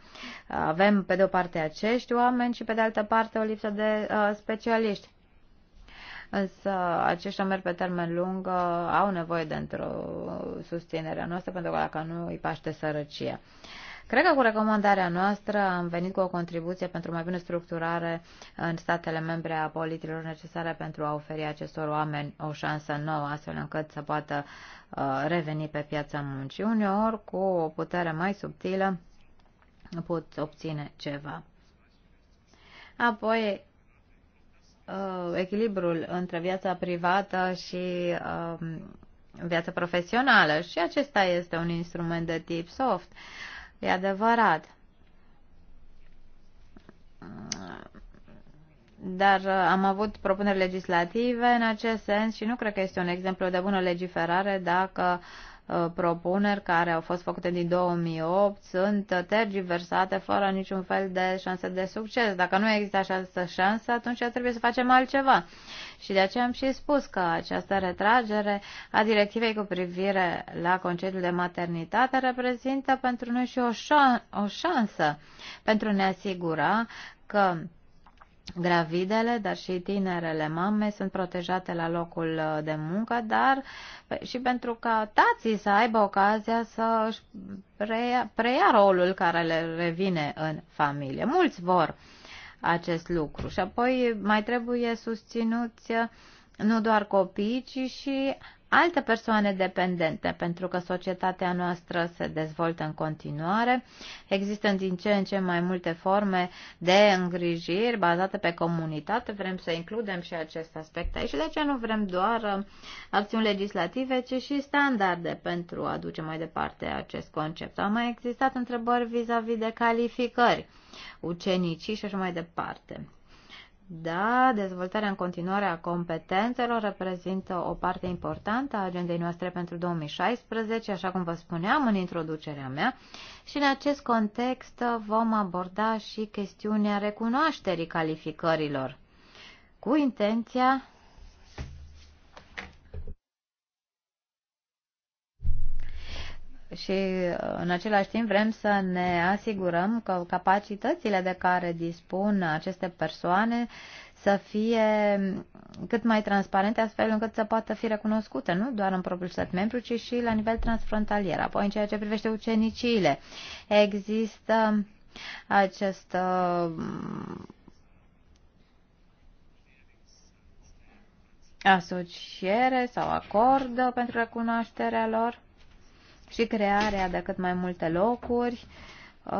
Avem, pe de o parte, acești oameni și, pe de altă parte, o lipsă de uh, specialiști. Însă aceștia merg pe termen lung, uh, au nevoie de într-o susținere noastră, pentru că dacă nu îi paște sărăcie. Uh, Cred că cu recomandarea noastră am venit cu o contribuție pentru mai bună structurare în statele membre a politilor necesare pentru a oferi acestor oameni o șansă nouă, astfel încât să poată uh, reveni pe piața muncii. Uneori, cu o putere mai subtilă, pot obține ceva. Apoi, uh, echilibrul între viața privată și uh, viața profesională și acesta este un instrument de tip soft. E adevărat. Dar am avut propuneri legislative în acest sens și nu cred că este un exemplu de bună legiferare dacă uh, propuneri care au fost făcute din 2008 sunt tergiversate fără niciun fel de șanse de succes. Dacă nu există această șansă, atunci trebuie să facem altceva. Și de aceea am și spus că această retragere a directivei cu privire la concediul de maternitate reprezintă pentru noi și o, șan- o șansă pentru a ne asigura că gravidele, dar și tinerele mame sunt protejate la locul de muncă, dar și pentru ca tații să aibă ocazia să își preia, preia rolul care le revine în familie. Mulți vor uh, acest lucru. Și apoi mai trebuie susținuți uh, nu doar copiii, ci și alte persoane dependente, pentru că societatea noastră se dezvoltă în continuare. Există din ce în ce mai multe forme de îngrijiri bazate pe comunitate. Vrem să includem și acest aspect aici. De aceea nu vrem doar uh, acțiuni legislative, ci și standarde pentru a duce mai departe acest concept. Au mai existat întrebări vis-a-vis -vis de calificări, ucenicii și așa mai departe. Da, dezvoltarea în continuare a competențelor reprezintă o parte importantă a agendei noastre pentru 2016, așa cum vă spuneam în introducerea mea, și în acest context vom aborda și chestiunea recunoașterii calificărilor, cu intenția și uh, în același timp vrem să ne asigurăm că capacitățile de care dispun aceste persoane să fie cât mai transparente, astfel încât să poată fi recunoscute, nu doar în propriul stat membru, ci și la nivel transfrontalier. Apoi, în ceea ce privește uceniciile, există acest uh, asociere sau acord pentru recunoașterea lor și crearea de cât mai multe locuri uh,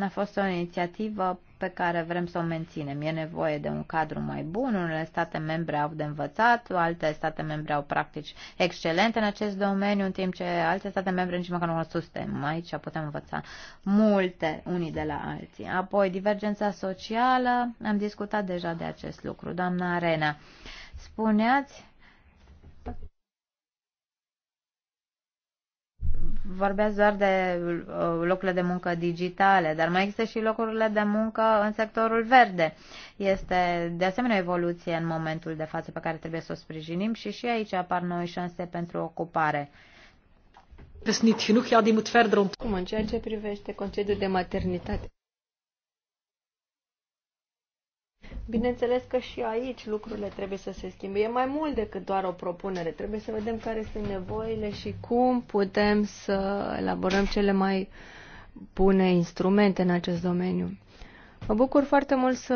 a fost o inițiativă pe care vrem să o menținem. E nevoie de un cadru mai bun, unele state membre au de învățat, alte state membre au practici excelente în acest domeniu, în timp ce alte state membre nici măcar nu au susțin. Aici putem învăța multe unii de la alții. Apoi, divergența socială, am discutat deja de acest lucru. Doamna Arena, spuneați vorbeați doar de uh, locurile de muncă digitale, dar mai există și locurile de muncă în sectorul verde. Este de asemenea o evoluție în momentul de față pe care trebuie să o sprijinim și și aici apar noi șanse pentru ocupare. Deci, Cum în ceea ce privește concediul de maternitate? Bineînțeles că și aici lucrurile trebuie să se schimbe. E mai mult decât doar o propunere. Trebuie să vedem care sunt nevoile și cum putem să elaborăm cele mai bune instrumente în acest domeniu. Mă bucur foarte mult să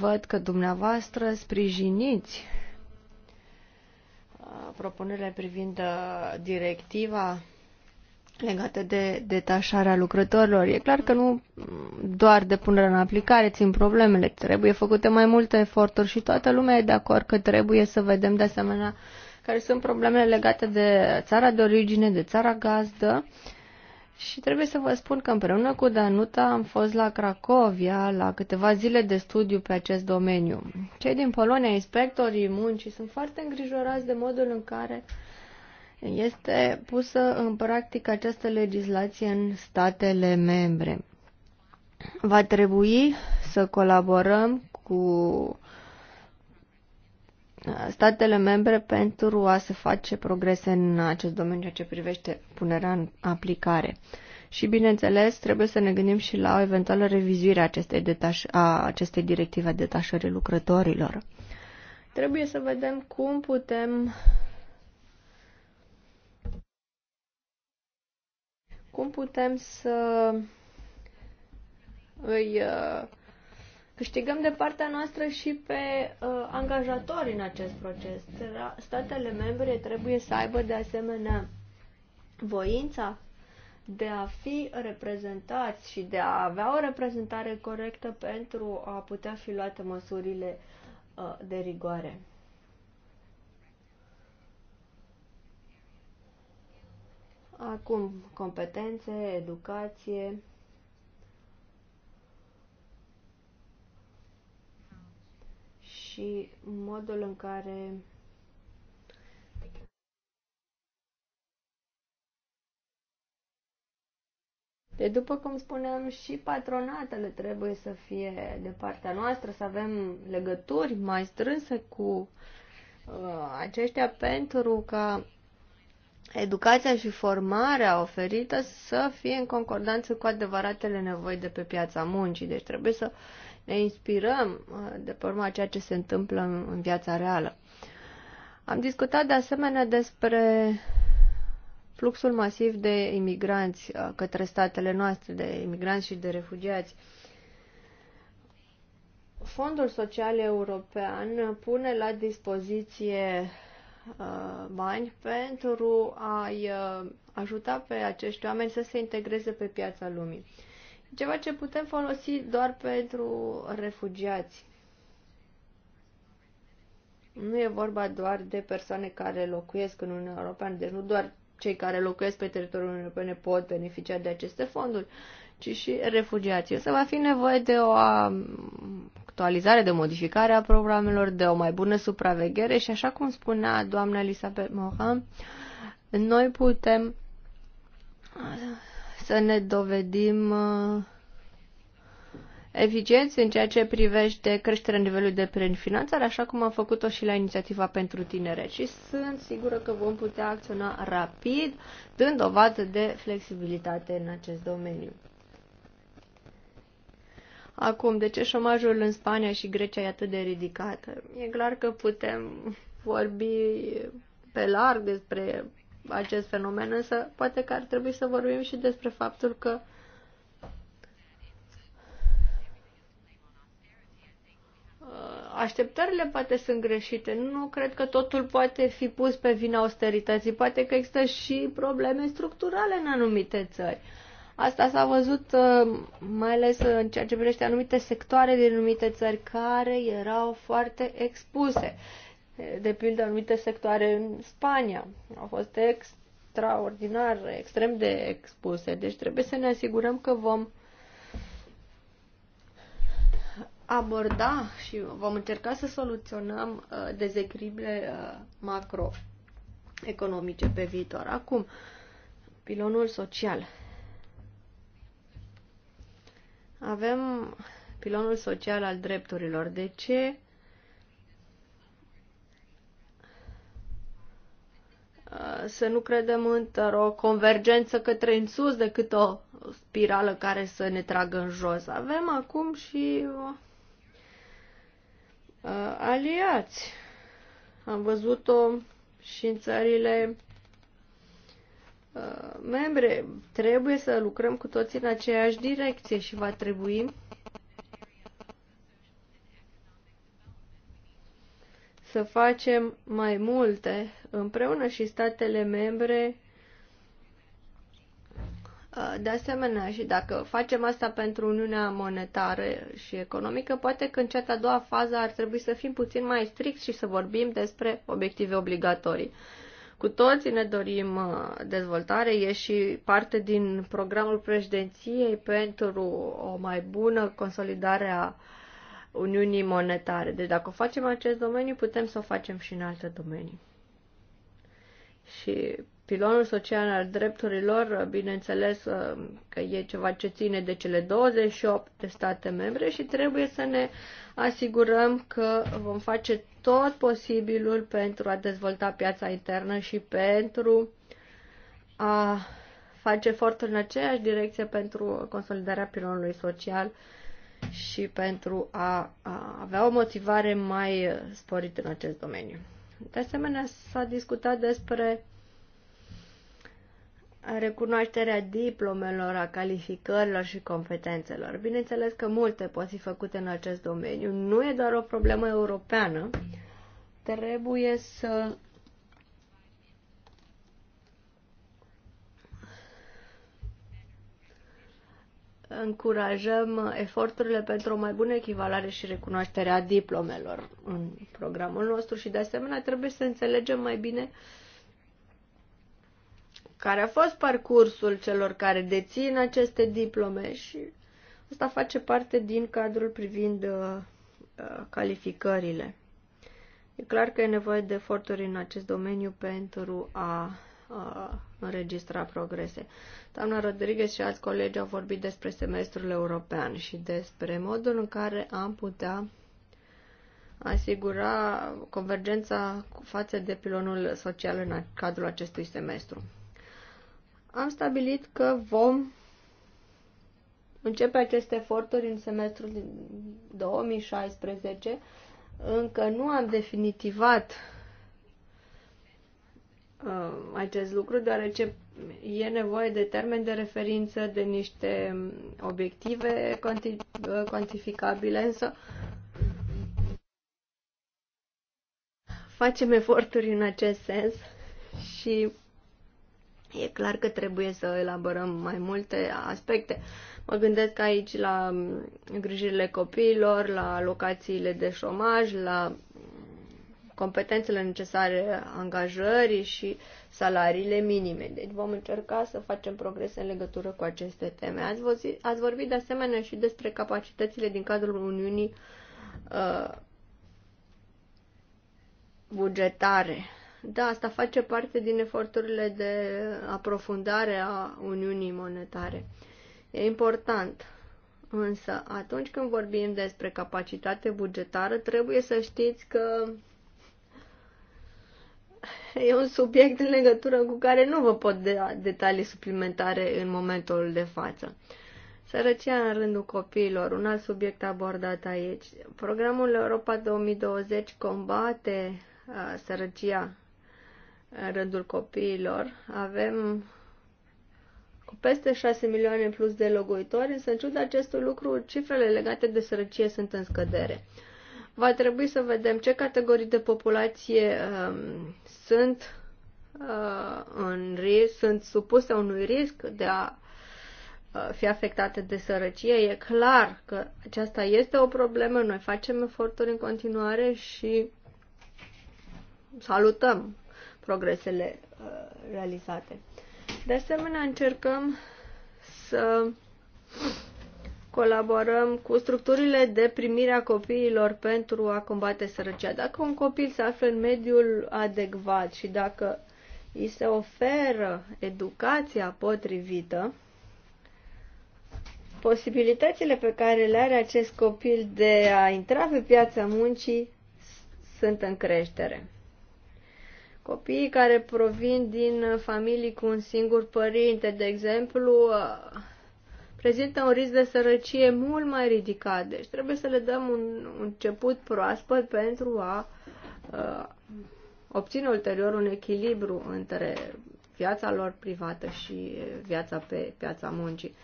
văd că dumneavoastră sprijiniți uh, propunerile privind uh, directiva legate de detașarea lucrătorilor. E clar că nu doar de punerea în aplicare țin problemele, trebuie făcute mai multe eforturi și toată lumea e de acord că trebuie să vedem de asemenea care sunt problemele legate de țara de origine, de țara gazdă. Și trebuie să vă spun că împreună cu Danuta am fost la Cracovia la câteva zile de studiu pe acest domeniu. Cei din Polonia, inspectorii muncii, sunt foarte îngrijorați de modul în care uh, este pusă în practică această legislație în statele membre. Va trebui să colaborăm cu statele membre pentru a se face progrese în acest domeniu ceea ce privește punerea în aplicare. Și, bineînțeles, trebuie să ne gândim și la o eventuală revizuire a acestei, detaș- a acestei directive a detașării lucrătorilor. Trebuie să vedem cum putem Cum putem să îi uh, câștigăm de partea noastră și pe uh, angajatori în acest proces. Statele membre trebuie să aibă de asemenea voința de a fi reprezentați și de a avea o reprezentare corectă pentru a putea fi luate măsurile uh, de rigoare. Acum, competențe, educație. Și modul în care De după cum spuneam, și patronatele trebuie să fie de partea noastră, să avem legături mai strânse cu uh, aceștia pentru ca educația și formarea oferită să fie în concordanță cu adevăratele nevoi de pe piața muncii. Deci trebuie să ne inspirăm uh, de pe urma ceea ce se întâmplă în, în viața reală. Am discutat de asemenea despre fluxul masiv de imigranți uh, către statele noastre, de imigranți și de refugiați. Fondul Social European pune la dispoziție Uh, bani pentru a-i uh, ajuta pe acești oameni să se integreze pe piața lumii. Ceva ce putem folosi doar pentru refugiați. Nu e vorba doar de persoane care locuiesc în Uniunea Europeană, deci nu doar cei care locuiesc pe teritoriul Uniunii Europene pot beneficia de aceste fonduri, ci și refugiații. să va fi nevoie de o um, actualizare, de modificare a programelor, de o mai bună supraveghere și așa cum spunea doamna Elisabeth Morin, noi putem uh, să ne dovedim uh, eficienți în ceea ce privește creșterea nivelului de prefinanțare, așa cum am făcut-o și la inițiativa pentru tinere. Și sunt sigură că vom putea acționa rapid, dând dovadă de flexibilitate în acest domeniu. Acum, de ce șomajul în Spania și Grecia e atât de ridicat? E clar că putem vorbi pe larg despre acest fenomen, însă poate că ar trebui să vorbim și despre faptul că așteptările poate sunt greșite. Nu cred că totul poate fi pus pe vina austerității. Poate că există și probleme structurale în anumite țări. Uh, Asta s-a văzut uh, mai ales în ceea ce privește anumite sectoare din anumite țări care erau foarte expuse. De pildă, anumite sectoare în Spania au fost extraordinar, extrem de expuse. Deci trebuie să ne asigurăm că vom aborda și vom încerca să soluționăm uh, dezechilibre uh, macroeconomice pe viitor. Acum, pilonul social. Avem pilonul social al drepturilor. De ce să nu credem într-o convergență către în sus decât o spirală care să ne tragă în jos. Avem acum și uh, uh, aliați. Am văzut-o și în țările Uh, membre, trebuie să lucrăm cu toții în aceeași direcție și va trebui să facem mai multe împreună și statele membre uh, de asemenea, și dacă facem asta pentru Uniunea Monetară și Economică, poate că în cea a doua fază ar trebui să fim puțin mai strict și să vorbim despre obiective obligatorii. Cu toții ne dorim uh, dezvoltare, e și parte din programul președinției pentru o mai bună consolidare a Uniunii Monetare. Deci dacă o facem în acest domeniu, putem să o facem și în alte domenii. Și pilonul social al drepturilor, bineînțeles uh, că e ceva ce ține de cele 28 de state membre și trebuie să ne asigurăm că vom face tot posibilul pentru a dezvolta piața internă și pentru a face efortul în aceeași direcție pentru consolidarea pilonului social și pentru a, a avea o motivare mai sporită în acest domeniu. De asemenea, s-a discutat despre recunoașterea diplomelor, a calificărilor și competențelor. Bineînțeles că multe pot fi făcute în acest domeniu. Nu e doar o problemă europeană. Trebuie să încurajăm eforturile pentru o mai bună echivalare și recunoașterea diplomelor în programul nostru și de asemenea trebuie să înțelegem mai bine uh, care a fost parcursul celor care dețin aceste diplome și asta face parte din cadrul privind uh, uh, calificările. E clar că e nevoie de eforturi în acest domeniu pentru a, a înregistra progrese. Doamna Rodriguez și alți colegi au vorbit despre semestrul european și despre modul în care am putea asigura convergența față de pilonul social în cadrul acestui semestru am stabilit că vom începe aceste eforturi în semestrul 2016. Încă nu am definitivat uh, acest lucru, deoarece e nevoie de termen de referință, de niște obiective conti uh, cuantificabile, însă facem eforturi în acest sens și E clar că trebuie să elaborăm mai multe aspecte. Mă gândesc aici la îngrijirile copiilor, la locațiile de șomaj, la competențele necesare angajării și salariile minime. Deci vom încerca să facem progrese în legătură cu aceste teme. Ați, ați vorbit de asemenea și despre capacitățile din cadrul Uniunii uh, bugetare. Da, asta face parte din eforturile de aprofundare a Uniunii Monetare. E important. Însă, atunci când vorbim despre capacitate bugetară, trebuie să știți că e un subiect în legătură cu care nu vă pot da detalii suplimentare în momentul de față. Sărăcia în rândul copiilor, un alt subiect abordat aici. Programul Europa 2020 combate sărăcia în rândul copiilor. Avem peste 6 milioane în plus de locuitori, însă în ciuda acestui lucru, cifrele legate de sărăcie sunt în scădere. Va trebui să vedem ce categorii de populație um, sunt uh, în risc, sunt supuse unui risc de a uh, fi afectate de sărăcie. E clar că aceasta este o problemă, noi facem eforturi în continuare și salutăm progresele uh, realizate. De asemenea, încercăm să colaborăm cu structurile de primire a copiilor pentru a combate sărăcia. Dacă un copil se află în mediul adecvat și dacă îi se oferă educația potrivită, posibilitățile pe care le are acest copil de a intra pe piața muncii sunt în creștere. Copiii care provin din familii cu un singur părinte, de exemplu, prezintă un risc de sărăcie mult mai ridicat. Deci trebuie să le dăm un, început proaspăt pentru a obține ulterior un echilibru între viața lor privată și viața pe piața muncii.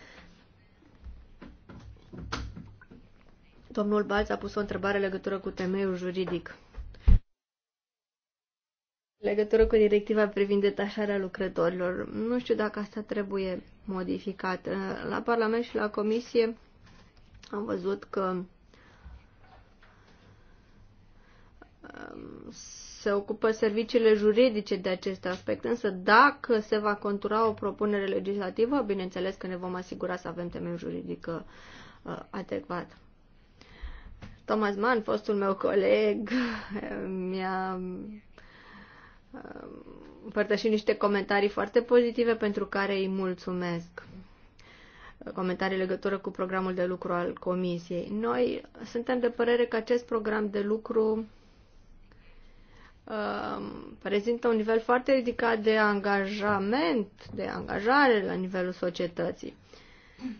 Domnul Balț a pus o întrebare legătură cu temeiul juridic legătură cu directiva privind detașarea lucrătorilor. Nu știu dacă asta trebuie modificat. La Parlament și la Comisie am văzut că um, se ocupă serviciile juridice de acest aspect, însă dacă se va contura o propunere legislativă, bineînțeles că ne vom asigura să avem temeiul juridic uh, adecvat. Thomas Mann, fostul meu coleg, mi-a împărtășim niște comentarii foarte pozitive pentru care îi mulțumesc. Comentarii legătură cu programul de lucru al Comisiei. Noi suntem de părere că acest program de lucru um, prezintă un nivel foarte ridicat de angajament, de angajare la nivelul societății.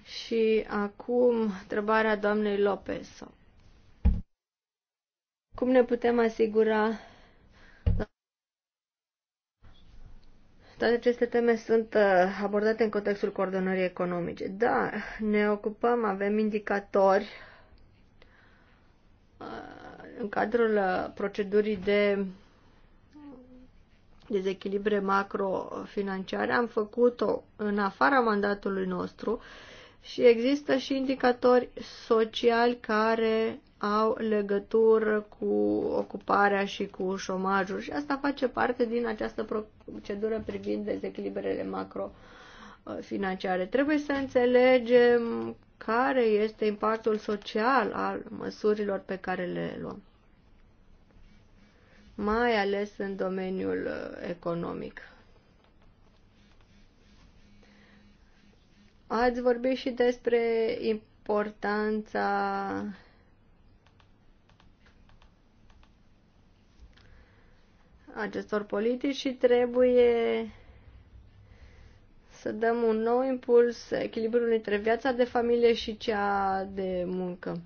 Și acum, întrebarea doamnei Lopez. Cum ne putem asigura Toate aceste teme sunt uh, abordate în contextul coordonării economice. Da, ne ocupăm, avem indicatori uh, în cadrul uh, procedurii de dezechilibre macrofinanciare. Am făcut-o în afara mandatului nostru și există și indicatori sociali care au legătură cu ocuparea și cu șomajul și asta face parte din această procedură privind dezechilibrele macrofinanciare. Trebuie să înțelegem care este impactul social al măsurilor pe care le luăm, mai ales în domeniul uh, economic. Ați vorbit și despre importanța acestor politici și trebuie să dăm un nou impuls echilibrul între viața de familie și cea de muncă.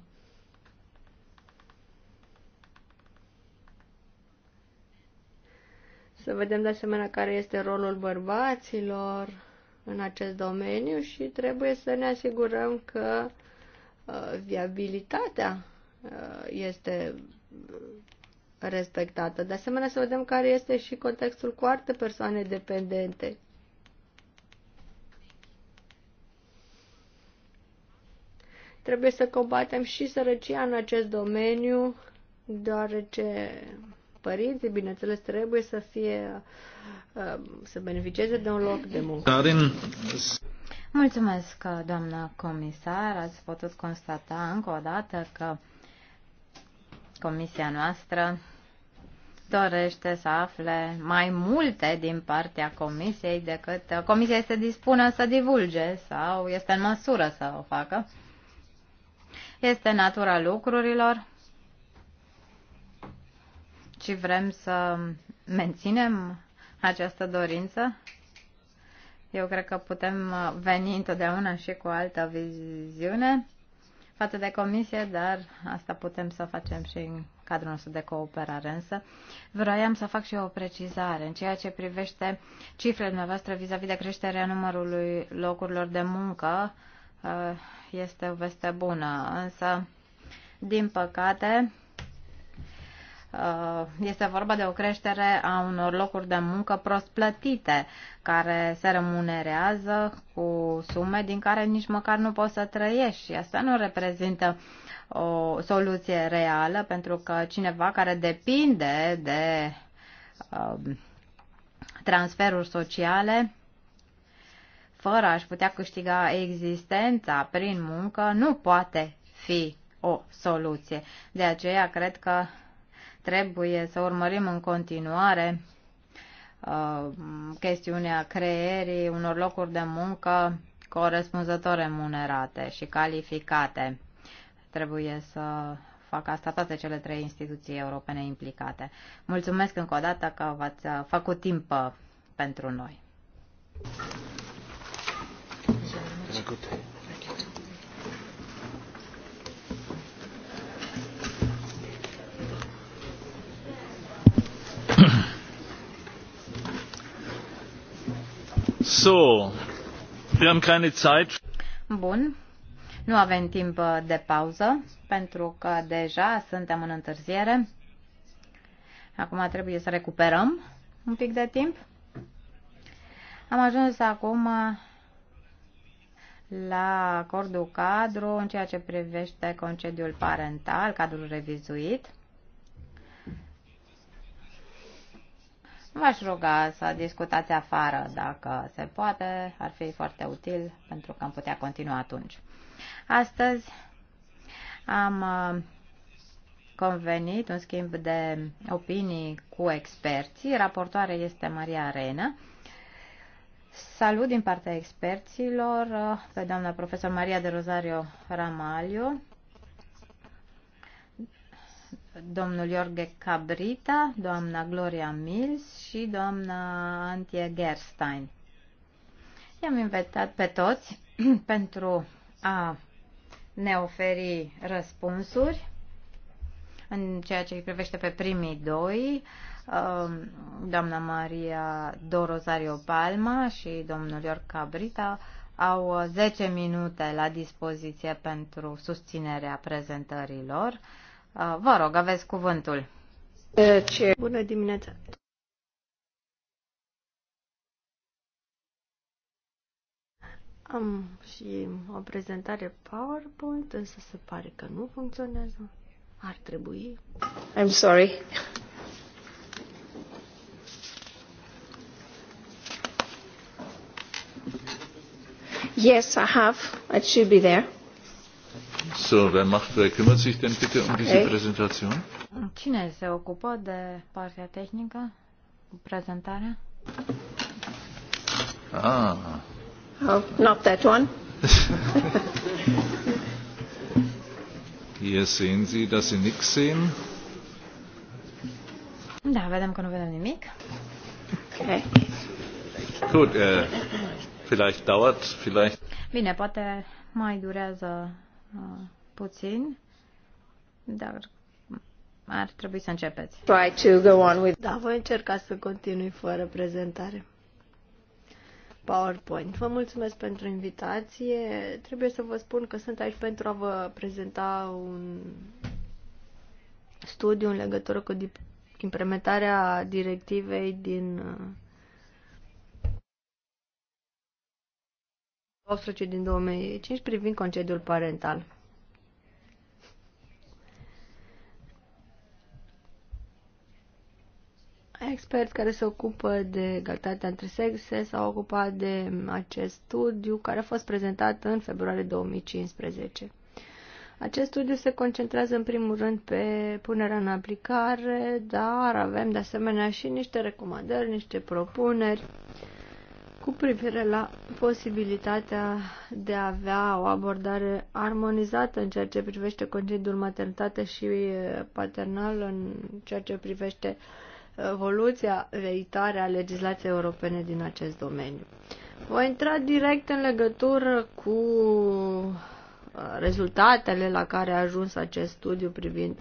Să vedem de asemenea care este rolul bărbaților în acest domeniu și trebuie să ne asigurăm că uh, viabilitatea uh, este respectată. De asemenea, să vedem care este și contextul cu alte persoane dependente. Trebuie să combatem și sărăcia în acest domeniu, deoarece părinții, bineînțeles, trebuie să fie um, să beneficieze de un loc de muncă. Mulțumesc, doamna comisar. Ați putut constata încă o dată că Comisia noastră dorește să afle mai multe din partea comisiei decât comisia este dispună să divulge sau este în măsură să o facă. Este natura lucrurilor și vrem să menținem această dorință. Eu cred că putem veni întotdeauna și cu altă viziune față de comisie, dar asta putem să facem și în cadrul nostru de cooperare. Însă vroiam să fac și o precizare în ceea ce privește cifrele dumneavoastră vis-a-vis de creșterea numărului locurilor de muncă. Uh, este o veste bună, însă, din păcate, Uh, este vorba de o creștere a unor locuri de muncă prost plătite, care se remunerează cu sume din care nici măcar nu poți să trăiești. Și asta nu reprezintă o soluție reală, pentru că cineva care depinde de um, transferuri sociale, fără a-și putea câștiga existența prin muncă, nu poate fi o soluție. De aceea cred că Trebuie să urmărim în continuare uh, chestiunea creierii unor locuri de muncă corespunzător remunerate și calificate. Trebuie să fac asta toate cele trei instituții europene implicate. Mulțumesc încă o dată că v-ați uh, făcut timp uh, pentru noi. Thank you. wir haben keine Zeit. Bun. Nu avem timp uh, de pauză, pentru că deja suntem în întârziere. Acum trebuie să recuperăm un pic de timp. Am ajuns acum uh, la acordul cadru în ceea ce privește concediul parental, cadrul revizuit. V-aș ruga să discutați afară dacă se poate, ar fi foarte util pentru că am putea continua atunci. Astăzi am uh, convenit un schimb de opinii cu experții. Raportoare este Maria Arena. Salut din partea experților uh, pe doamna profesor Maria de Rosario Ramalio, domnul Jorge Cabrita, doamna Gloria Mills și doamna Antie Gerstein. I-am invitat pe toți pentru a ne oferi răspunsuri în ceea ce îi privește pe primii doi, um, doamna Maria Dorozario Palma și domnul Iorghe Cabrita au 10 minute la dispoziție pentru susținerea prezentărilor. Vă rog, aveți cuvântul. Ce? Bună dimineața! Am și o prezentare PowerPoint, însă se pare că nu funcționează. Ar trebui. I'm sorry. Yes, I have. It should be there. So, wer macht, wer kümmert sich denn bitte um diese Präsentation? Cine se ocupă de partea tehnică prezentarea? Ah. Oh, not that one. Hier sehen Sie, dass Sie nichts sehen. Da, vedem că nu vedem nimic. Okay. Gut, äh, vielleicht dauert, vielleicht... Bine, poate mai durează Ah, puțin, dar ar trebui să începeți. Try to go on with... Da, voi încerca să continui fără prezentare. PowerPoint. Vă mulțumesc pentru invitație. Trebuie să vă spun că sunt aici pentru a vă prezenta un studiu în legătură cu implementarea directivei din uh, 18 din 2005 privind concediul parental. Experți care se ocupă de egalitatea între sexe s-au ocupat de acest studiu care a fost prezentat în februarie 2015. Acest studiu se concentrează în primul rând pe punerea în aplicare, dar avem de asemenea și niște recomandări, niște propuneri cu privire la posibilitatea de a avea o abordare armonizată în ceea ce privește concediul maternitate și paternal, în ceea ce privește evoluția veitare a legislației europene din acest domeniu. Voi intra direct în legătură cu rezultatele la care a ajuns acest studiu privind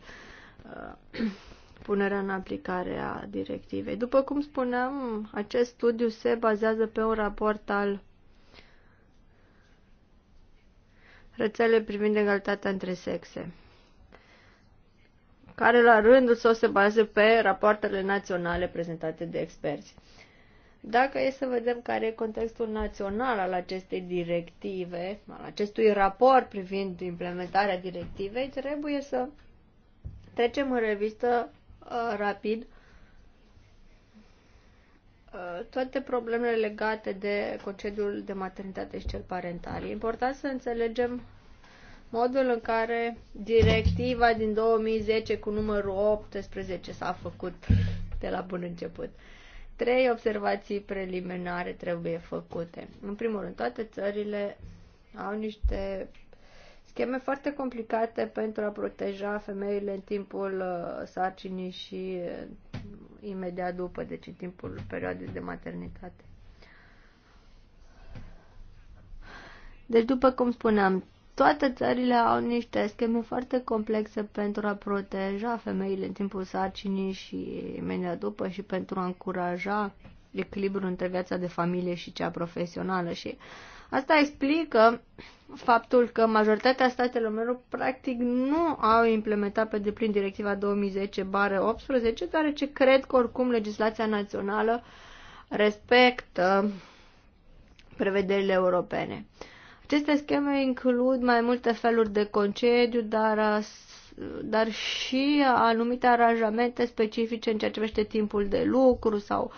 punerea în aplicare a directivei. După cum spuneam, acest studiu se bazează pe un raport al rețele privind egalitatea între sexe, care la rândul său se bazează pe rapoartele naționale prezentate de experți. Dacă e să vedem care e contextul național al acestei directive, al acestui raport privind implementarea directivei, trebuie să trecem în revistă Uh, rapid uh, toate problemele legate de concediul de maternitate și cel parental. E important să înțelegem modul în care directiva din 2010 cu numărul 18 s-a făcut de la bun început. Trei observații preliminare trebuie făcute. În primul rând, toate țările au niște scheme foarte complicate pentru a proteja femeile în timpul uh, sarcinii și uh, imediat după, deci în timpul perioadei de maternitate. Deci, după cum spuneam, toate țările au niște scheme foarte complexe pentru a proteja femeile în timpul sarcinii și imediat după și pentru a încuraja echilibrul între viața de familie și cea profesională și uh, Asta explică faptul că majoritatea statelor membre practic nu au implementat pe deplin directiva 2010-18, deoarece cred că oricum legislația națională respectă prevederile europene. Aceste scheme includ mai multe feluri de concediu, dar, dar și anumite aranjamente specifice în ceea ce privește timpul de lucru sau uh,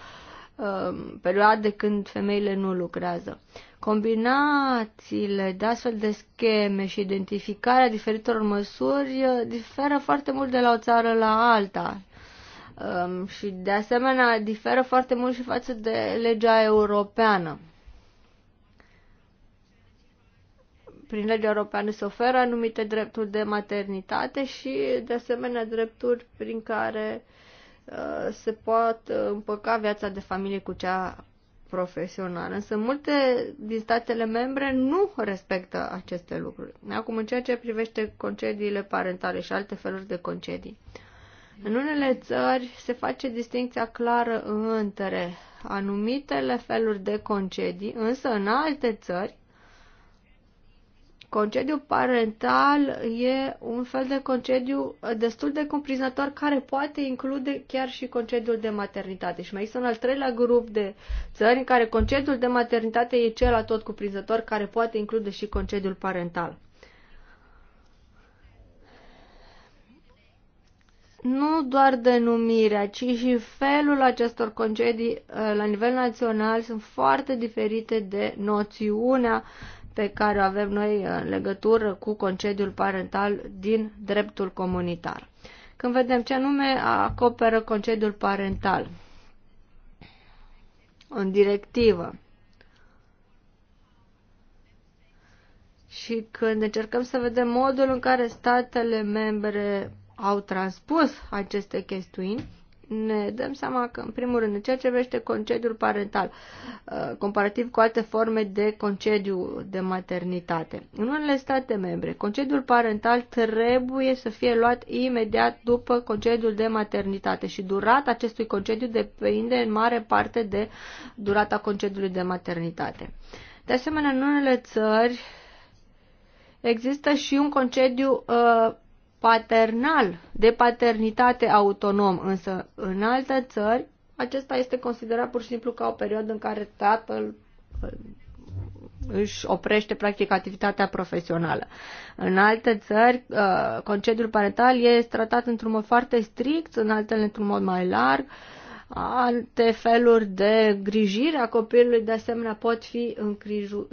Um, perioade când femeile nu lucrează. Combinațiile de astfel de scheme și identificarea diferitor măsuri uh, diferă foarte mult de la o țară la alta um, și de asemenea diferă foarte mult și față de legea europeană. Prin legea europeană se oferă anumite drepturi de maternitate și de asemenea drepturi prin care uh, Uh, se poate uh, împăca viața de familie cu cea profesională. Însă multe din statele membre nu respectă aceste lucruri. Acum, în ceea ce privește concediile parentale și alte feluri de concedii, în unele țări se face distinția clară între anumitele feluri de concedii, însă în alte țări Concediu parental e un fel de concediu uh, destul de cuprinzător care poate include chiar și concediul de maternitate. Și mai există un al treilea grup de țări în care concediul de maternitate e cel tot cuprinzător care poate include și concediul parental. nu doar denumirea, ci și felul acestor concedii uh, la nivel național sunt foarte diferite de noțiunea pe care o avem noi în legătură cu concediul parental din dreptul comunitar. Când vedem ce nume acoperă concediul parental în directivă și când încercăm să vedem modul în care statele membre au transpus aceste chestiuni, ne dăm seama că, în primul rând, în ceea ce privește concediul parental, uh, comparativ cu alte forme de concediu de maternitate, în unele state membre, concediul parental trebuie să fie luat imediat după concediul de maternitate și durata acestui concediu depinde în mare parte de durata concediului de maternitate. De asemenea, în unele țări există și un concediu uh, paternal, de paternitate autonom, însă în alte țări acesta este considerat pur și simplu ca o perioadă în care tatăl uh, își oprește practic activitatea profesională. În alte țări, uh, concediul parental este tratat într-un mod foarte strict, în altele într-un mod mai larg. Alte feluri de grijire a copilului, de asemenea, pot fi uh,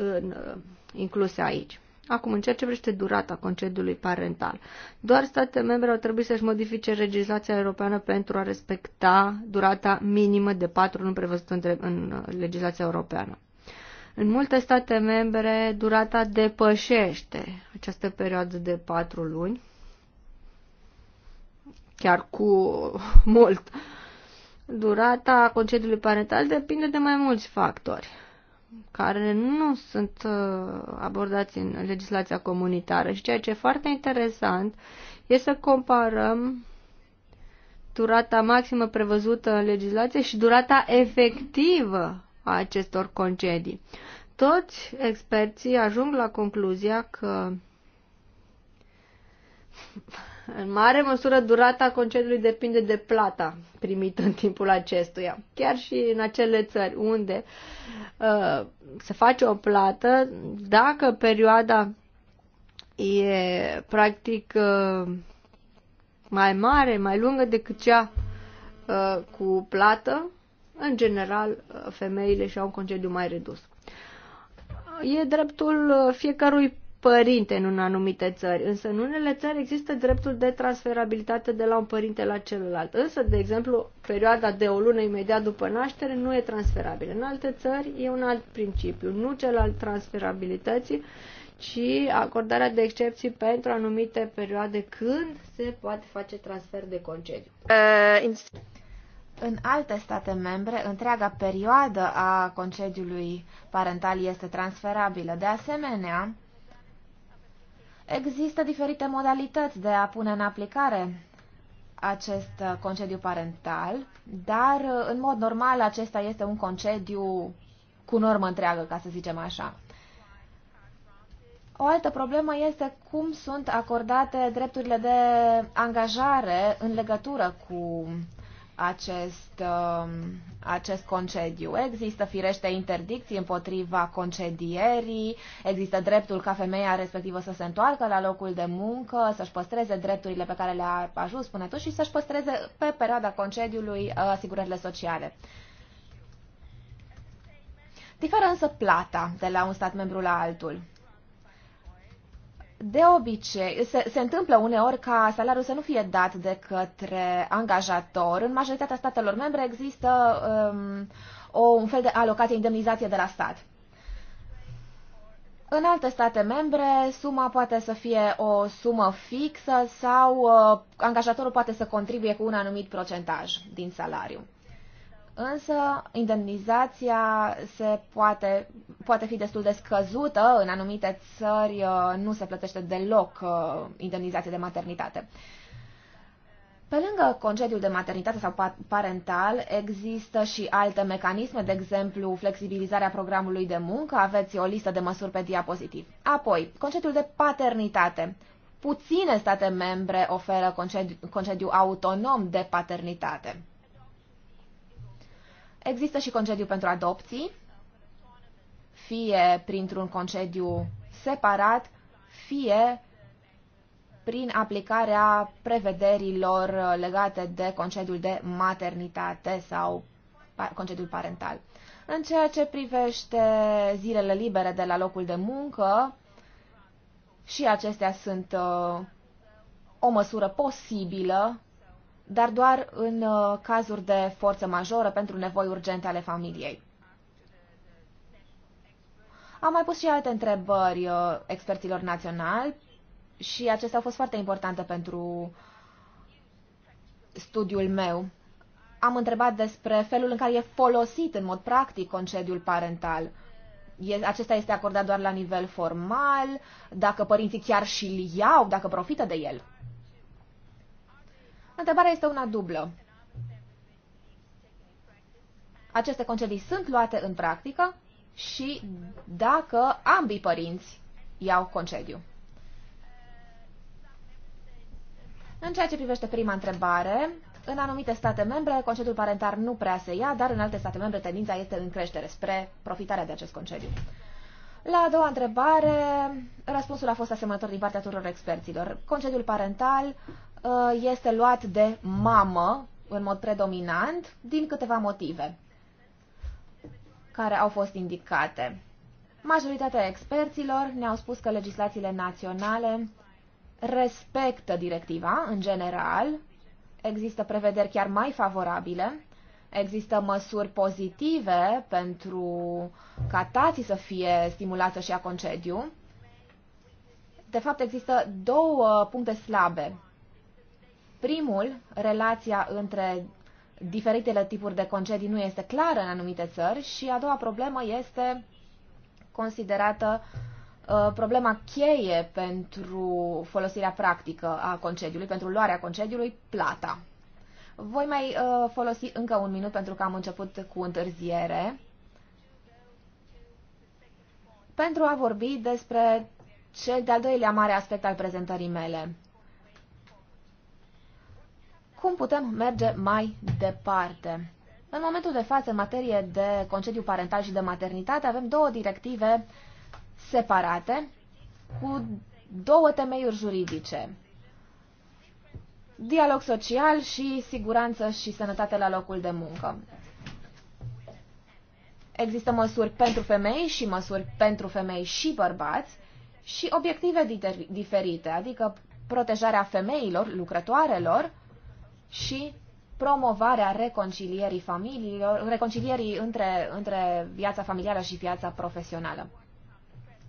incluse aici. Acum, în ceea ce vrește durata concediului parental, doar state membre au trebuit să-și modifice legislația europeană pentru a respecta durata minimă de patru luni prevăzută în, în uh, legislația europeană. În multe state membre, durata depășește această perioadă de patru luni, chiar cu mult. Durata concediului parental depinde de mai mulți factori care nu sunt uh, abordați în legislația comunitară. Și ceea ce e foarte interesant e să comparăm durata maximă prevăzută în legislație și durata efectivă a acestor concedii. Toți experții ajung la concluzia că în mare măsură, durata concediului depinde de plata primită în timpul acestuia. Chiar și în acele țări unde uh, se face o plată, dacă perioada e practic uh, mai mare, mai lungă decât cea uh, cu plată, în general, uh, femeile și-au un concediu mai redus. E dreptul uh, fiecărui părinte în anumite țări, însă în unele țări există dreptul de transferabilitate de la un părinte la celălalt. Însă, de exemplu, perioada de o lună imediat după naștere nu e transferabilă. În alte țări e un alt principiu, nu cel al transferabilității, ci acordarea de excepții pentru anumite perioade când se poate face transfer de concediu. Uh, în alte state membre, întreaga perioadă a concediului parental este transferabilă. De asemenea, Există diferite modalități de a pune în aplicare acest uh, concediu parental, dar uh, în mod normal acesta este un concediu cu normă întreagă, ca să zicem așa. O altă problemă este cum sunt acordate drepturile de angajare în legătură cu acest, um, acest concediu. Există firește interdicții împotriva concedierii, există dreptul ca femeia respectivă să se întoarcă la locul de muncă, să-și păstreze drepturile pe care le-a ajuns până atunci și să-și păstreze pe perioada concediului uh, asigurările sociale. Diferă însă plata de la un stat membru la altul de obicei, se, se întâmplă uneori ca salariul să nu fie dat de către angajator. În majoritatea statelor membre există um, o, un fel de alocație indemnizație de la stat. În alte state membre, suma poate să fie o sumă fixă sau uh, angajatorul poate să contribuie cu un anumit procentaj din salariu însă indemnizația se poate, poate fi destul de scăzută. În anumite țări uh, nu se plătește deloc uh, indemnizație de maternitate. Pe lângă concediul de maternitate sau parental, există și alte mecanisme, de exemplu flexibilizarea programului de muncă, aveți o listă de măsuri pe diapozitiv. Apoi, concediul de paternitate. Puține state membre oferă concediu, concediu autonom de paternitate. Există și concediu pentru adopții, fie printr-un concediu separat, fie prin aplicarea prevederilor legate de concediul de maternitate sau concediul parental. În ceea ce privește zilele libere de la locul de muncă, și acestea sunt uh, o măsură posibilă dar doar în uh, cazuri de forță majoră pentru nevoi urgente ale familiei. Am mai pus și alte întrebări uh, experților naționali și acestea au fost foarte importante pentru studiul meu. Am întrebat despre felul în care e folosit în mod practic concediul parental. Acesta este acordat doar la nivel formal, dacă părinții chiar și-l iau, dacă profită de el. Întrebarea este una dublă. Aceste concedii sunt luate în practică și dacă ambii părinți iau concediu. În ceea ce privește prima întrebare, în anumite state membre, concediul parentar nu prea se ia, dar în alte state membre tendința este în creștere spre profitarea de acest concediu. La a doua întrebare, răspunsul a fost asemănător din partea tuturor experților. Concediul parental Uh, este luat de mamă în mod predominant din câteva motive care au fost indicate. Majoritatea experților ne-au spus că legislațiile naționale respectă directiva în general, există prevederi chiar mai favorabile, există măsuri pozitive pentru ca tații să fie stimulați să-și ia concediu. De fapt, există două puncte slabe Primul, relația între diferitele tipuri de concedii nu este clară în anumite țări și a doua problemă este considerată uh, problema cheie pentru folosirea practică a concediului, pentru luarea concediului, plata. Voi mai uh, folosi încă un minut pentru că am început cu întârziere pentru a vorbi despre cel de-al doilea mare aspect al prezentării mele cum putem merge mai departe. În momentul de față, în materie de concediu parental și de maternitate, avem două directive separate cu două temeiuri juridice. Dialog social și siguranță și sănătate la locul de muncă. Există măsuri pentru femei și măsuri pentru femei și bărbați și obiective diferite, adică protejarea femeilor, lucrătoarelor, și promovarea reconcilierii familiilor, reconcilierii între, între viața familială și viața profesională.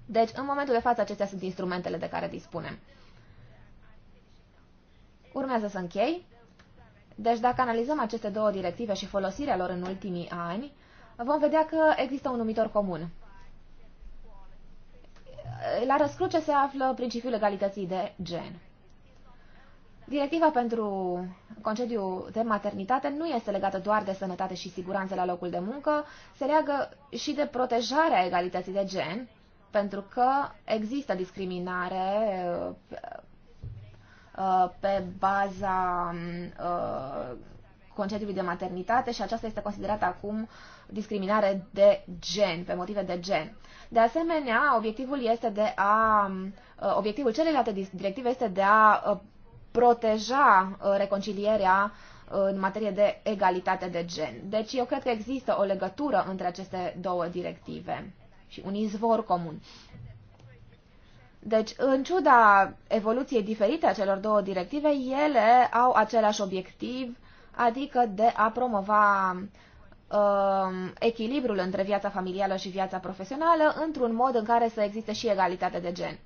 Deci, în momentul de față, acestea sunt instrumentele de care dispunem. Urmează să închei. Deci, dacă analizăm aceste două directive și folosirea lor în ultimii ani, vom vedea că există un numitor comun. La răscruce se află principiul egalității de gen. Directiva pentru concediu de maternitate nu este legată doar de sănătate și siguranță la locul de muncă, se leagă și de protejarea egalității de gen, pentru că există discriminare uh, pe baza uh, concediului de maternitate și aceasta este considerată acum discriminare de gen, pe motive de gen. De asemenea, obiectivul este de a uh, obiectivul celelalte directive este de a proteja uh, reconcilierea uh, în materie de egalitate de gen. Deci eu cred că există o legătură între aceste două directive și un izvor comun. Deci, în ciuda evoluției diferite a celor două directive, ele au același obiectiv, adică de a promova uh, echilibrul între viața familială și viața profesională într-un mod în care să existe și egalitate de gen.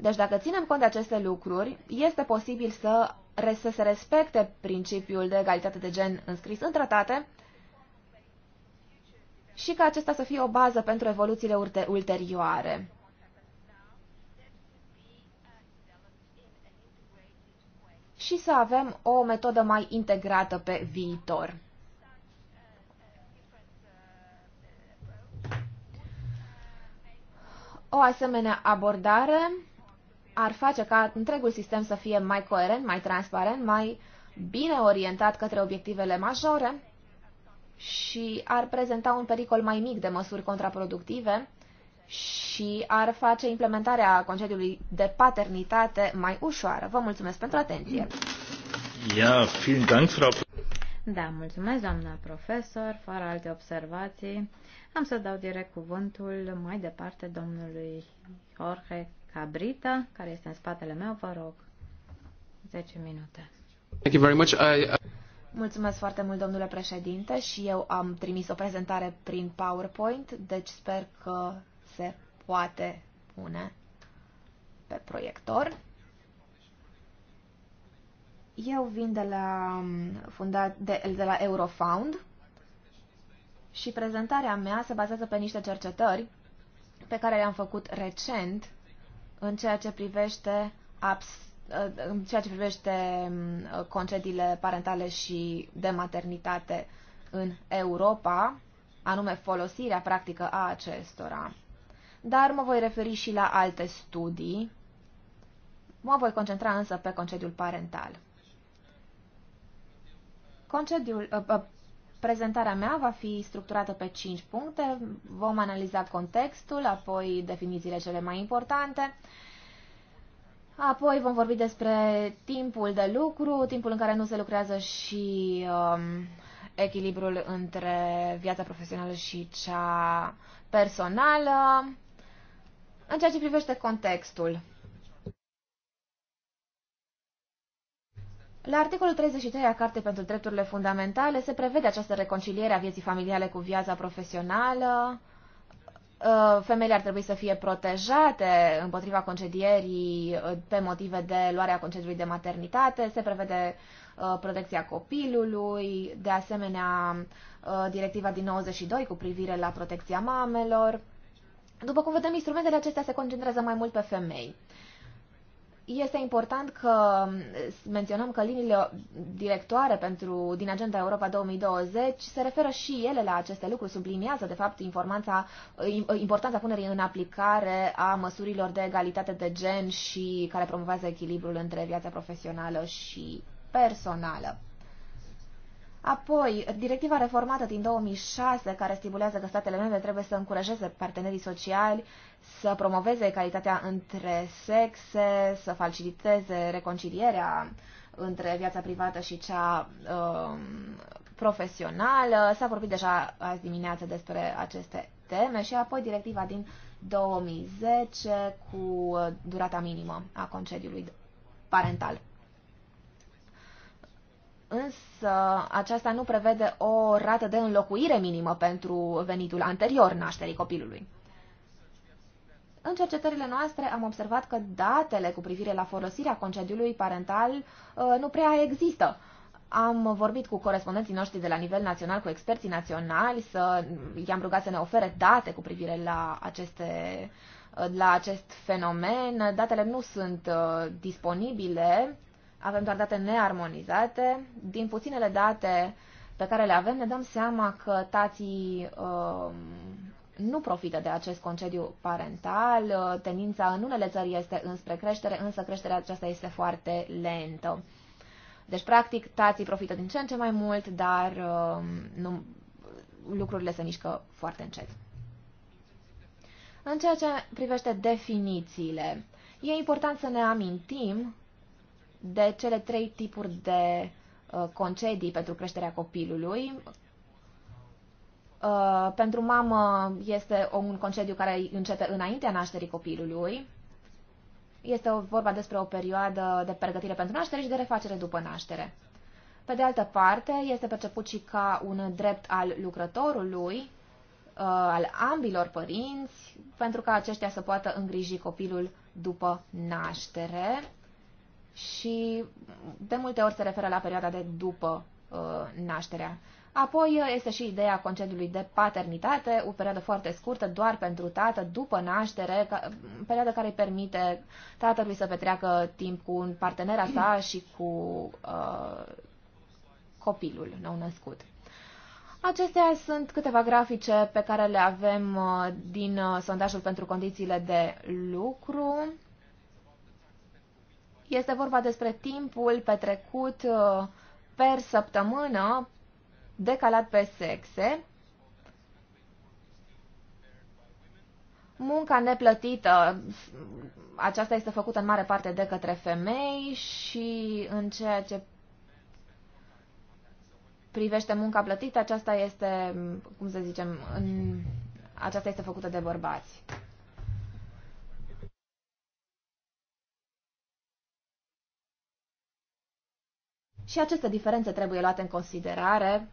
Deci dacă ținem cont de aceste lucruri, este posibil să, să se respecte principiul de egalitate de gen înscris în tratate și ca acesta să fie o bază pentru evoluțiile ulterioare. și să avem o metodă mai integrată pe viitor. O asemenea abordare ar face ca întregul sistem să fie mai coerent, mai transparent, mai bine orientat către obiectivele majore și ar prezenta un pericol mai mic de măsuri contraproductive și ar face implementarea concediului de paternitate mai ușoară. Vă mulțumesc pentru atenție. Ia, Dank, Frau. Da, mulțumesc, doamna profesor. Fără alte observații, am să dau direct cuvântul mai departe domnului Jorge Cabrita, care este în spatele meu, vă rog. 10 minute. Thank you very much. I, I... Mulțumesc foarte mult, domnule președinte, și eu am trimis o prezentare prin PowerPoint, deci sper că se poate pune pe proiector. Eu vin de la, um, fundat, de, de la Eurofound și prezentarea mea se bazează pe niște cercetări pe care le-am făcut recent în ceea ce privește abs în ceea ce privește mm, concediile parentale și de maternitate în Europa, anume folosirea practică a acestora. Dar mă voi referi și la alte studii. Mă voi concentra însă pe concediul parental. Concediul, ă, ă, Prezentarea mea va fi structurată pe 5 puncte. Vom analiza contextul, apoi definițiile cele mai importante. Apoi vom vorbi despre timpul de lucru, timpul în care nu se lucrează și um, echilibrul între viața profesională și cea personală. În ceea ce privește contextul, La articolul 33 a Cartei pentru Drepturile Fundamentale se prevede această reconciliere a vieții familiale cu viața profesională. Uh, femeile ar trebui să fie protejate împotriva concedierii uh, pe motive de luarea concediului de maternitate. Se prevede uh, protecția copilului, de asemenea directiva din 92 cu privire la protecția mamelor. După cum vedem, instrumentele acestea se concentrează mai mult pe femei. Este important că mm, menționăm că liniile directoare pentru, din Agenda Europa 2020 se referă și ele la aceste lucruri, subliniază, de fapt, importanța punerii în aplicare a măsurilor de egalitate de gen și care promovează echilibrul între viața profesională și personală. Apoi, directiva reformată din 2006, care stipulează că statele membre trebuie să încurajeze partenerii sociali să promoveze egalitatea între sexe, să faciliteze reconcilierea între viața privată și cea um, profesională. S-a vorbit deja azi dimineață despre aceste teme și apoi directiva din 2010 cu durata minimă a concediului parental însă aceasta nu prevede o rată de înlocuire minimă pentru venitul anterior nașterii copilului. În cercetările noastre am observat că datele cu privire la folosirea concediului parental uh, nu prea există. Am vorbit cu corespondenții noștri de la nivel național, cu experții naționali, să i-am rugat să ne ofere date cu privire la, aceste, uh, la acest fenomen. Datele nu sunt uh, disponibile avem doar date nearmonizate. Din puținele date pe care le avem, ne dăm seama că tații uh, nu profită de acest concediu parental. Tendința în unele țări este înspre creștere, însă creșterea aceasta este foarte lentă. Deci, practic, tații profită din ce în ce mai mult, dar uh, nu, lucrurile se mișcă foarte încet. În ceea ce privește definițiile, e important să ne amintim de cele trei tipuri de uh, concedii pentru creșterea copilului. Uh, pentru mamă este un concediu care începe înaintea nașterii copilului. Este o, vorba despre o perioadă de pregătire pentru naștere și de refacere după naștere. Pe de altă parte, este perceput și ca un drept al lucrătorului, uh, al ambilor părinți, pentru ca aceștia să poată îngriji copilul după naștere și de multe ori se referă la perioada de după uh, nașterea. Apoi uh, este și ideea concediului de paternitate, o perioadă foarte scurtă, doar pentru tată, după naștere, mm, perioada care îi permite tatălui să petreacă timp cu un partenera sa și cu uh, copilul nou născut. Acestea sunt câteva grafice pe care le avem uh, din uh, sondajul pentru condițiile de lucru. Este vorba despre timpul petrecut uh, per săptămână decalat pe sexe. Munca neplătită, aceasta este făcută în mare parte de către femei și în ceea ce privește munca plătită, aceasta este, cum să zicem, în, aceasta este făcută de bărbați. Și aceste diferențe trebuie luate în considerare.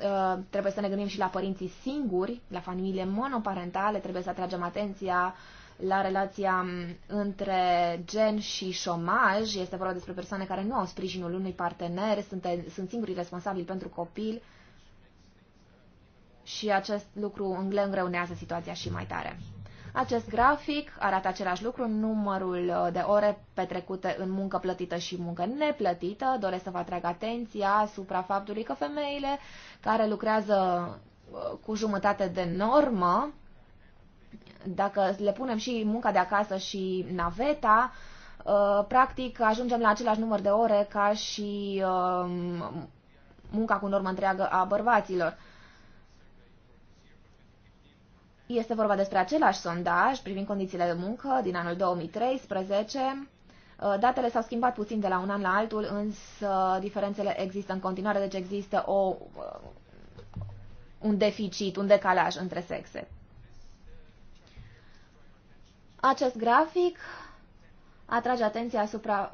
Uh, trebuie să ne gândim și la părinții singuri, la familiile monoparentale, trebuie să atragem atenția la relația um, între gen și șomaj. Este vorba despre persoane care nu au sprijinul unui partener, sunt, sunt singurii responsabili pentru copil și acest lucru îngreunează situația și mai tare. Acest grafic arată același lucru, numărul uh, de ore petrecute în muncă plătită și muncă neplătită. Doresc să vă atrag atenția asupra faptului că femeile care lucrează uh, cu jumătate de normă, dacă le punem și munca de acasă și naveta, uh, practic ajungem la același număr de ore ca și munca cu normă întreagă a bărbaților. Este vorba despre același sondaj privind condițiile de muncă din anul 2013. Uh, datele s-au schimbat puțin de la un an la altul, însă diferențele există în continuare, deci există o, uh, un deficit, un decalaj între sexe. Acest grafic atrage atenția asupra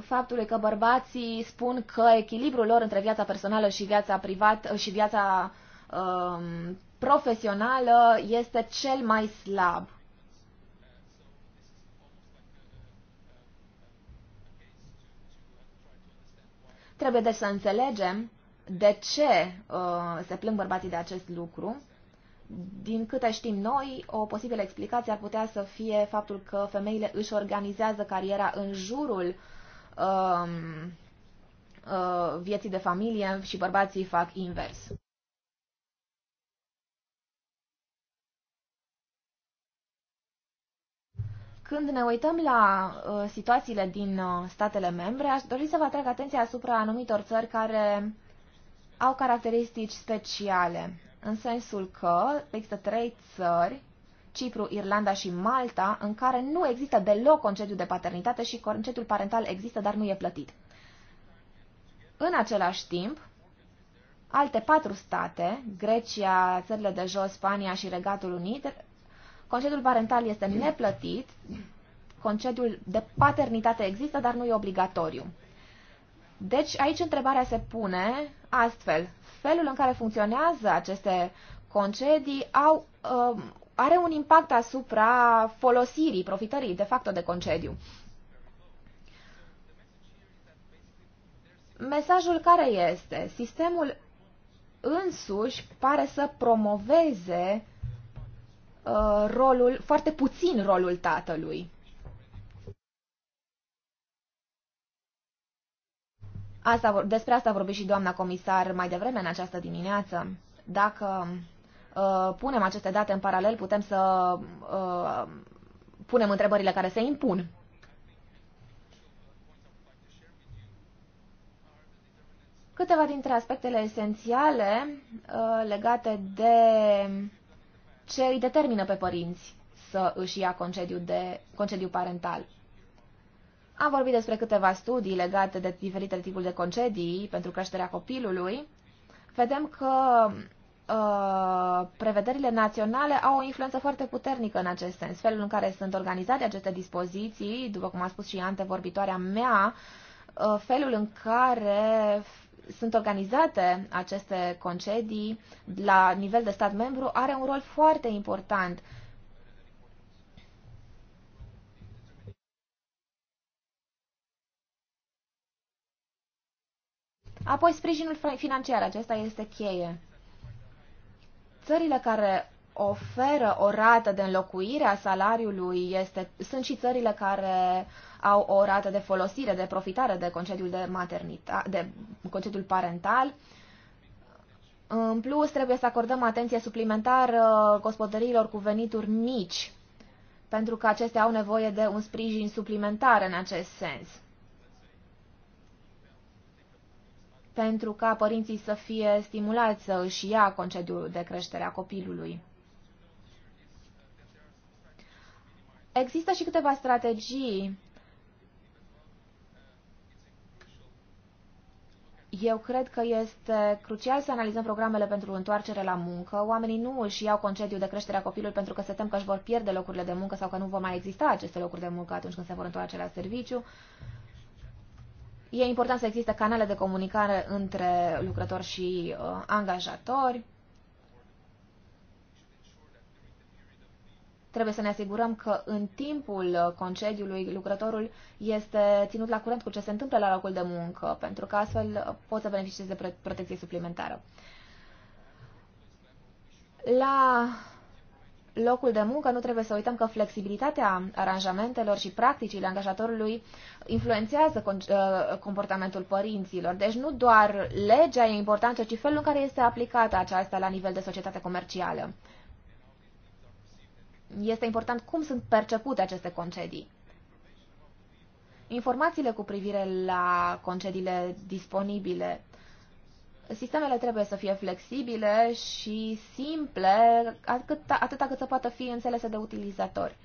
faptului că bărbații spun că echilibrul lor între viața personală și viața privată uh, și viața um, profesională este cel mai slab. Trebuie deci să înțelegem de ce uh, se plâng bărbații de acest lucru. Din câte știm noi, o posibilă explicație ar putea să fie faptul că femeile își organizează cariera în jurul uh, uh, vieții de familie și bărbații fac invers. Când ne uităm la uh, situațiile din uh, statele membre, aș dori să vă atrag atenția asupra anumitor țări care au caracteristici speciale, în sensul că există trei țări, Cipru, Irlanda și Malta, în care nu există deloc concediu de paternitate și concediul parental există, dar nu e plătit. În același timp, alte patru state, Grecia, țările de jos, Spania și Regatul Unit, Concediul parental este neplătit, concediul de paternitate există, dar nu e obligatoriu. Deci aici întrebarea se pune astfel. Felul în care funcționează aceste concedii au, uh, are un impact asupra folosirii, profitării de facto de concediu. Mesajul care este? Sistemul însuși pare să promoveze uh, rolul, foarte puțin rolul tatălui. Asta, despre asta a vorbit și doamna comisar mai devreme în această dimineață. Dacă uh, punem aceste date în paralel, putem să uh, punem întrebările care se impun. Câteva dintre aspectele esențiale uh, legate de ce îi determină pe părinți să își ia concediu, de, concediu parental. Am vorbit despre câteva studii legate de diferite tipuri de concedii pentru creșterea copilului. Vedem că uh, prevederile naționale au o influență foarte puternică în acest sens. Felul în care sunt organizate aceste dispoziții, după cum a spus și antevorbitoarea mea, uh, felul în care sunt organizate aceste concedii la nivel de stat membru are un rol foarte important. Apoi, sprijinul financiar acesta este cheie. Țările care oferă o rată de înlocuire a salariului este, sunt și țările care au o rată de folosire, de profitare de concediul de maternitate, de concediul parental. În plus, trebuie să acordăm atenție suplimentară gospodăriilor cu venituri mici, pentru că acestea au nevoie de un sprijin suplimentar în acest sens. pentru ca părinții să fie stimulați să își ia concediul de creștere a copilului. Există și câteva strategii. Eu cred că este crucial să analizăm programele pentru întoarcere la muncă. Oamenii nu își iau concediu de creștere a copilului pentru că se tem că își vor pierde locurile de muncă sau că nu vor mai exista aceste locuri de muncă atunci când se vor întoarce la serviciu. E important să existe canale de comunicare între lucrători și uh, angajatori. Trebuie să ne asigurăm că în timpul uh, concediului lucrătorul este ținut la curent cu ce se întâmplă la locul de muncă, pentru că astfel uh, pot să beneficieze de protecție suplimentară. La locul de muncă nu trebuie să uităm că flexibilitatea aranjamentelor și practicile angajatorului influențează uh, comportamentul părinților. Deci nu doar legea e importantă, ci felul în care este aplicată aceasta la nivel de societate comercială este important cum sunt percepute aceste concedii. Informațiile cu privire la concediile disponibile. Sistemele trebuie să fie flexibile și simple, atâta, cât să poată fi înțelese de utilizatori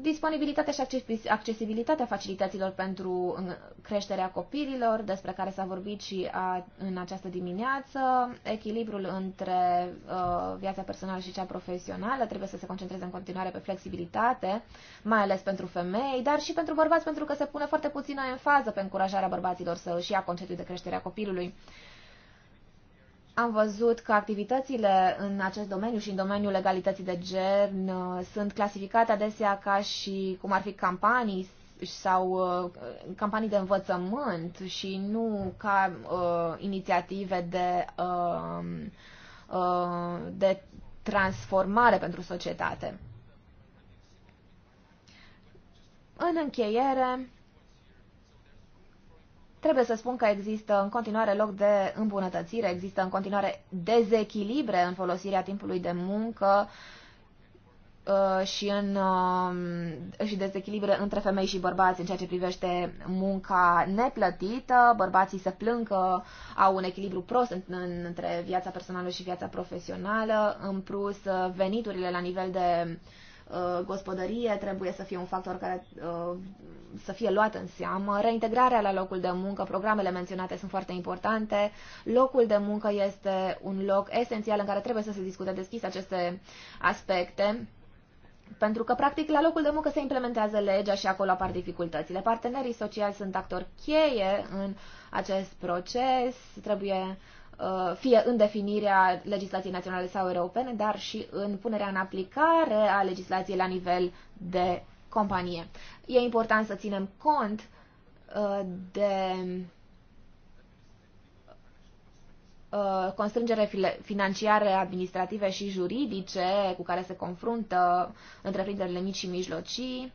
disponibilitatea și accesibilitatea facilităților pentru creșterea copiilor, despre care s-a vorbit și a, în această dimineață, echilibrul între uh, viața personală și cea profesională, trebuie să se concentreze în continuare pe flexibilitate, mai ales pentru femei, dar și pentru bărbați, pentru că se pune foarte puțină în fază pe încurajarea bărbaților să își ia concediu de creșterea copilului. Am văzut că activitățile în acest domeniu și în domeniul legalității de gen uh, sunt clasificate adesea ca și cum ar fi campanii sau uh, campanii de învățământ și nu ca uh, inițiative de, uh, uh, de transformare pentru societate. În încheiere, Trebuie să spun că există în continuare loc de îmbunătățire, există în continuare dezechilibre în folosirea timpului de muncă uh, și, în, uh, și dezechilibre între femei și bărbați în ceea ce privește munca neplătită. Bărbații se plâng că au un echilibru prost în, în, între viața personală și viața profesională. În plus, uh, veniturile la nivel de uh, Uh, gospodărie trebuie să fie un factor care uh, să fie luat în seamă. Reintegrarea la locul de muncă, programele menționate sunt foarte importante. Locul de muncă este un loc esențial în care trebuie să se discute deschis aceste aspecte. Pentru că, practic, la locul de muncă se implementează legea și acolo apar dificultățile. Partenerii sociali sunt actori cheie în acest proces, trebuie Uh, fie în definirea legislației naționale sau europene, dar și în punerea în aplicare a legislației la nivel de companie. E important să ținem cont uh, de uh, constrângere financiare, administrative și juridice cu care se confruntă întreprinderile mici și mijlocii,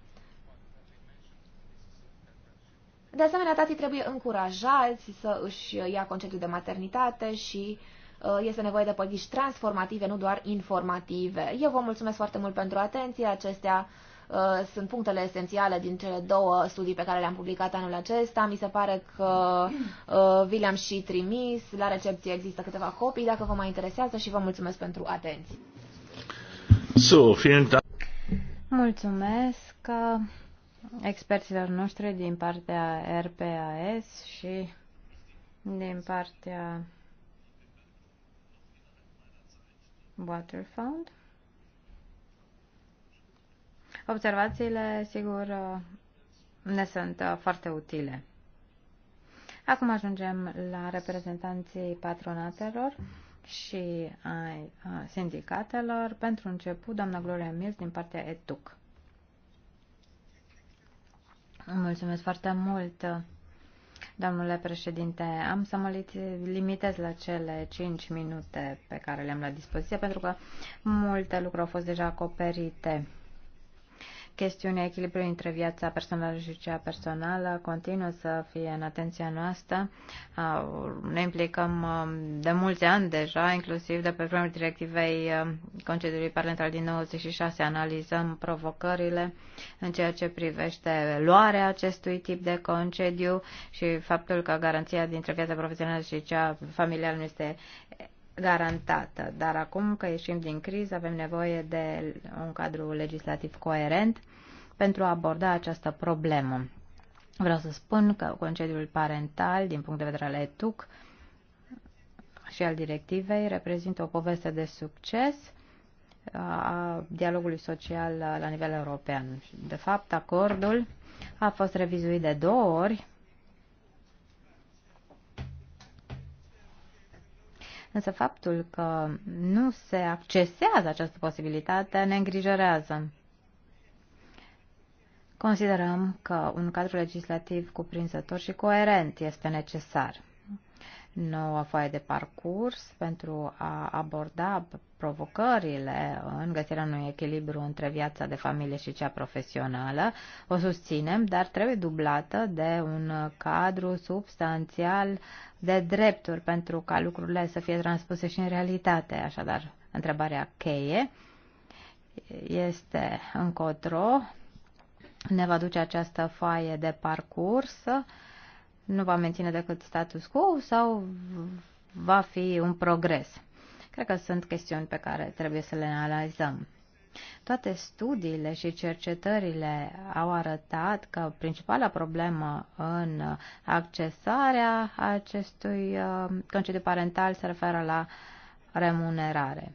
De asemenea, tații trebuie încurajați să își ia concediu de maternitate și uh, este nevoie de politici transformative, nu doar informative. Eu vă mulțumesc foarte mult pentru atenție. Acestea uh, sunt punctele esențiale din cele două studii pe care le-am publicat anul acesta. Mi se pare că uh, vi le-am și trimis. La recepție există câteva copii, dacă vă mai interesează și vă mulțumesc pentru atenție. So, vielen Dank. Mulțumesc experților noștri din partea RPAS și din partea Waterfound. Observațiile, sigur, ne sunt foarte utile. Acum ajungem la reprezentanții patronatelor și ai sindicatelor. Pentru început, doamna Gloria Mills din partea Educ. Mulțumesc foarte mult, domnule președinte. Am să mă limitez la cele 5 minute pe care le-am la dispoziție, pentru că multe lucruri au fost deja acoperite chestiunea echilibrului între viața personală și cea personală continuă să fie în atenția noastră. Ne implicăm de mulți ani deja, inclusiv de pe vremea directivei concediului parlamentar din 96, analizăm provocările în ceea ce privește luarea acestui tip de concediu și faptul că garanția dintre viața profesională și cea familială nu este garantată. Dar acum că ieșim din criză, avem nevoie de un cadru legislativ coerent pentru a aborda această problemă. Vreau să spun că concediul parental, din punct de vedere al ETUC și al directivei, reprezintă o poveste de succes a dialogului social la nivel european. De fapt, acordul a fost revizuit de două ori Însă faptul că nu se accesează această posibilitate ne îngrijorează. Considerăm că un cadru legislativ cuprinzător și coerent este necesar. Noua foaie de parcurs pentru a aborda provocările în găsirea unui echilibru între viața de familie și cea profesională, o susținem, dar trebuie dublată de un cadru substanțial de drepturi pentru ca lucrurile să fie transpuse și în realitate. Așadar, întrebarea cheie este încotro ne va duce această foaie de parcurs, nu va menține decât status quo sau va fi un progres. Cred că sunt chestiuni pe care trebuie să le analizăm. Toate studiile și cercetările au arătat că principala problemă în accesarea acestui uh, concediu parental se referă la remunerare.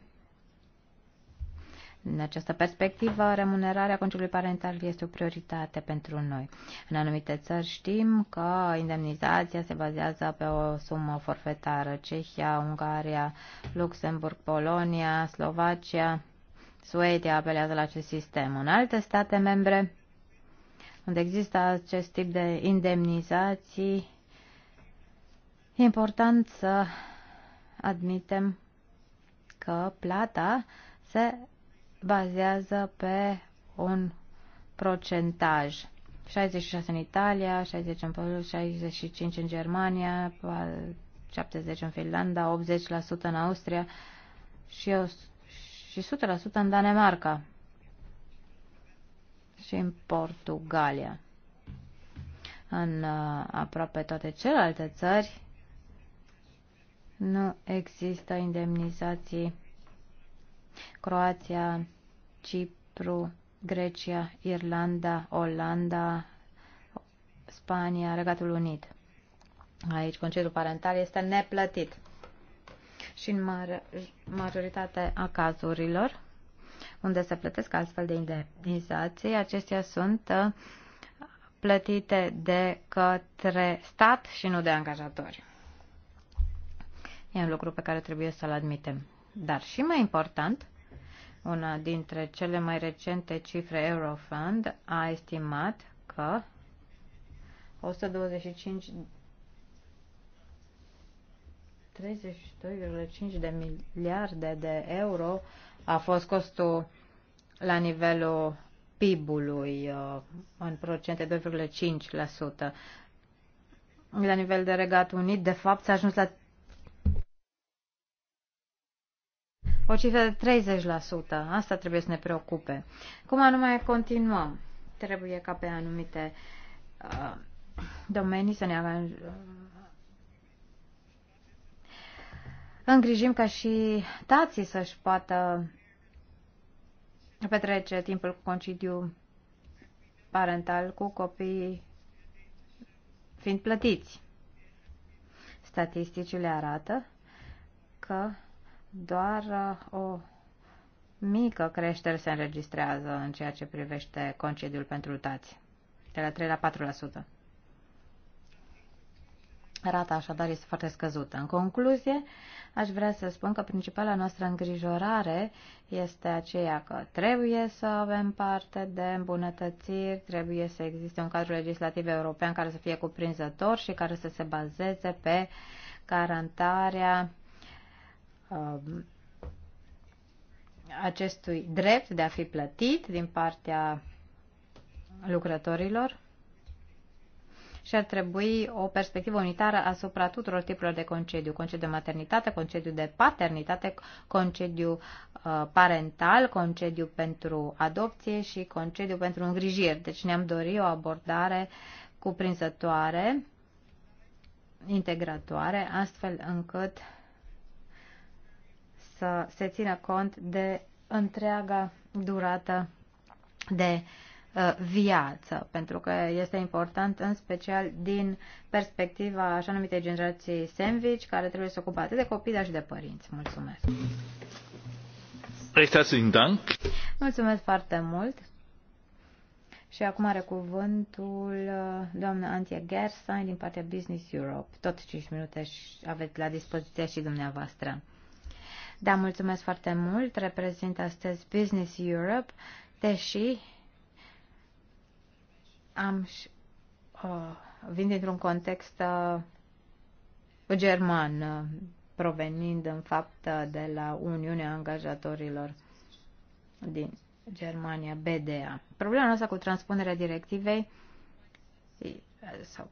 În această perspectivă, remunerarea conciului parental este o prioritate pentru noi. În anumite țări știm că indemnizația se bazează pe o sumă forfetară. Cehia, Ungaria, Luxemburg, Polonia, Slovacia, Suedia apelează la acest sistem. În alte state membre, unde există acest tip de indemnizații, e important să admitem că plata se bazează pe un procentaj. 66 în Italia, 60 în Polonia, 65 în Germania, 70 în Finlanda, 80% în Austria și, eu, și 100% în Danemarca și în Portugalia. În uh, aproape toate celelalte țări nu există indemnizații Croația, Cipru, Grecia, Irlanda, Olanda, Spania, Regatul Unit. Aici concediul parental este neplătit. Și în majoritatea cazurilor unde se plătesc astfel de indemnizații, acestea sunt uh, plătite de către stat și nu de angajatori. E un lucru pe care trebuie să-l admitem. Dar și mai important, una dintre cele mai recente cifre Eurofund a estimat că 125 32,5 de miliarde de euro a fost costul la nivelul PIB-ului uh, în procente 2,5%. La nivel de Regat Unit, de fapt, s-a ajuns la o cifră de 30%. Asta trebuie să ne preocupe. Cum anume continuăm? Trebuie ca pe anumite uh, domenii să ne avem, uh, îngrijim ca și tații să-și poată petrece timpul cu concidiu parental cu copiii fiind plătiți. Statisticile arată că doar uh, o mică creștere se înregistrează în ceea ce privește concediul pentru tați, de la 3 la 4%. Rata așadar este foarte scăzută. În concluzie, aș vrea să spun că principala noastră îngrijorare este aceea că trebuie să avem parte de îmbunătățiri, trebuie să existe un cadru legislativ european care să fie cuprinzător și care să se bazeze pe garantarea Um, acestui drept de a fi plătit din partea lucrătorilor și ar trebui o perspectivă unitară asupra tuturor tipurilor de concediu. Concediu de maternitate, concediu de paternitate, concediu uh, parental, concediu pentru adopție și concediu pentru îngrijiri. Deci ne-am dorit o abordare cuprinzătoare, integratoare, astfel încât să se țină cont de întreaga durată de uh, viață, pentru că este important în special din perspectiva așa numitei generații sandwich, care trebuie să se ocupe atât de copii, dar și de părinți. Mulțumesc! Mulțumesc foarte mult! Și acum are cuvântul uh, doamna Antia Gersain din partea Business Europe. Tot 5 minute aveți la dispoziție și dumneavoastră. Da, mulțumesc foarte mult. Reprezint astăzi Business Europe, deși am uh, vin dintr-un context uh, german, uh, provenind în fapt uh, de la Uniunea Angajatorilor din Germania, BDA. Problema noastră cu transpunerea directivei sau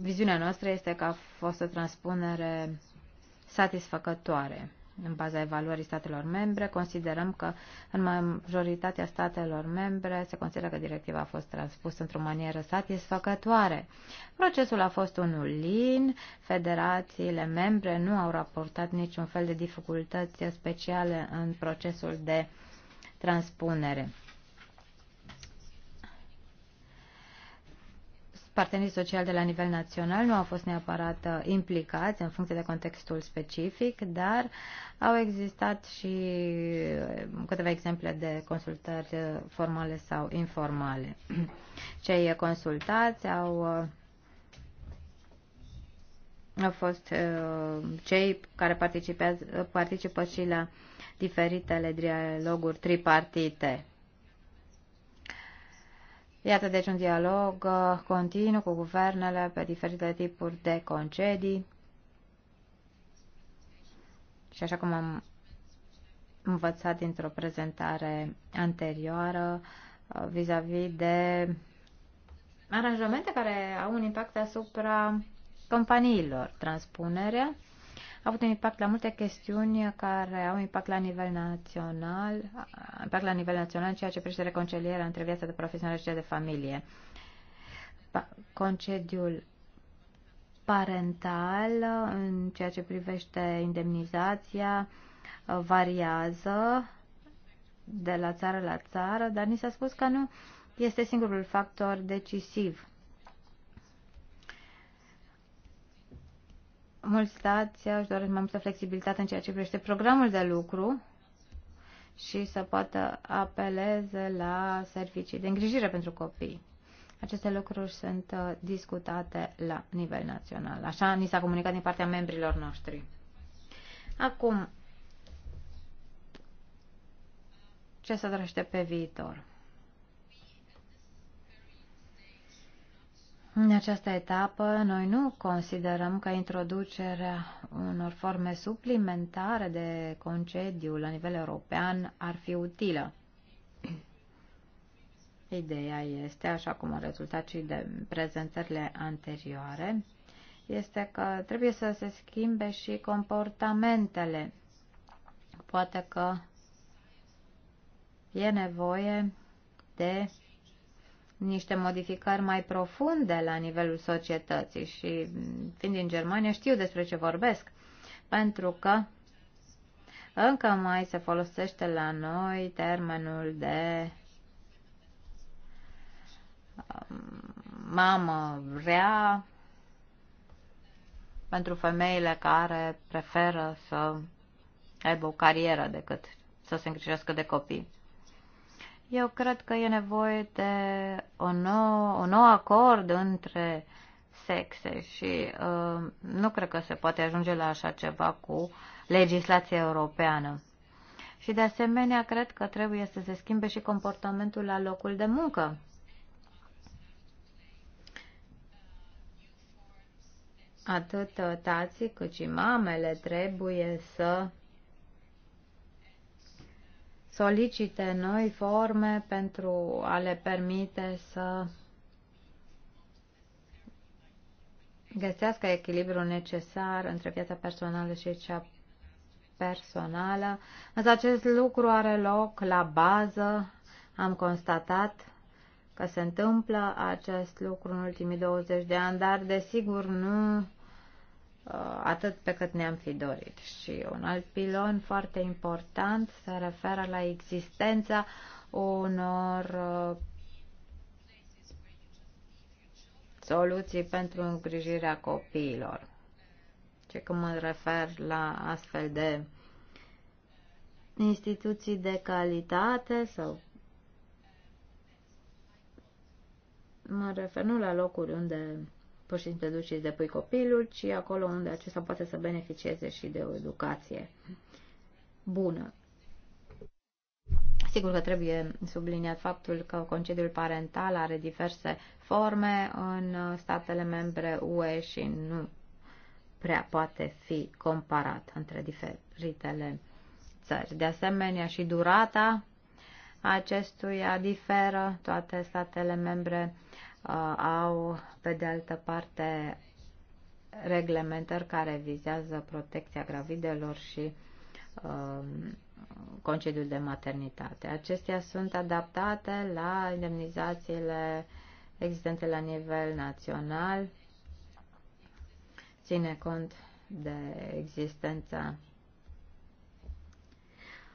viziunea noastră este că a fost o transpunere satisfăcătoare în baza evaluării statelor membre. Considerăm că în majoritatea statelor membre se consideră că directiva a fost transpusă într-o manieră satisfăcătoare. Procesul a fost unul lin, federațiile membre nu au raportat niciun fel de dificultăți speciale în procesul de transpunere. Partenerii sociali de la nivel național nu au fost neapărat uh, implicați în funcție de contextul specific, dar au existat și uh, câteva exemple de consultări uh, formale sau informale. Cei consultați au au fost cei care participează, participă și la diferitele dialoguri tripartite. Iată deci un dialog uh, continuu cu guvernele pe diferite tipuri de concedii. Și așa cum am învățat dintr-o prezentare anterioară, uh, vis-a-vis -vis de aranjamente care au un impact asupra companiilor. Transpunerea a avut un impact la multe chestiuni care au impact la nivel național, impact la nivel național ceea ce privește reconcilierea între viața de profesional și cea de familie. Concediul parental în ceea ce privește indemnizația variază de la țară la țară, dar ni s-a spus că nu este singurul factor decisiv mulți stați își doresc mai multă flexibilitate în ceea ce privește programul de lucru și să poată apeleze la servicii de îngrijire pentru copii. Aceste lucruri sunt uh, discutate la nivel național. Așa ni s-a comunicat din partea membrilor noștri. Acum, ce se dorește pe viitor? În această etapă, noi nu considerăm că introducerea unor forme suplimentare de concediu la nivel european ar fi utilă. Ideea este, așa cum a rezultat și de prezentările anterioare, este că trebuie să se schimbe și comportamentele. Poate că e nevoie de niște modificări mai profunde la nivelul societății și fiind din Germania știu despre ce vorbesc, pentru că încă mai se folosește la noi termenul de um, mamă rea pentru femeile care preferă să aibă o carieră decât să se îngrijească de copii. Eu cred că e nevoie de o nou, un nou acord între sexe și uh, nu cred că se poate ajunge la așa ceva cu legislația europeană. Și de asemenea, cred că trebuie să se schimbe și comportamentul la locul de muncă. Atât uh, tații cât și mamele trebuie să solicite noi forme pentru a le permite să găsească echilibrul necesar între viața personală și cea personală. Însă acest lucru are loc la bază. Am constatat că se întâmplă acest lucru în ultimii 20 de ani, dar desigur nu Uh, atât pe cât ne-am fi dorit. Și un alt pilon foarte important se referă la existența unor uh, soluții pentru îngrijirea copiilor. Ce când mă refer la astfel de instituții de calitate sau mă refer nu la locuri unde pur și simplu duci și depui copilul, ci acolo unde acesta poate să beneficieze și de o educație bună. Sigur că trebuie subliniat faptul că concediul parental are diverse forme în statele membre UE și nu prea poate fi comparat între diferitele țări. De asemenea, și durata acestuia diferă. Toate statele membre Uh, au, pe de altă parte, reglementări care vizează protecția gravidelor și uh, concediul de maternitate. Acestea sunt adaptate la indemnizațiile existente la nivel național, ține cont de existența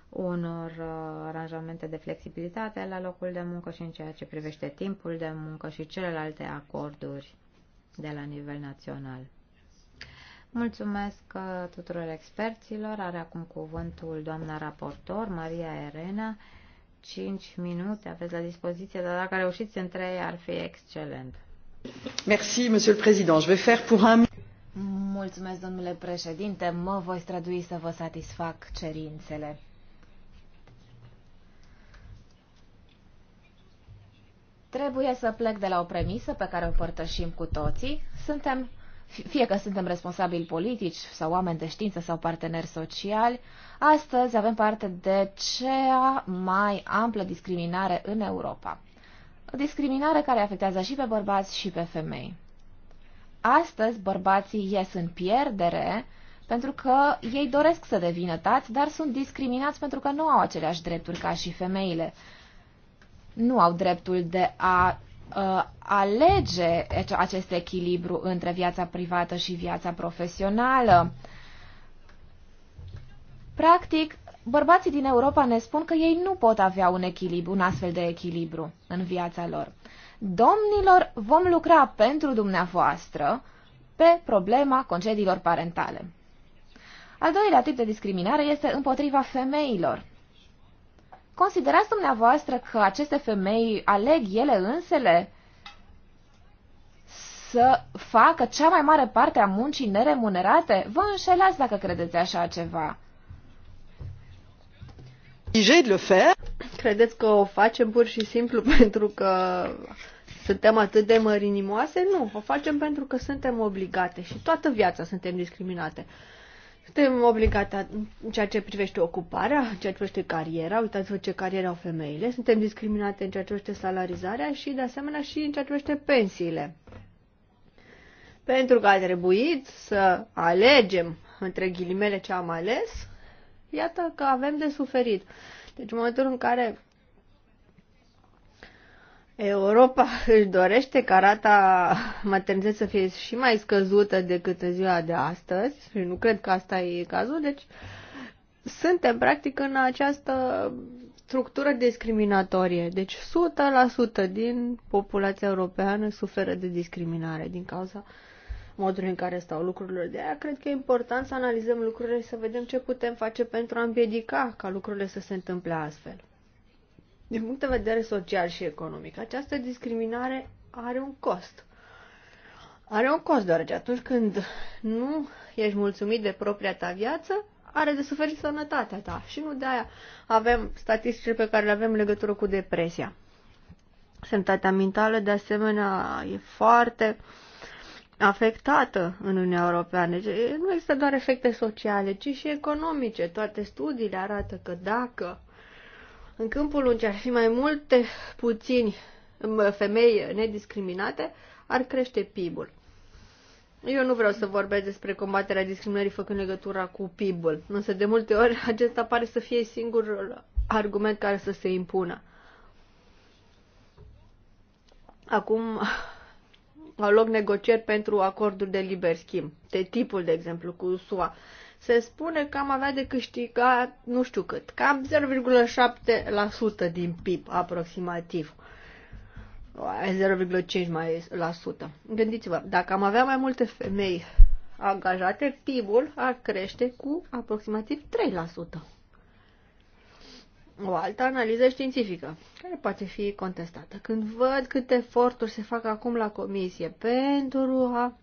unor uh, aranjamente de flexibilitate la locul de muncă și în ceea ce privește timpul de muncă și celelalte acorduri de la nivel național. Mulțumesc uh, tuturor experților. Are acum cuvântul doamna raportor, Maria Erena. 5 minute aveți la dispoziție, dar dacă reușiți în 3 ar fi excelent. Merci, monsieur le président. Je vais faire pour un... Mulțumesc, domnule președinte. Mă voi strădui să vă satisfac cerințele. Trebuie să plec de la o premisă pe care o părtășim cu toții. Suntem, fie că suntem responsabili politici sau oameni de știință sau parteneri sociali, astăzi avem parte de cea mai amplă discriminare în Europa. O discriminare care afectează și pe bărbați și pe femei. Astăzi bărbații ies în pierdere pentru că ei doresc să devină tați, dar sunt discriminați pentru că nu au aceleași drepturi ca și femeile nu au dreptul de a uh, alege acest echilibru între viața privată și viața profesională. Practic, bărbații din Europa ne spun că ei nu pot avea un echilibru, un astfel de echilibru în viața lor. Domnilor, vom lucra pentru dumneavoastră pe problema concediilor parentale. Al doilea tip de discriminare este împotriva femeilor. Considerați dumneavoastră că aceste femei aleg ele însele să facă cea mai mare parte a muncii neremunerate? Vă înșelați dacă credeți așa ceva. Credeți că o facem pur și simplu pentru că suntem atât de mărinimoase? Nu, o facem pentru că suntem obligate și toată viața suntem discriminate. Suntem obligate în ceea ce privește ocuparea, în ceea ce privește cariera, uitați-vă ce carieră au femeile, suntem discriminate în ceea ce privește salarizarea și, de asemenea, și în ceea ce privește pensiile. Pentru că a trebuit să alegem, între ghilimele, ce am ales, iată că avem de suferit. Deci, în momentul în care Europa își dorește ca rata maternității să fie și mai scăzută decât în ziua de astăzi și nu cred că asta e cazul, deci suntem practic în această structură discriminatorie. Deci 100% din populația europeană suferă de discriminare din cauza modului în care stau lucrurile. De aia cred că e important să analizăm lucrurile și să vedem ce putem face pentru a împiedica ca lucrurile să se întâmple astfel din punct de vedere social și economic. Această discriminare are un cost. Are un cost, deoarece atunci când nu ești mulțumit de propria ta viață, are de suferit sănătatea ta. Și nu de aia avem statisticile pe care le avem în legătură cu depresia. Sănătatea mentală, de asemenea, e foarte afectată în Uniunea Europeană. Deci, nu există doar efecte sociale, ci și economice. Toate studiile arată că dacă în câmpul unde ar fi mai multe puțini femei nediscriminate, ar crește PIB-ul. Eu nu vreau să vorbesc despre combaterea discriminării făcând legătura cu PIB-ul, însă de multe ori acesta pare să fie singurul argument care să se impună. Acum au loc negocieri pentru acorduri de liber schimb, de tipul, de exemplu, cu SUA se spune că am avea de câștigat nu știu cât, cam 0,7% din PIB aproximativ. 0,5 mai la sută. Gândiți-vă, dacă am avea mai multe femei angajate, PIB-ul ar crește cu aproximativ 3%. O altă analiză științifică, care poate fi contestată. Când văd câte eforturi se fac acum la comisie pentru a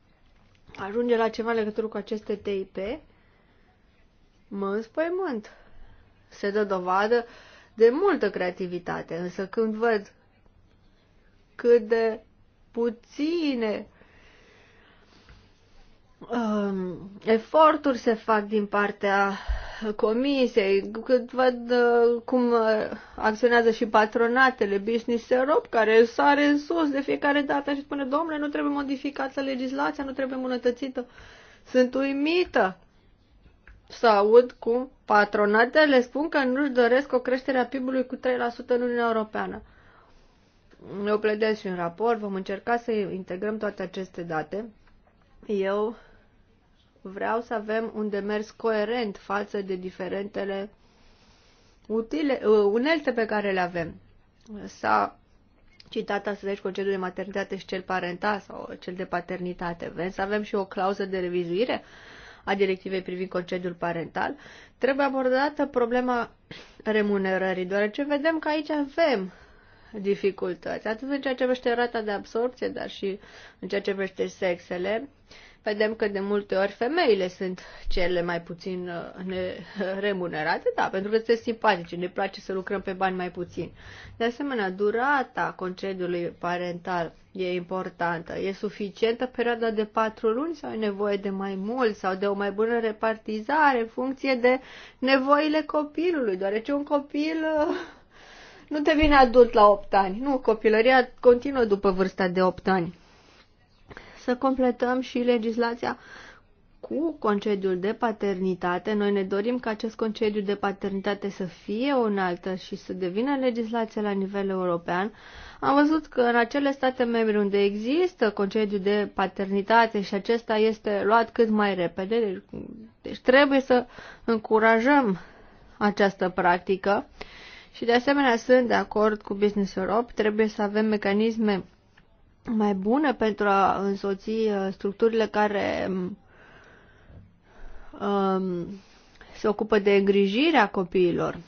ajunge la ceva legătură cu aceste TIP, mă înspăimânt. Se dă dovadă de multă creativitate, însă când văd cât de puține um, eforturi se fac din partea comisiei, cât văd uh, cum uh, acționează și patronatele Business Europe, care sare în sus de fiecare dată și spune, domnule, nu trebuie modificată legislația, nu trebuie îmbunătățită. Sunt uimită să aud cum patronatele spun că nu-și doresc o creștere a PIB-ului cu 3% în Uniunea Europeană. Eu pledez și în raport, vom încerca să integrăm toate aceste date. Eu vreau să avem un demers coerent față de diferentele utile, uh, unelte pe care le avem. S-a citat astăzi concediul de maternitate și cel parental sau cel de paternitate. Vrem să avem și o clauză de revizuire a directivei privind concediul parental, trebuie abordată problema remunerării, deoarece vedem că aici avem dificultăți, atât în ceea ce privește rata de absorpție, dar și în ceea ce privește sexele Vedem că de multe ori femeile sunt cele mai puțin uh, remunerate, da, pentru că sunt simpatice, ne place să lucrăm pe bani mai puțin. De asemenea, durata concediului parental e importantă. E suficientă perioada de patru luni sau e nevoie de mai mult sau de o mai bună repartizare în funcție de nevoile copilului, deoarece un copil uh, nu devine adult la 8 ani. Nu, copilăria continuă după vârsta de 8 ani să completăm și legislația cu concediul de paternitate. Noi ne dorim ca acest concediu de paternitate să fie o înaltă și să devină legislație la nivel european. Am văzut că în acele state membre unde există concediu de paternitate și acesta este luat cât mai repede, deci trebuie să încurajăm această practică. Și de asemenea sunt de acord cu Business Europe, trebuie să avem mecanisme mai bună pentru a însoți uh, structurile care um, um, se ocupă de îngrijirea copiilor.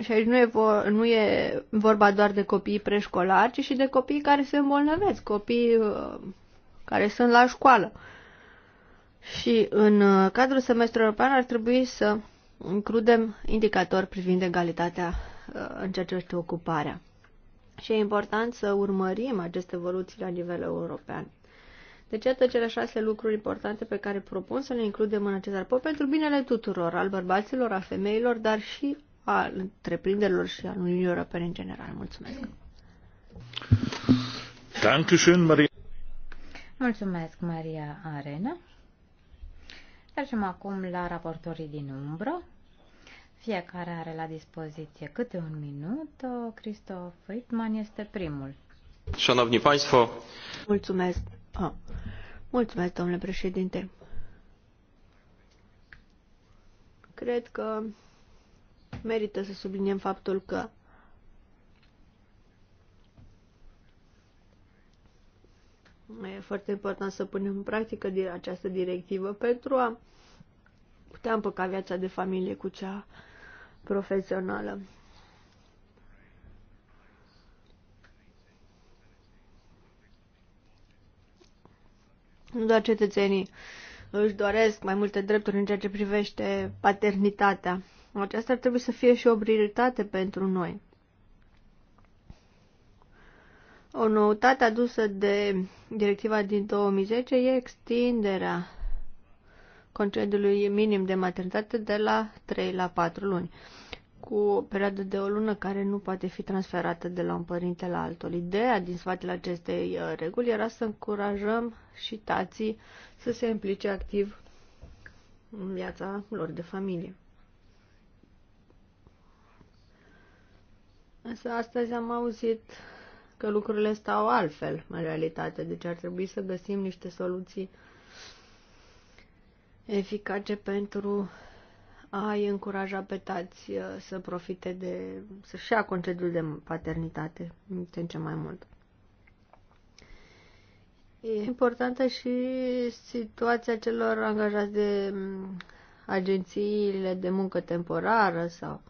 Și aici nu e, vo- nu e vorba doar de copii preșcolari, ci și de copii care se îmbolnăvesc, copii uh, care sunt la școală. Și în uh, cadrul semestrului european ar trebui să includem indicatori privind egalitatea uh, în ceea ce este ocuparea și e important să urmărim aceste evoluții la nivel european. Deci, iată cele șase lucruri importante pe care propun să le includem în acest raport pentru binele tuturor, al bărbaților, a femeilor, dar și al întreprinderilor și al Uniunii Europene în general. Mulțumesc! Dankeschön, Maria. Mulțumesc, Maria Arena. Mergem acum la raportorii din umbră. Fiecare are la dispoziție câte un minut. Uh, Christoph Friedman este primul. Șanovni Paisfo. Mulțumesc! Ah. Mulțumesc, domnule președinte! Cred că merită să subliniem faptul că e foarte important să punem în practică această directivă pentru a putea împăca viața de familie cu cea profesională. Nu doar cetățenii își doresc mai multe drepturi în ceea ce privește paternitatea. Aceasta ar trebui să fie și o prioritate pentru noi. O noutate adusă de directiva din 2010 e extinderea concediului minim de maternitate de la 3 la 4 luni, cu o perioadă de o lună care nu poate fi transferată de la un părinte la altul. Ideea din spatele acestei uh, reguli era să încurajăm și tații să se implice activ în viața lor de familie. Însă astăzi am auzit că lucrurile stau altfel în realitate, deci ar trebui să găsim niște soluții uh, eficace pentru a-i încuraja pe tați uh, să profite de, să-și ia concediul de paternitate în ce mai mult. E importantă și situația celor angajați de mm, agențiile de muncă temporară sau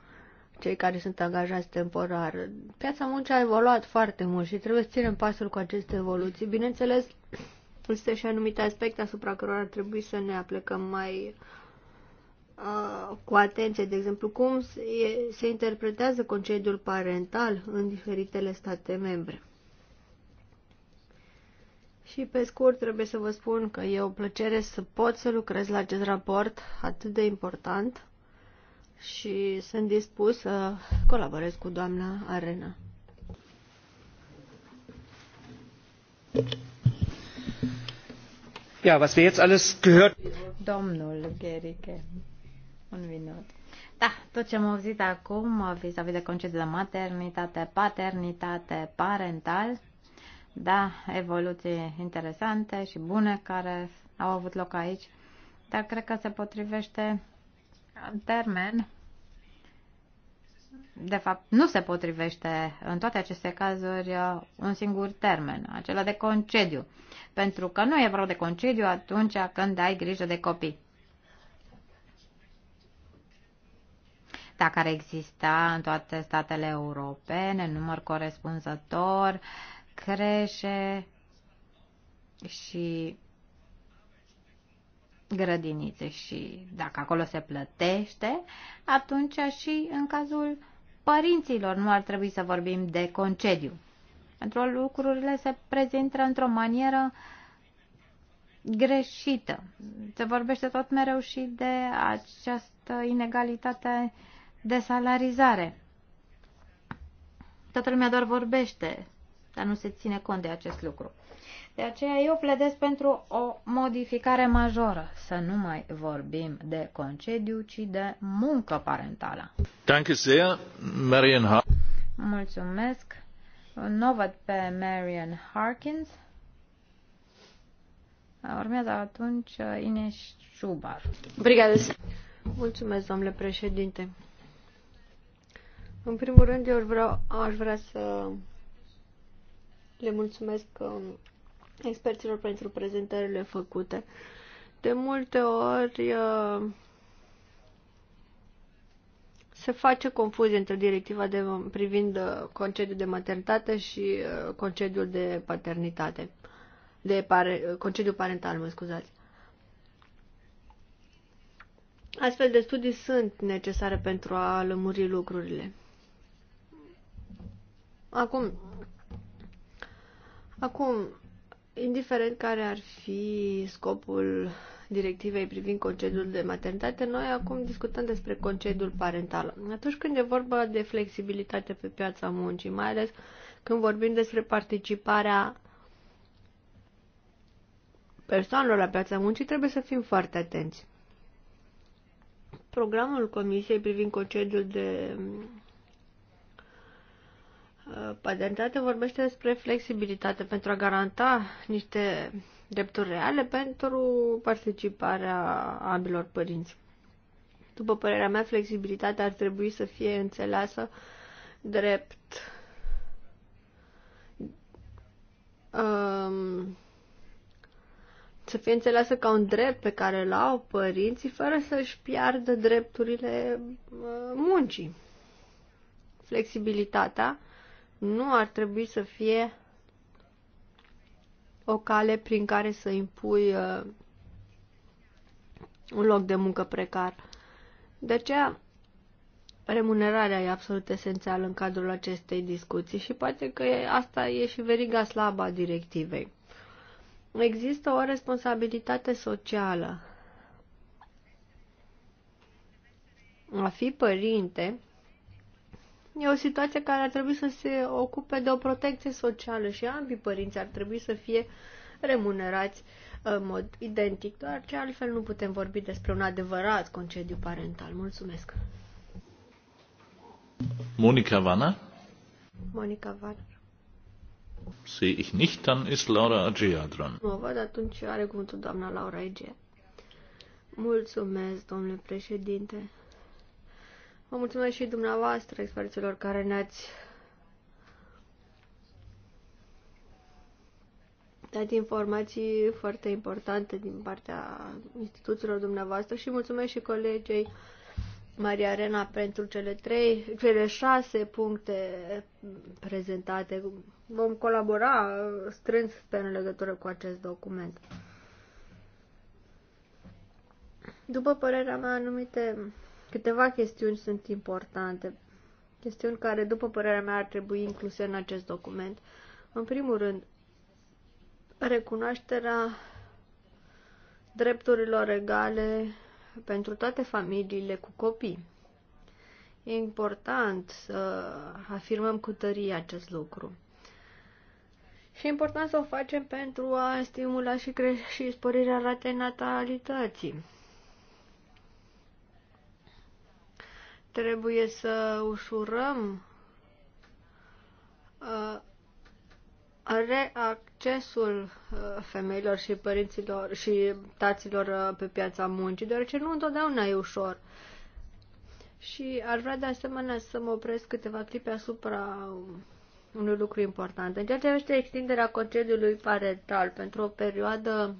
cei care sunt angajați temporar. Piața muncii a evoluat foarte mult și trebuie să ținem pasul cu aceste evoluții. Bineînțeles, Există și anumite aspecte asupra cărora ar trebui să ne aplecăm mai uh, cu atenție, de exemplu, cum se, se interpretează concediul parental în diferitele state membre. Și pe scurt trebuie să vă spun că e o plăcere să pot să lucrez la acest raport atât de important și sunt dispus să colaborez cu doamna Arena. Thank you was wir jetzt alles gehört... Domnul Da, tot ce am auzit acum vis-a-vis de concediu de maternitate, paternitate, parental, da, evoluții interesante și bune care au avut loc aici, dar cred că se potrivește termen de fapt, nu se potrivește în toate aceste cazuri uh, un singur termen, acela de concediu. Pentru că nu e vorba de concediu atunci când ai grijă de copii. Dacă ar exista în toate statele europene număr corespunzător, creșe și grădinițe și dacă acolo se plătește, atunci și în cazul părinților nu ar trebui să vorbim de concediu. Pentru că lucrurile se prezintă într-o manieră greșită. Se vorbește tot mereu și de această inegalitate de salarizare. Toată lumea doar vorbește, dar nu se ține cont de acest lucru. De aceea eu pledez pentru o modificare majoră, să nu mai vorbim de concediu, ci de muncă parentală. Danke sehr, Marian Mulțumesc. Nu văd pe Marian Harkins. Urmează atunci uh, Ines Șubar. Brigade. Mulțumesc, domnule președinte. În primul rând, eu vreau, aș vrea să le mulțumesc um, experților pentru prezentările făcute. De multe ori uh, se face confuzie între directiva de, privind uh, concediul de maternitate și uh, concediul de paternitate, de pare, concediul parental, mă scuzați. Astfel de studii sunt necesare pentru a lămuri lucrurile. Acum, acum, indiferent care ar fi scopul directivei privind concediul de maternitate, noi acum discutăm despre concediul parental. Atunci când e vorba de flexibilitate pe piața muncii, mai ales când vorbim despre participarea persoanelor la piața muncii, trebuie să fim foarte atenți. Programul Comisiei privind concediul de Uh, patentate păi, vorbește despre flexibilitate pentru a garanta niște drepturi reale pentru participarea ambilor părinți. După părerea mea, flexibilitatea ar trebui să fie înțeleasă drept um, să fie înțeleasă ca un drept pe care îl au părinții fără să-și piardă drepturile uh, muncii. Flexibilitatea uh, nu ar trebui să fie o cale prin care să impui uh, un loc de muncă precar. De aceea, remunerarea e absolut esențială în cadrul acestei discuții și poate că asta e și veriga slabă a directivei. Există o responsabilitate socială. A fi părinte E o situație care ar trebui să se ocupe de o protecție socială și ambii părinți ar trebui să fie remunerați în mod identic, doar ce altfel nu putem vorbi despre un adevărat concediu parental. Mulțumesc! Monica Vana? Monica Vana. Sehe ich nicht, dann ist Laura Agea dran. Mă văd, atunci are cuvântul doamna Laura Agea. Mulțumesc, domnule președinte. Vă mulțumesc și dumneavoastră, experților care ne-ați dat informații foarte importante din partea instituțiilor dumneavoastră și mulțumesc și colegei Maria Arena pentru cele trei, cele șase puncte prezentate. Vom colabora strâns pe în legătură cu acest document. După părerea mea, anumite Câteva chestiuni sunt importante, chestiuni care, după părerea mea, ar trebui incluse în acest document. În primul rând, recunoașterea drepturilor egale pentru toate familiile cu copii. E important să afirmăm cu tărie acest lucru. Și e important să o facem pentru a stimula și, cre- și sporirea ratei natalității. Trebuie să ușurăm uh, reaccesul uh, femeilor și părinților și taților uh, pe piața muncii, deoarece nu întotdeauna e ușor. Și ar vrea de asemenea să mă opresc câteva clipe asupra unui lucru important. În ceea ce privește extinderea concediului parental pentru o perioadă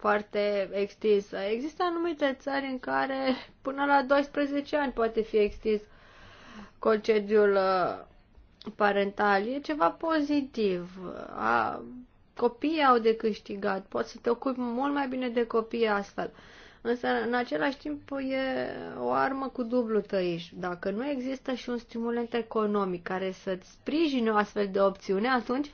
foarte extinsă. Există anumite țări în care până la 12 ani poate fi extins concediul uh, parental. E ceva pozitiv. A, copiii au de câștigat. Poți să te ocupi mult mai bine de copii astfel. Însă, în același timp, e o armă cu dublu tăiș. Dacă nu există și un stimulent economic care să-ți sprijine o astfel de opțiune, atunci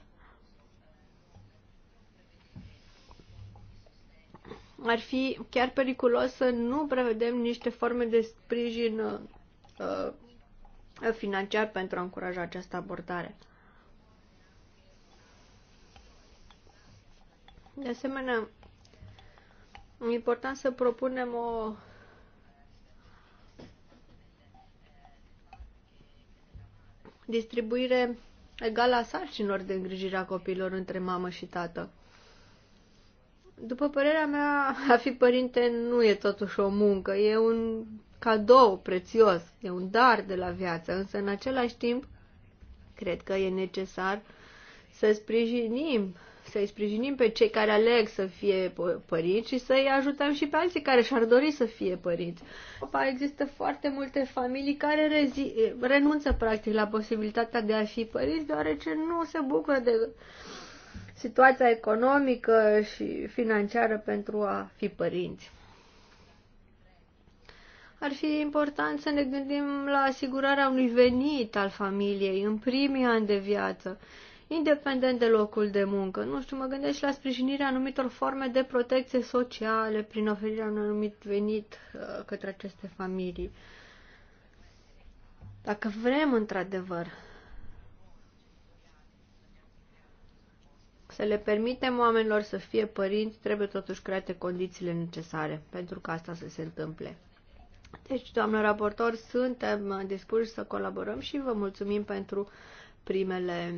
ar fi chiar periculos să nu prevedem niște forme de sprijin uh, financiar pentru a încuraja această abordare. De asemenea, e important să propunem o distribuire egală a sarcinilor de îngrijire a copiilor între mamă și tată. După părerea mea, a fi părinte nu e totuși o muncă, e un cadou prețios, e un dar de la viață, însă în același timp, cred că e necesar să sprijinim, să sprijinim pe cei care aleg să fie părinți și să-i ajutăm și pe alții care și-ar dori să fie părinți. Există foarte multe familii care rezi, renunță practic la posibilitatea de a fi părinți deoarece nu se bucură de situația economică și financiară pentru a fi părinți. Ar fi important să ne gândim la asigurarea unui venit al familiei în primii ani de viață, independent de locul de muncă. Nu știu, mă gândesc și la sprijinirea anumitor forme de protecție sociale prin oferirea unui anumit venit uh, către aceste familii. Dacă vrem într-adevăr Să le permitem oamenilor să fie părinți, trebuie totuși create condițiile necesare pentru ca asta să se întâmple. Deci, doamnă raportor, suntem dispuși să colaborăm și vă mulțumim pentru primele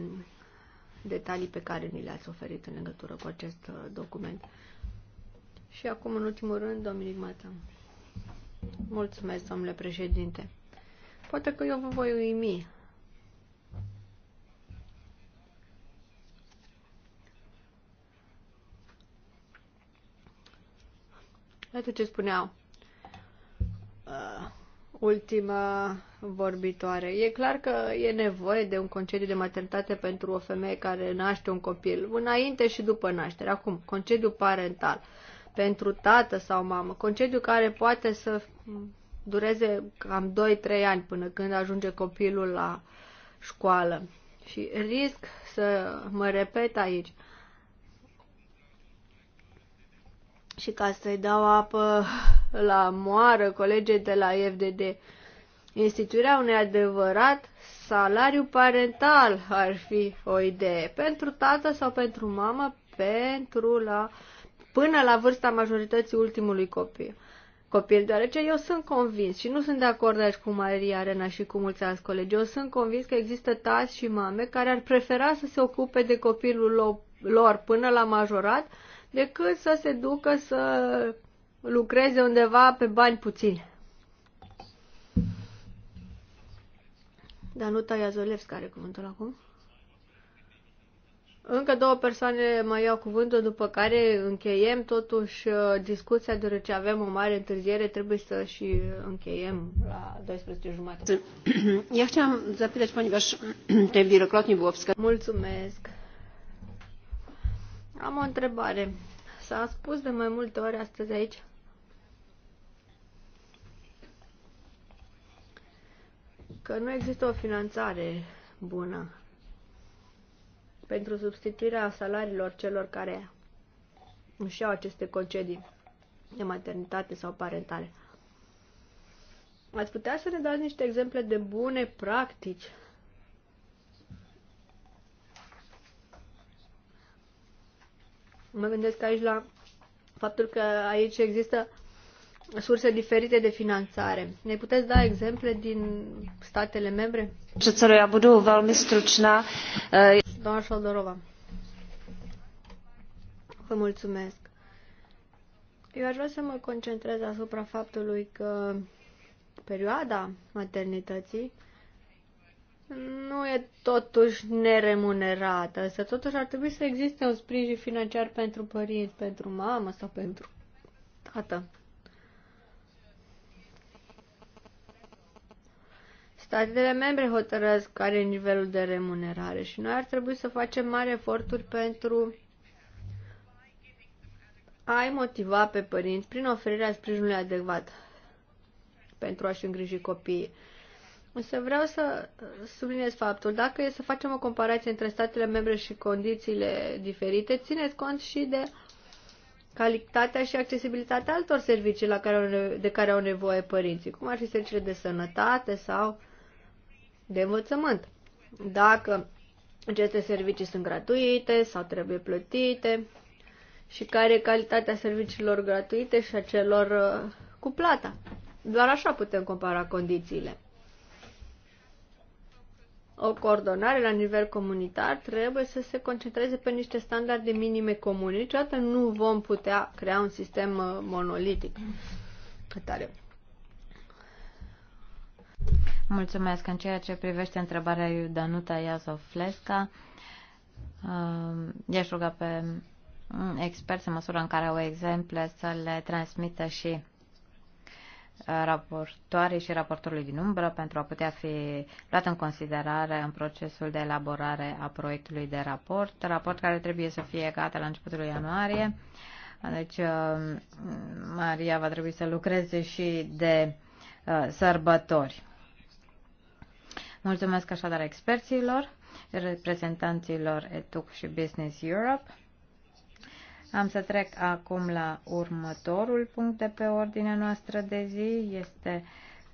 detalii pe care ni le-ați oferit în legătură cu acest uh, document. Și acum, în ultimul rând, Dominic Matan. Mulțumesc, domnule președinte. Poate că eu vă voi uimi, Iată ce spuneau uh, ultima vorbitoare. E clar că e nevoie de un concediu de maternitate pentru o femeie care naște un copil, înainte și după naștere. Acum, concediu parental pentru tată sau mamă, concediu care poate să dureze cam 2-3 ani până când ajunge copilul la școală. Și risc să mă repet aici. Și ca să-i dau apă la moară colegii de la FDD, instituirea unui adevărat salariu parental ar fi o idee pentru tată sau pentru mamă pentru la, până la vârsta majorității ultimului copil. Copil, deoarece eu sunt convins și nu sunt de acord aici cu Maria Arena și cu mulți alți colegi. Eu sunt convins că există tați și mame care ar prefera să se ocupe de copilul lor până la majorat decât să se ducă să lucreze undeva pe bani puțini. Danuta Iazolevski are cuvântul acum. Încă două persoane mai iau cuvântul, după care încheiem totuși uh, discuția, deoarece avem o mare întârziere, trebuie să și încheiem la 12 jumate. Ja chciałam zapytać, ponieważ tutaj wielokrotnie było wskazane. Mulțumesc. Am o întrebare. S-a spus de mai multe ori astăzi aici că nu există o finanțare bună pentru substituirea salariilor celor care își iau aceste concedii de maternitate sau parentale. Ați putea să ne dați niște exemple de bune practici Mă gândesc aici la faptul că aici există surse diferite de finanțare. Ne puteți da exemple din statele membre? Předsedo, já budu velmi stručná. Eh, Doamna Șoldorova. Vă mulțumesc. Eu aș vrea să mă concentrez asupra faptului că perioada maternității nu e totuși neremunerată, Să totuși ar trebui să existe un sprijin financiar pentru părinți, pentru mamă sau pentru tată. Statele membre hotărăsc care e nivelul de remunerare și noi ar trebui să facem mari eforturi pentru a-i motiva pe părinți prin oferirea sprijinului adecvat pentru a-și îngriji copiii. Însă vreau să subliniez faptul, dacă e să facem o comparație între statele membre și condițiile diferite, țineți cont și de calitatea și accesibilitatea altor servicii la care de care au nevoie părinții, cum ar fi serviciile de sănătate sau de învățământ. Dacă aceste servicii sunt gratuite sau trebuie plătite și care e calitatea serviciilor gratuite și a celor uh, cu plata. Doar așa putem compara condițiile o coordonare la nivel comunitar trebuie să se concentreze pe niște standarde minime comune. Niciodată nu vom putea crea un sistem uh, monolitic. Tare. Mulțumesc. În ceea ce privește întrebarea lui Danuta Iazov-Flesca, uh, i-aș ruga pe mm, expert în măsura în care au exemple să le transmită și raportoarei și raportorului din umbră pentru a putea fi luat în considerare în procesul de elaborare a proiectului de raport, raport care trebuie să fie gata la începutul ianuarie. Deci uh, Maria va trebui să lucreze și de uh, sărbători. Mulțumesc așadar experților, reprezentanților ETUC și Business Europe am să trec acum la următorul punct de pe ordinea noastră de zi. Este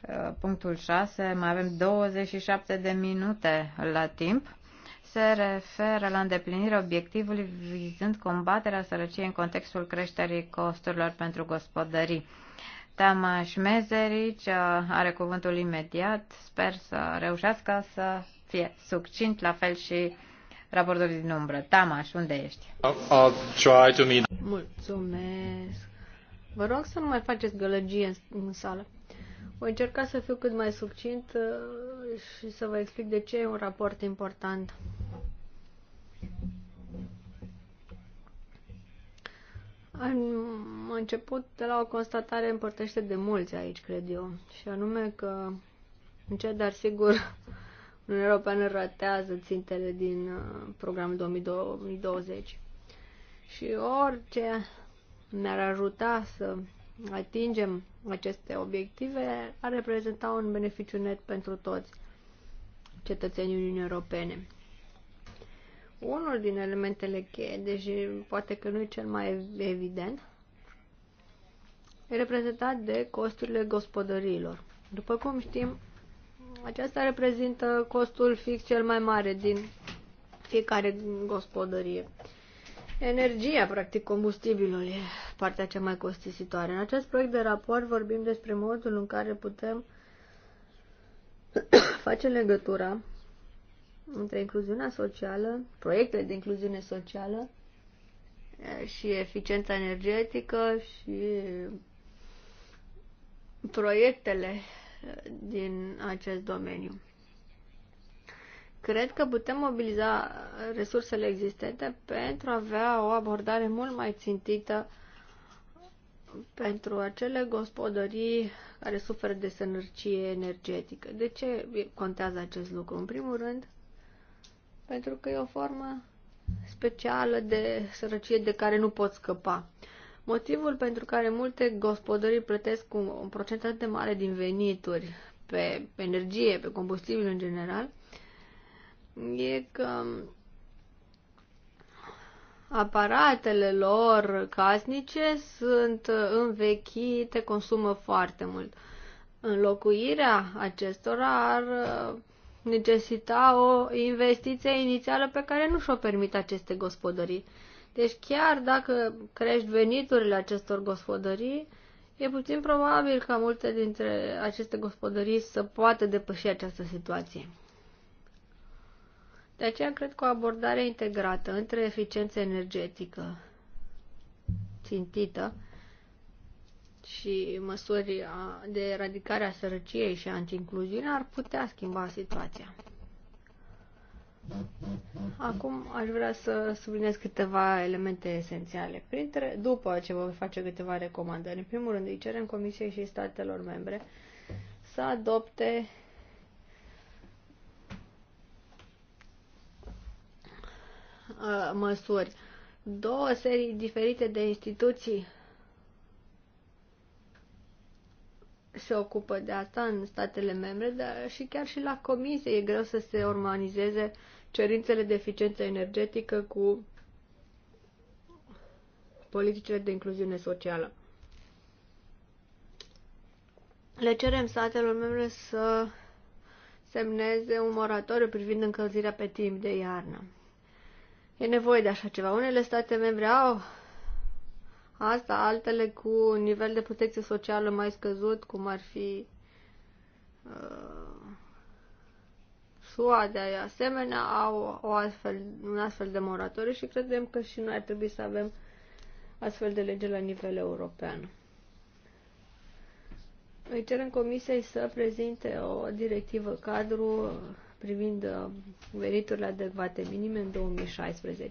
uh, punctul 6. Mai avem 27 de minute la timp. Se referă la îndeplinirea obiectivului vizând combaterea sărăciei în contextul creșterii costurilor pentru gospodării. Tamaș Mezerici uh, are cuvântul imediat. Sper să reușească să fie succint, la fel și raportorii din umbră. Tamaș, unde ești? I'll try to meet. Mulțumesc. Vă rog să nu mai faceți gălăgie în sală. Voi încerca să fiu cât mai succint uh, și să vă explic de ce e un raport important. Am început de la o constatare împărtăște de mulți aici, cred eu, și anume că încet, dar sigur, Uniunea Europeană ratează țintele din uh, programul 2020. Și orice ne-ar ajuta să atingem aceste obiective ar reprezenta un beneficiu net pentru toți cetățenii Uniunii Europene. Unul din elementele cheie, deși poate că nu e cel mai evident, e reprezentat de costurile gospodăriilor. După cum știm, aceasta reprezintă costul fix cel mai mare din fiecare gospodărie. Energia, practic combustibilul, e partea cea mai costisitoare. În acest proiect de raport vorbim despre modul în care putem face legătura între incluziunea socială, proiectele de incluziune socială și eficiența energetică și proiectele din acest domeniu. Cred că putem mobiliza resursele existente pentru a avea o abordare mult mai țintită pentru acele gospodării care suferă de sănărcie energetică. De ce contează acest lucru? În primul rând, pentru că e o formă specială de sărăcie de care nu poți scăpa. Motivul pentru care multe gospodării plătesc un, un procent atât de mare din venituri pe energie, pe combustibil în general, e că aparatele lor casnice sunt învechite, consumă foarte mult. Înlocuirea acestora ar uh, necesita o investiție inițială pe care nu și-o permit aceste gospodării. Deci chiar dacă crești veniturile acestor gospodării, e puțin probabil ca multe dintre aceste gospodării să poată depăși această situație. De aceea cred că o abordare integrată între eficiență energetică țintită și măsuri de eradicare a sărăciei și anti incluziunea ar putea schimba situația. Acum aș vrea să subliniez câteva elemente esențiale. Printre, după ce voi face câteva recomandări, în primul rând îi cerem Comisiei și statelor membre să adopte uh, măsuri. Două serii diferite de instituții se ocupă de asta în statele membre, dar și chiar și la comisie e greu să se organizeze uh, cerințele de eficiență energetică cu politicile de incluziune socială. Le cerem statelor membre să semneze un moratoriu privind încălzirea pe timp de iarnă. E nevoie de așa ceva. Unele state membre au asta, altele cu nivel de protecție socială mai scăzut, cum ar fi uh, SUA de asemenea au o astfel, un astfel de moratoriu și credem că și noi ar trebui să avem astfel de lege la nivel european. Îi cerem Comisiei să prezinte o directivă cadru privind uh, veniturile adecvate minime în 2016.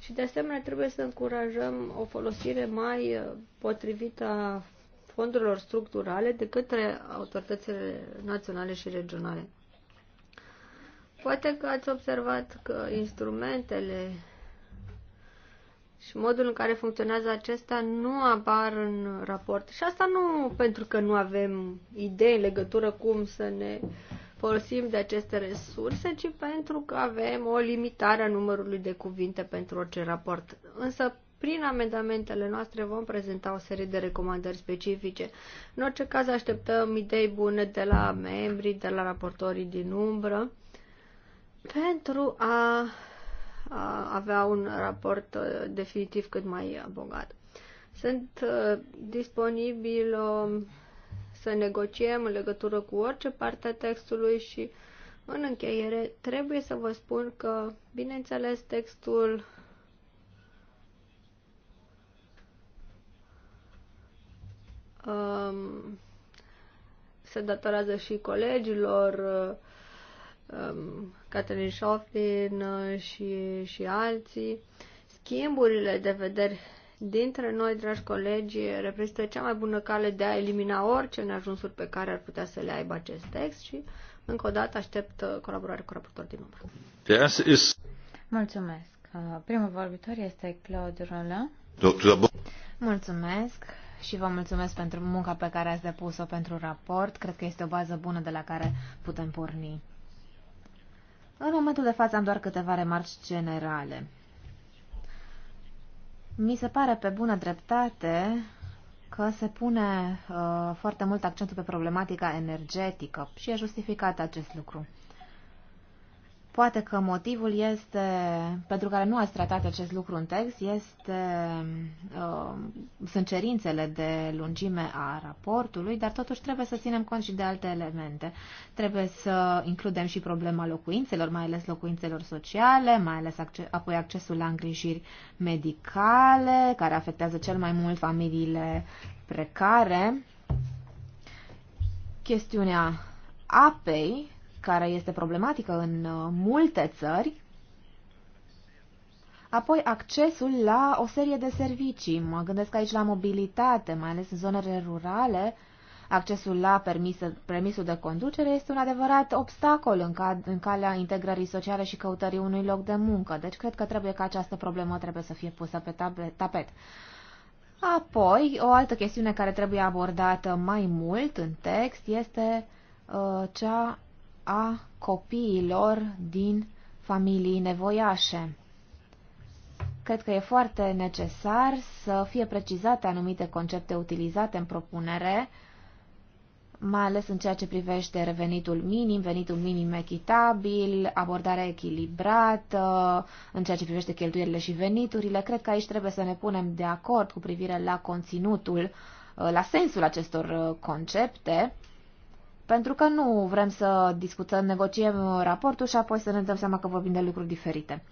Și de asemenea trebuie să încurajăm o folosire mai uh, potrivită a fondurilor structurale de către autoritățile naționale și regionale. Poate că ați observat că instrumentele și modul în care funcționează acesta nu apar în raport. Și asta nu pentru că nu avem idei în legătură cum să ne folosim de aceste resurse, ci pentru că avem o limitare a numărului de cuvinte pentru orice raport. Însă, prin amendamentele noastre vom prezenta o serie de recomandări specifice. În orice caz, așteptăm idei bune de la membrii, de la raportorii din umbră pentru a, a avea un raport uh, definitiv cât mai bogat. Sunt uh, disponibil um, să negociem în legătură cu orice parte a textului și în încheiere trebuie să vă spun că, bineînțeles, textul um, se datorează și colegilor uh, um, Catherine Shoflin uh, și, și alții. Schimburile de vederi dintre noi, dragi colegi, reprezintă cea mai bună cale de a elimina orice neajunsuri pe care ar putea să le aibă acest text și, încă o dată, aștept uh, colaborare cu raportor din umbră. Mulțumesc. Uh, primul vorbitor este Claude Roland. Mulțumesc și vă mulțumesc pentru munca pe care ați depus-o pentru raport. Cred că este o bază bună de la care putem porni. În momentul de față am doar câteva remarci generale. Mi se pare pe bună dreptate că se pune uh, foarte mult accentul pe problematica energetică și e justificat acest lucru. Poate că motivul este, pentru care nu ați tratat acest lucru în text, este, uh, sunt cerințele de lungime a raportului, dar totuși trebuie să ținem cont și de alte elemente. Trebuie să includem și problema locuințelor, mai ales locuințelor sociale, mai ales acce- apoi accesul la îngrijiri medicale, care afectează cel mai mult familiile precare. Chestiunea apei care este problematică în uh, multe țări, apoi accesul la o serie de servicii. Mă gândesc aici la mobilitate, mai ales în zonele rurale, accesul la permis, permisul de conducere este un adevărat obstacol în, ca, în calea integrării sociale și căutării unui loc de muncă. Deci cred că trebuie că această problemă trebuie să fie pusă pe tapet. Apoi, o altă chestiune care trebuie abordată mai mult în text este uh, cea a copiilor din familii nevoiașe. Cred că e foarte necesar să fie precizate anumite concepte utilizate în propunere, mai ales în ceea ce privește revenitul minim, venitul minim echitabil, abordarea echilibrată, în ceea ce privește cheltuielile și veniturile. Cred că aici trebuie să ne punem de acord cu privire la conținutul, la sensul acestor uh, concepte pentru că nu vrem să discutăm, negociem raportul și apoi să ne dăm seama că vorbim de lucruri diferite.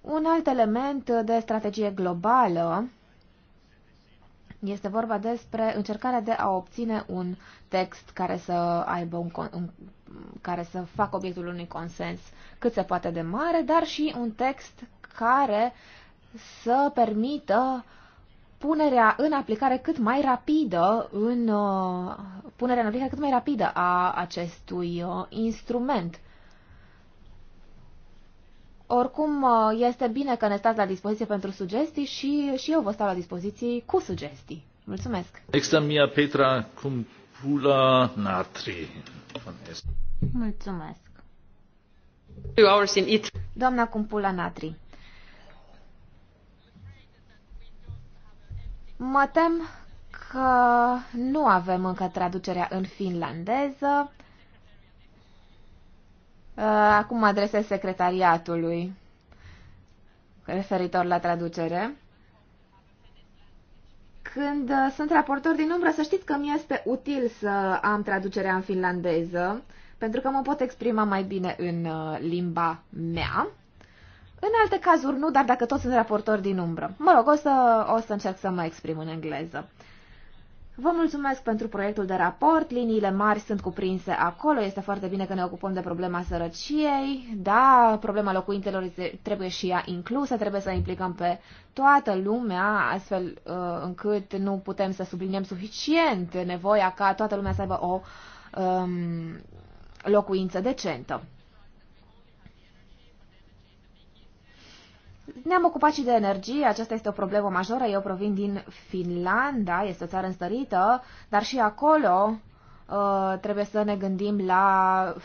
Un alt element de strategie globală este vorba despre încercarea de a obține un text care să aibă un, un care să facă obiectul unui consens cât se poate de mare, dar și un text care să permită punerea în aplicare cât mai rapidă în uh, punerea în aplicare cât mai rapidă a acestui uh, instrument. Oricum, uh, este bine că ne stați la dispoziție pentru sugestii și, și eu vă stau la dispoziție cu sugestii. Mulțumesc! Examia Petra Cumpula Natri. Mulțumesc! Doamna Cumpula Natri. Mă tem că nu avem încă traducerea în finlandeză. Uh, acum mă adresez secretariatului referitor la traducere. Când uh, sunt raportor din umbră, să știți că mi este util să am traducerea în finlandeză, pentru că mă pot exprima mai bine în uh, limba mea. În alte cazuri nu, dar dacă toți sunt raportori din umbră. Mă rog, o să, o să încerc să mă exprim în engleză. Vă mulțumesc pentru proiectul de raport, liniile mari sunt cuprinse acolo, este foarte bine că ne ocupăm de problema sărăciei, da, problema locuințelor trebuie și ea inclusă, trebuie să implicăm pe toată lumea, astfel uh, încât nu putem să subliniem suficient nevoia ca toată lumea să aibă o um, locuință decentă. Ne-am ocupat și de energie, aceasta este o problemă majoră. Eu provin din Finlanda, este o țară înstărită, dar și acolo uh, trebuie să ne gândim la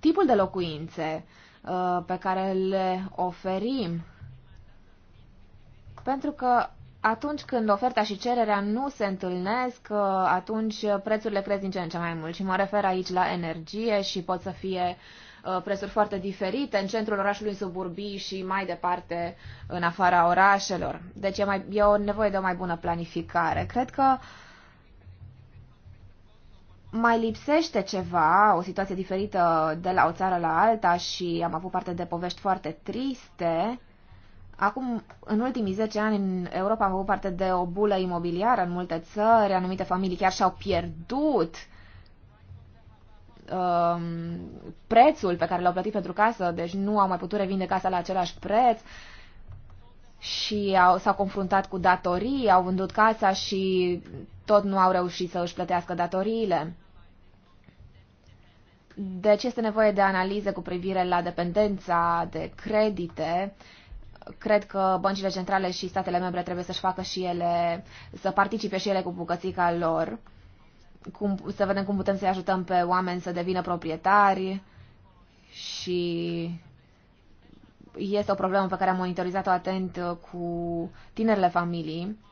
tipul de locuințe uh, pe care le oferim. Pentru că atunci când oferta și cererea nu se întâlnesc, uh, atunci prețurile cresc din ce în ce mai mult. Și mă refer aici la energie și pot să fie uh, Uh, prețuri foarte diferite în centrul orașului, în suburbii și mai departe în afara orașelor. Deci e, mai, e o nevoie de o mai bună planificare. Cred că mai lipsește ceva, o situație diferită de la o țară la alta și am avut parte de povești foarte triste. Acum, în ultimii 10 ani, în Europa am avut parte de o bulă imobiliară în multe țări, anumite familii chiar și-au pierdut uh, Um, prețul pe care l-au plătit pentru casă, deci nu au mai putut revinde casa la același preț și au, s-au confruntat cu datorii, au vândut casa și tot nu au reușit să își plătească datoriile. Deci este nevoie de analize cu privire la dependența de credite. Cred că băncile centrale și statele membre trebuie să-și facă și ele, să participe și ele cu bucățica lor cum, să vedem cum putem să-i ajutăm pe oameni să devină proprietari și este o problemă pe care am monitorizat-o atent uh, cu tinerile familii.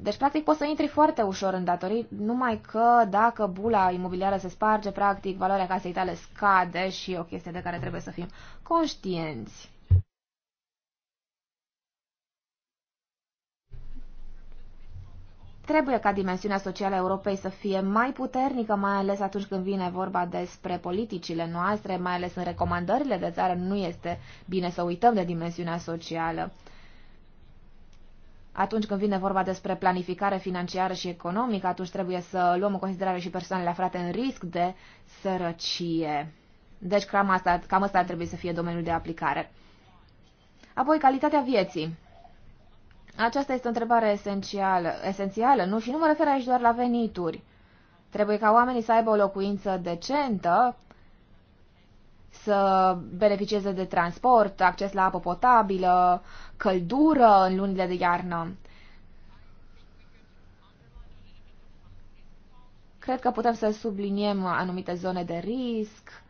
Deci, practic, poți să intri foarte ușor în datorii, numai că dacă bula imobiliară se sparge, practic, valoarea casei tale scade și e o chestie de care trebuie să fim conștienți. Trebuie ca dimensiunea socială a Europei să fie mai puternică, mai ales atunci când vine vorba despre politicile noastre, mai ales în recomandările de țară, nu este bine să uităm de dimensiunea socială. Atunci când vine vorba despre planificare financiară și economică, atunci trebuie să luăm în considerare și persoanele aflate în risc de sărăcie. Deci cam asta, cam asta ar trebui să fie domeniul de aplicare. Apoi, calitatea vieții. Aceasta este o întrebare esențială, esențială nu? Și nu mă refer aici doar la venituri. Trebuie ca oamenii să aibă o locuință decentă, să beneficieze de transport, acces la apă potabilă, căldură în lunile de iarnă. Cred că putem să subliniem anumite zone de risc,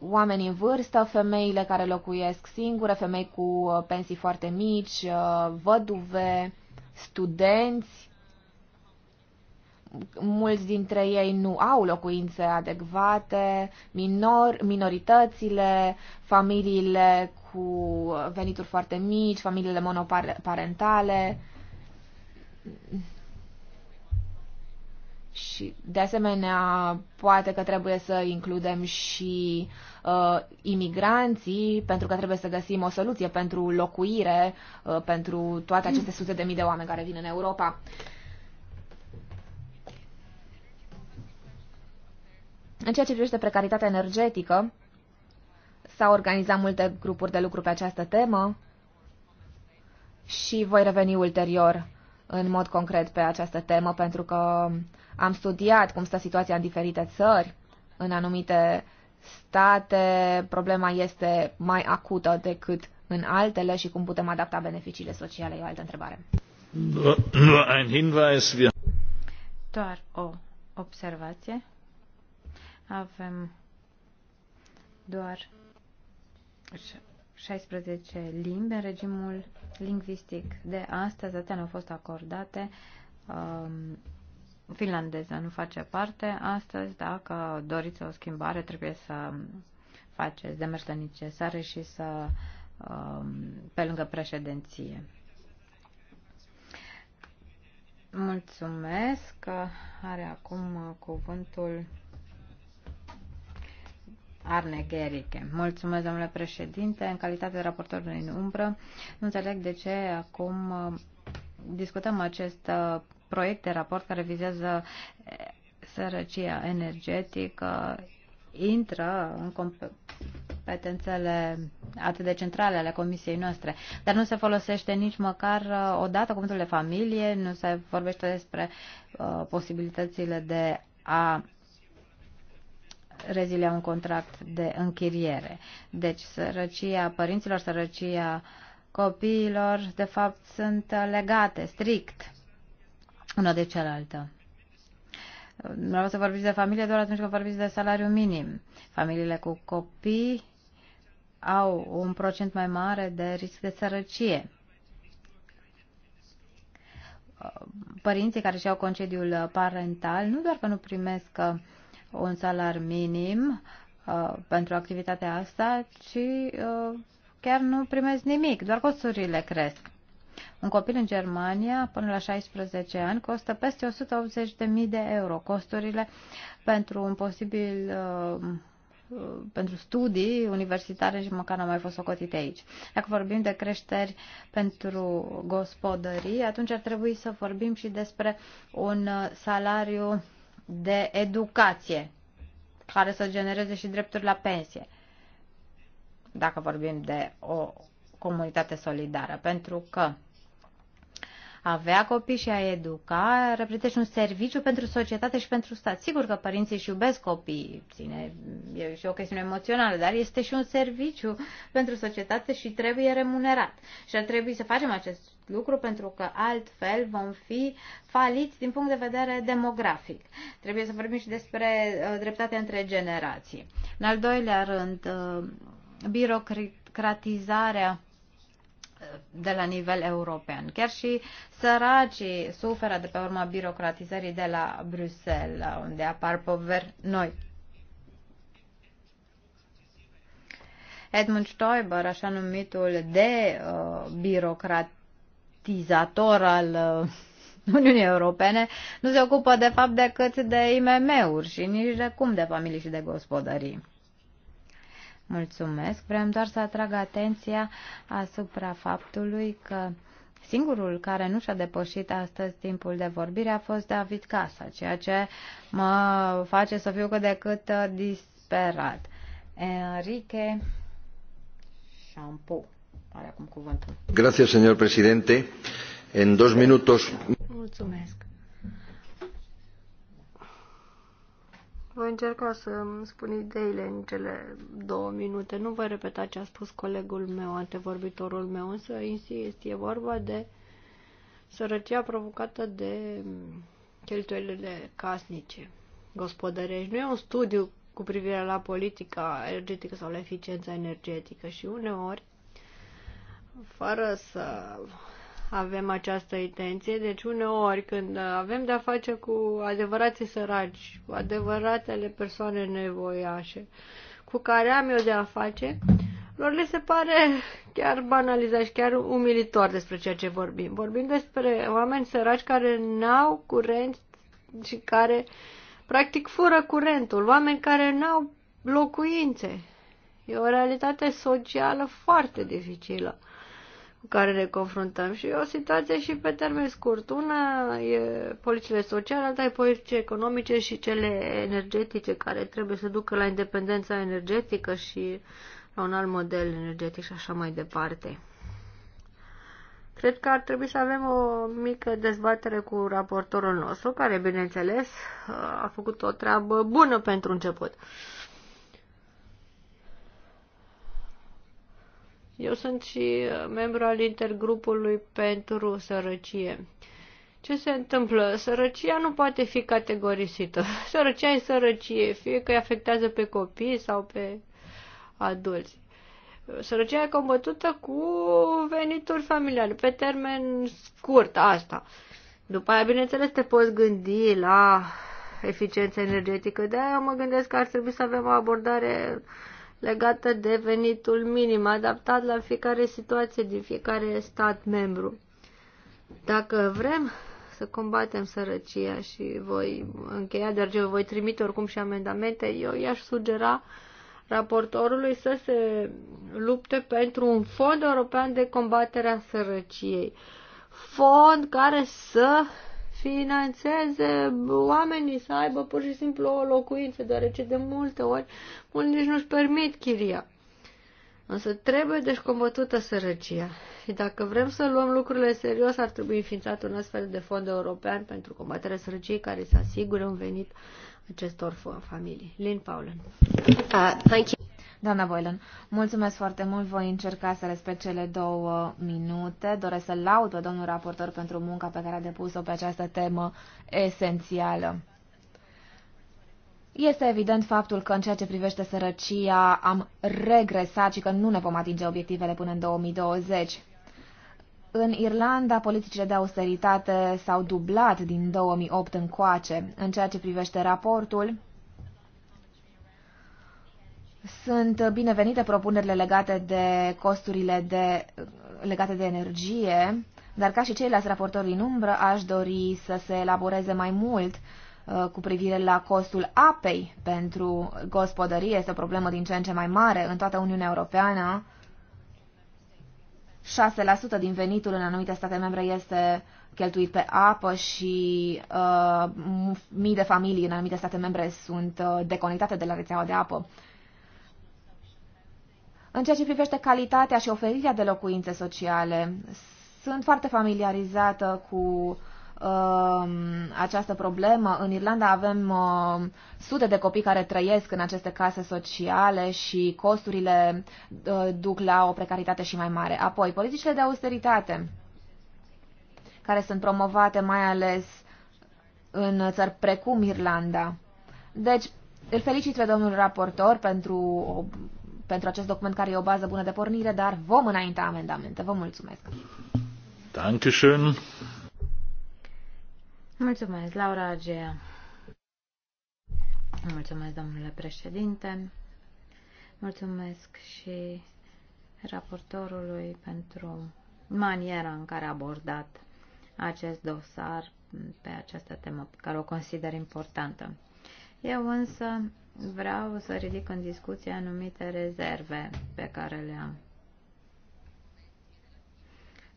oameni în vârstă, femeile care locuiesc singure, femei cu uh, pensii foarte mici, uh, văduve, studenți. Mulți dintre ei nu au locuințe adecvate, minor, minoritățile, familiile cu venituri foarte mici, familiile monoparentale. Și, de asemenea, poate că trebuie să includem și uh, imigranții, pentru că trebuie să găsim o soluție pentru locuire, uh, pentru toate aceste sute de mii de oameni care vin în Europa. În ceea ce privește precaritatea energetică, s-au organizat multe grupuri de lucru pe această temă și voi reveni ulterior în mod concret pe această temă, pentru că am studiat cum stă situația în diferite țări, în anumite state problema este mai acută decât în altele și cum putem adapta beneficiile sociale e o altă întrebare. Doar o observație. Avem doar 16 limbi în regimul lingvistic de astăzi, atâtea nu au fost acordate um, finlandeză nu face parte astăzi. Dacă doriți o schimbare, trebuie să faceți demersurile necesare și să um, pe lângă președinție. Mulțumesc. că Are acum cuvântul Arne Gherike. Mulțumesc, domnule președinte. În calitate de raportor în umbră, nu înțeleg de ce acum um, discutăm acest uh, proiect de raport care vizează eh, sărăcia energetică intră în competențele atât de centrale ale comisiei noastre, dar nu se folosește nici măcar eh, o dată cuvântul de familie, nu se vorbește despre uh, posibilitățile de a rezilia un contract de închiriere. Deci sărăcia părinților, sărăcia copiilor, de fapt, sunt legate strict una de cealaltă. Nu să vorbiți de familie doar atunci când vorbiți de salariu minim. Familiile cu copii au un procent mai mare de risc de sărăcie. Părinții care și-au concediul parental nu doar că nu primesc un salar minim uh, pentru activitatea asta, ci uh, chiar nu primesc nimic, doar costurile cresc. Un copil în Germania, până la 16 ani, costă peste 180.000 de euro. Costurile pentru un posibil uh, uh, pentru studii universitare și măcar n-au mai fost socotite aici. Dacă vorbim de creșteri pentru gospodării, atunci ar trebui să vorbim și despre un uh, salariu de educație care să genereze și drepturi la pensie. Dacă vorbim de o comunitate solidară, pentru că avea copii și a educa reprezintă un serviciu pentru societate și pentru stat. Sigur că părinții își iubesc copiii, ține, e și o chestiune emoțională, dar este și un serviciu pentru societate și trebuie remunerat. Și ar trebui să facem acest lucru pentru că altfel vom fi faliți din punct de vedere demografic. Trebuie să vorbim și despre uh, dreptate între generații. În al doilea rând, uh, birocratizarea de la nivel european. Chiar și săracii suferă de pe urma birocratizării de la Bruxelles, unde apar poveri noi. Edmund Stoiber, așa numitul de uh, birocratizator al uh, Uniunii Europene, nu se ocupă de fapt decât de IMM-uri și nici de cum de familii și de gospodării. Mulțumesc. Vrem doar să atrag atenția asupra faptului că singurul care nu și-a depășit astăzi timpul de vorbire a fost David Casa, ceea ce mă face să fiu cât de cât uh, disperat. Enrique Shampoo are acum cuvântul. Gracias, señor presidente. En dos minutos. Mulțumesc. Voi încerca să îmi spun ideile în cele două minute. Nu voi repeta ce a spus colegul meu, antevorbitorul meu, însă insist, e vorba de sărăcia provocată de cheltuielile casnice, gospodărești. Nu e un studiu cu privire la politica energetică sau la eficiența energetică și uneori, fără să avem această intenție, deci uneori când avem de-a face cu adevărații săraci, cu adevăratele persoane nevoiașe, cu care am eu de a face, lor le se pare chiar banalizat și chiar umilitor despre ceea ce vorbim. Vorbim despre oameni săraci care n-au curent și care practic fură curentul, oameni care n-au locuințe. E o realitate socială foarte dificilă cu care ne confruntăm și o situație și pe termen scurt. Una e politicile sociale, alta e politice economice și cele energetice care trebuie să ducă la independența energetică și la un alt model energetic și așa mai departe. Cred că ar trebui să avem o mică dezbatere cu raportorul nostru, care, bineînțeles, a făcut o treabă bună pentru început. Eu sunt și membru al intergrupului pentru sărăcie. Ce se întâmplă? Sărăcia nu poate fi categorisită. Sărăcia e sărăcie, fie că îi afectează pe copii sau pe adulți. Sărăcia e combătută cu venituri familiale, pe termen scurt, asta. După aia, bineînțeles, te poți gândi la eficiență energetică. De aia mă gândesc că ar trebui să avem o abordare uh, legată de venitul minim, adaptat la fiecare situație din fiecare stat membru. Dacă vrem să combatem sărăcia și voi încheia, dar eu voi trimite oricum și amendamente, eu i-aș sugera raportorului să se lupte pentru un fond european de combatere a sărăciei. Fond care să financeze oamenii să aibă pur și simplu o locuință, deoarece de multe ori mulți nici nu-și permit chiria. Însă trebuie deci combătută sărăcia. Și dacă vrem să luăm lucrurile serios, ar trebui înființat un astfel de fond european pentru combaterea sărăciei care să asigure un venit acestor familii. Lin Paulen. Uh, thank you. Doamna Boylan, mulțumesc foarte mult. Voi încerca să respect cele două minute. Doresc să laud pe domnul raportor pentru munca pe care a depus-o pe această temă esențială. Este evident faptul că în ceea ce privește sărăcia am regresat și că nu ne vom atinge obiectivele până în 2020. În Irlanda, politicile de austeritate s-au dublat din 2008 încoace. În ceea ce privește raportul, sunt binevenite propunerile legate de costurile de, legate de energie, dar ca și ceilalți raportori din umbră, aș dori să se elaboreze mai mult uh, cu privire la costul apei pentru gospodărie. Este o problemă din ce în ce mai mare în toată Uniunea Europeană. 6% din venitul în anumite state membre este cheltuit pe apă și uh, mii de familii în anumite state membre sunt uh, deconectate de la rețeaua de apă. În ceea ce privește calitatea și oferirea de locuințe sociale, sunt foarte familiarizată cu uh, această problemă. În Irlanda avem uh, sute de copii care trăiesc în aceste case sociale și costurile uh, duc la o precaritate și mai mare. Apoi, politicile de austeritate, care sunt promovate mai ales în țări precum Irlanda. Deci, îl felicit pe domnul raportor pentru o pentru acest document care e o bază bună de pornire, dar vom înainta amendamente. Vă mulțumesc! Dankeschön. Mulțumesc, Laura Agea. Mulțumesc, domnule președinte. Mulțumesc și raportorului pentru maniera în care a abordat acest dosar pe această temă pe care o consider importantă. Eu însă vreau să ridic în discuție anumite rezerve pe care le am.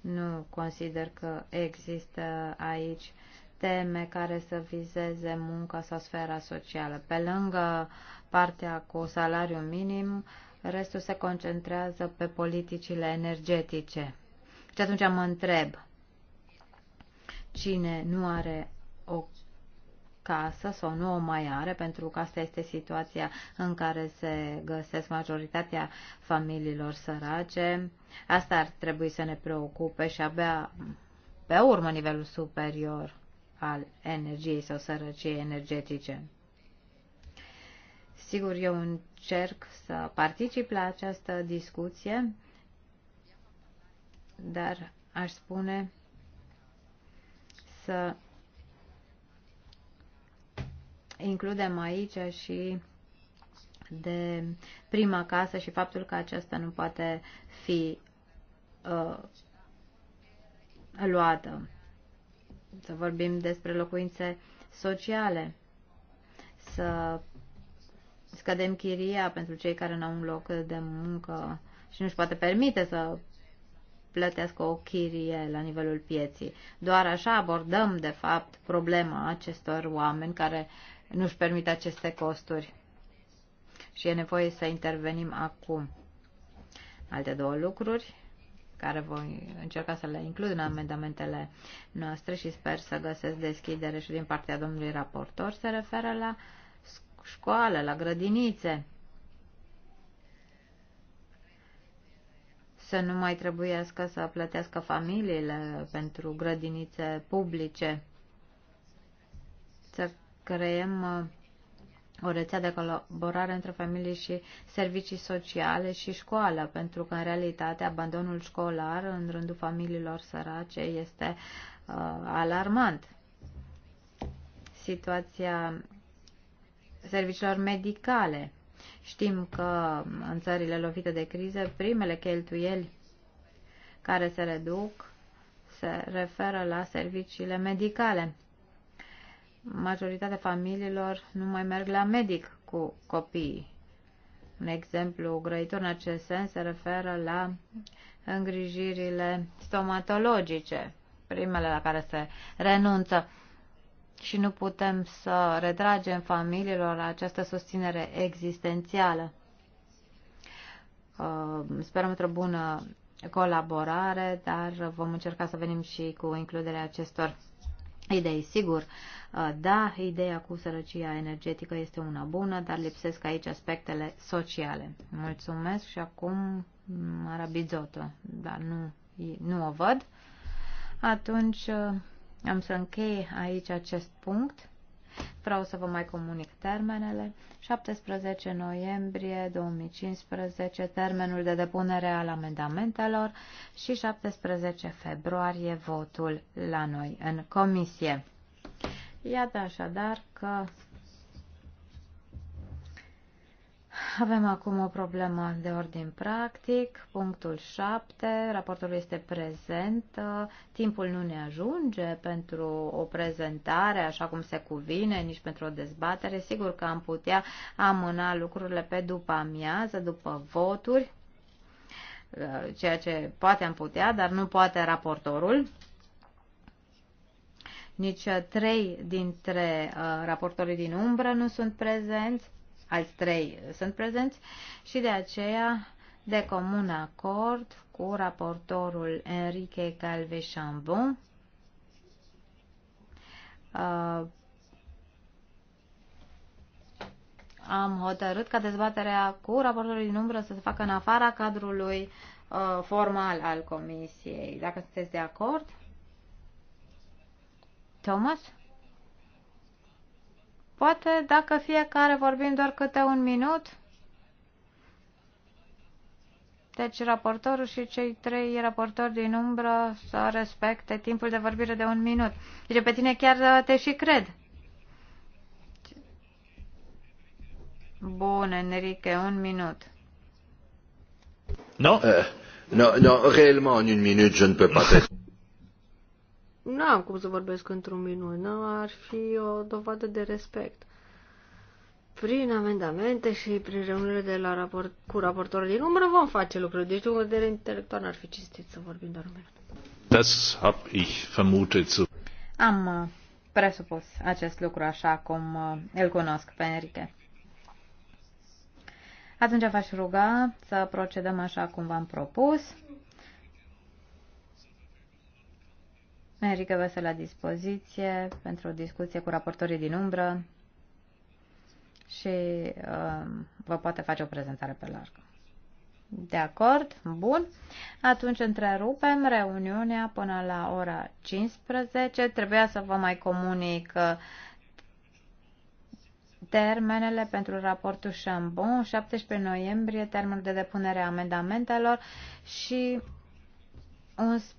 Nu consider că există aici teme care să vizeze munca sau sfera socială. Pe lângă partea cu salariu minim, restul se concentrează pe politicile energetice. Și atunci mă întreb, cine nu are o casă sau nu o mai are, pentru că asta este situația în care se găsesc majoritatea familiilor sărace. Asta ar trebui să ne preocupe și abia pe urmă nivelul superior al energiei sau sărăciei energetice. Sigur, eu încerc să particip la această discuție, dar aș spune să includem aici și de prima casă și faptul că aceasta nu poate fi uh, luată. Să vorbim despre locuințe sociale, să scădem chiria pentru cei care nu au un loc de muncă și nu-și poate permite să plătească o chirie la nivelul pieții. Doar așa abordăm, de fapt, problema acestor oameni care nu-și permite aceste costuri și e nevoie să intervenim acum. Alte două lucruri care voi încerca să le includ în amendamentele noastre și sper să găsesc deschidere și din partea domnului raportor, se referă la școală, la grădinițe. Să nu mai trebuiască să plătească familiile pentru grădinițe publice creăm uh, o rețea de colaborare între familie și servicii sociale și școală, pentru că, în realitate, abandonul școlar în rândul familiilor sărace este uh, alarmant. Situația serviciilor medicale. Știm că în țările lovite de criză, primele cheltuieli care se reduc se referă la serviciile medicale majoritatea familiilor nu mai merg la medic cu copiii. Un exemplu grăitor în acest sens se referă la îngrijirile stomatologice, primele la care se renunță. Și nu putem să retragem familiilor această susținere existențială. Uh, sperăm într-o bună colaborare, dar vom încerca să venim și cu includerea acestor idei. Sigur, uh, da, ideea cu sărăcia energetică este una bună, dar lipsesc aici aspectele sociale. Mulțumesc și acum Mara dar nu, nu o văd. Atunci uh, am să închei aici acest punct. Vreau să vă mai comunic termenele. 17 noiembrie 2015, termenul de depunere al amendamentelor și 17 februarie votul la noi în comisie. Iată așadar că Avem acum o problemă de ordin practic. Punctul 7. Raportul este prezent. Timpul nu ne ajunge pentru o prezentare așa cum se cuvine, nici pentru o dezbatere. Sigur că am putea amâna lucrurile pe după amiază, după voturi, ceea ce poate am putea, dar nu poate raportorul. Nici trei dintre uh, raportorii din umbră nu sunt prezenți alți trei sunt prezenți și de aceea de comun acord cu raportorul Enrique Calvé-Chambon uh, am hotărât ca dezbaterea cu raportorul din umbră să se facă în afara cadrului uh, formal al comisiei. Dacă sunteți de acord? Thomas? Poate dacă fiecare vorbim doar câte un minut, deci raportorul și cei trei raportori din umbră să respecte timpul de vorbire de un minut. Deci pe tine chiar te și cred. Bun, Enrique, un minut. Nu? No? Uh, eh, nu, no, no, realmente, în un minut, je ne peux pas nu am cum să vorbesc într-un minut, nu? Ar fi o dovadă de respect. Prin amendamente și prin reuniunile de la raport, cu raportorul din umbră vom face lucruri. Deci, din vedere intelectual, ar fi cinstit să vorbim doar un minut. Das hab ich vermutet. zu... Am uh, presupus acest lucru așa cum uh, îl cunosc pe Enrique. Atunci v-aș ruga să procedăm așa cum v-am propus. Enrique vă la dispoziție pentru o discuție cu raportorii din umbră și uh, vă poate face o prezentare pe larg. De acord? Bun. Atunci întrerupem reuniunea până la ora 15. Trebuia să vă mai comunic uh, termenele pentru raportul Chambon, 17 noiembrie, termenul de depunere a amendamentelor și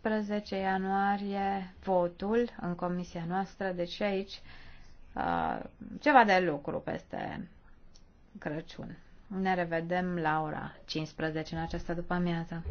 11 ianuarie votul în comisia noastră, deci aici ceva de lucru peste Crăciun. Ne revedem la ora 15 în această după amiază.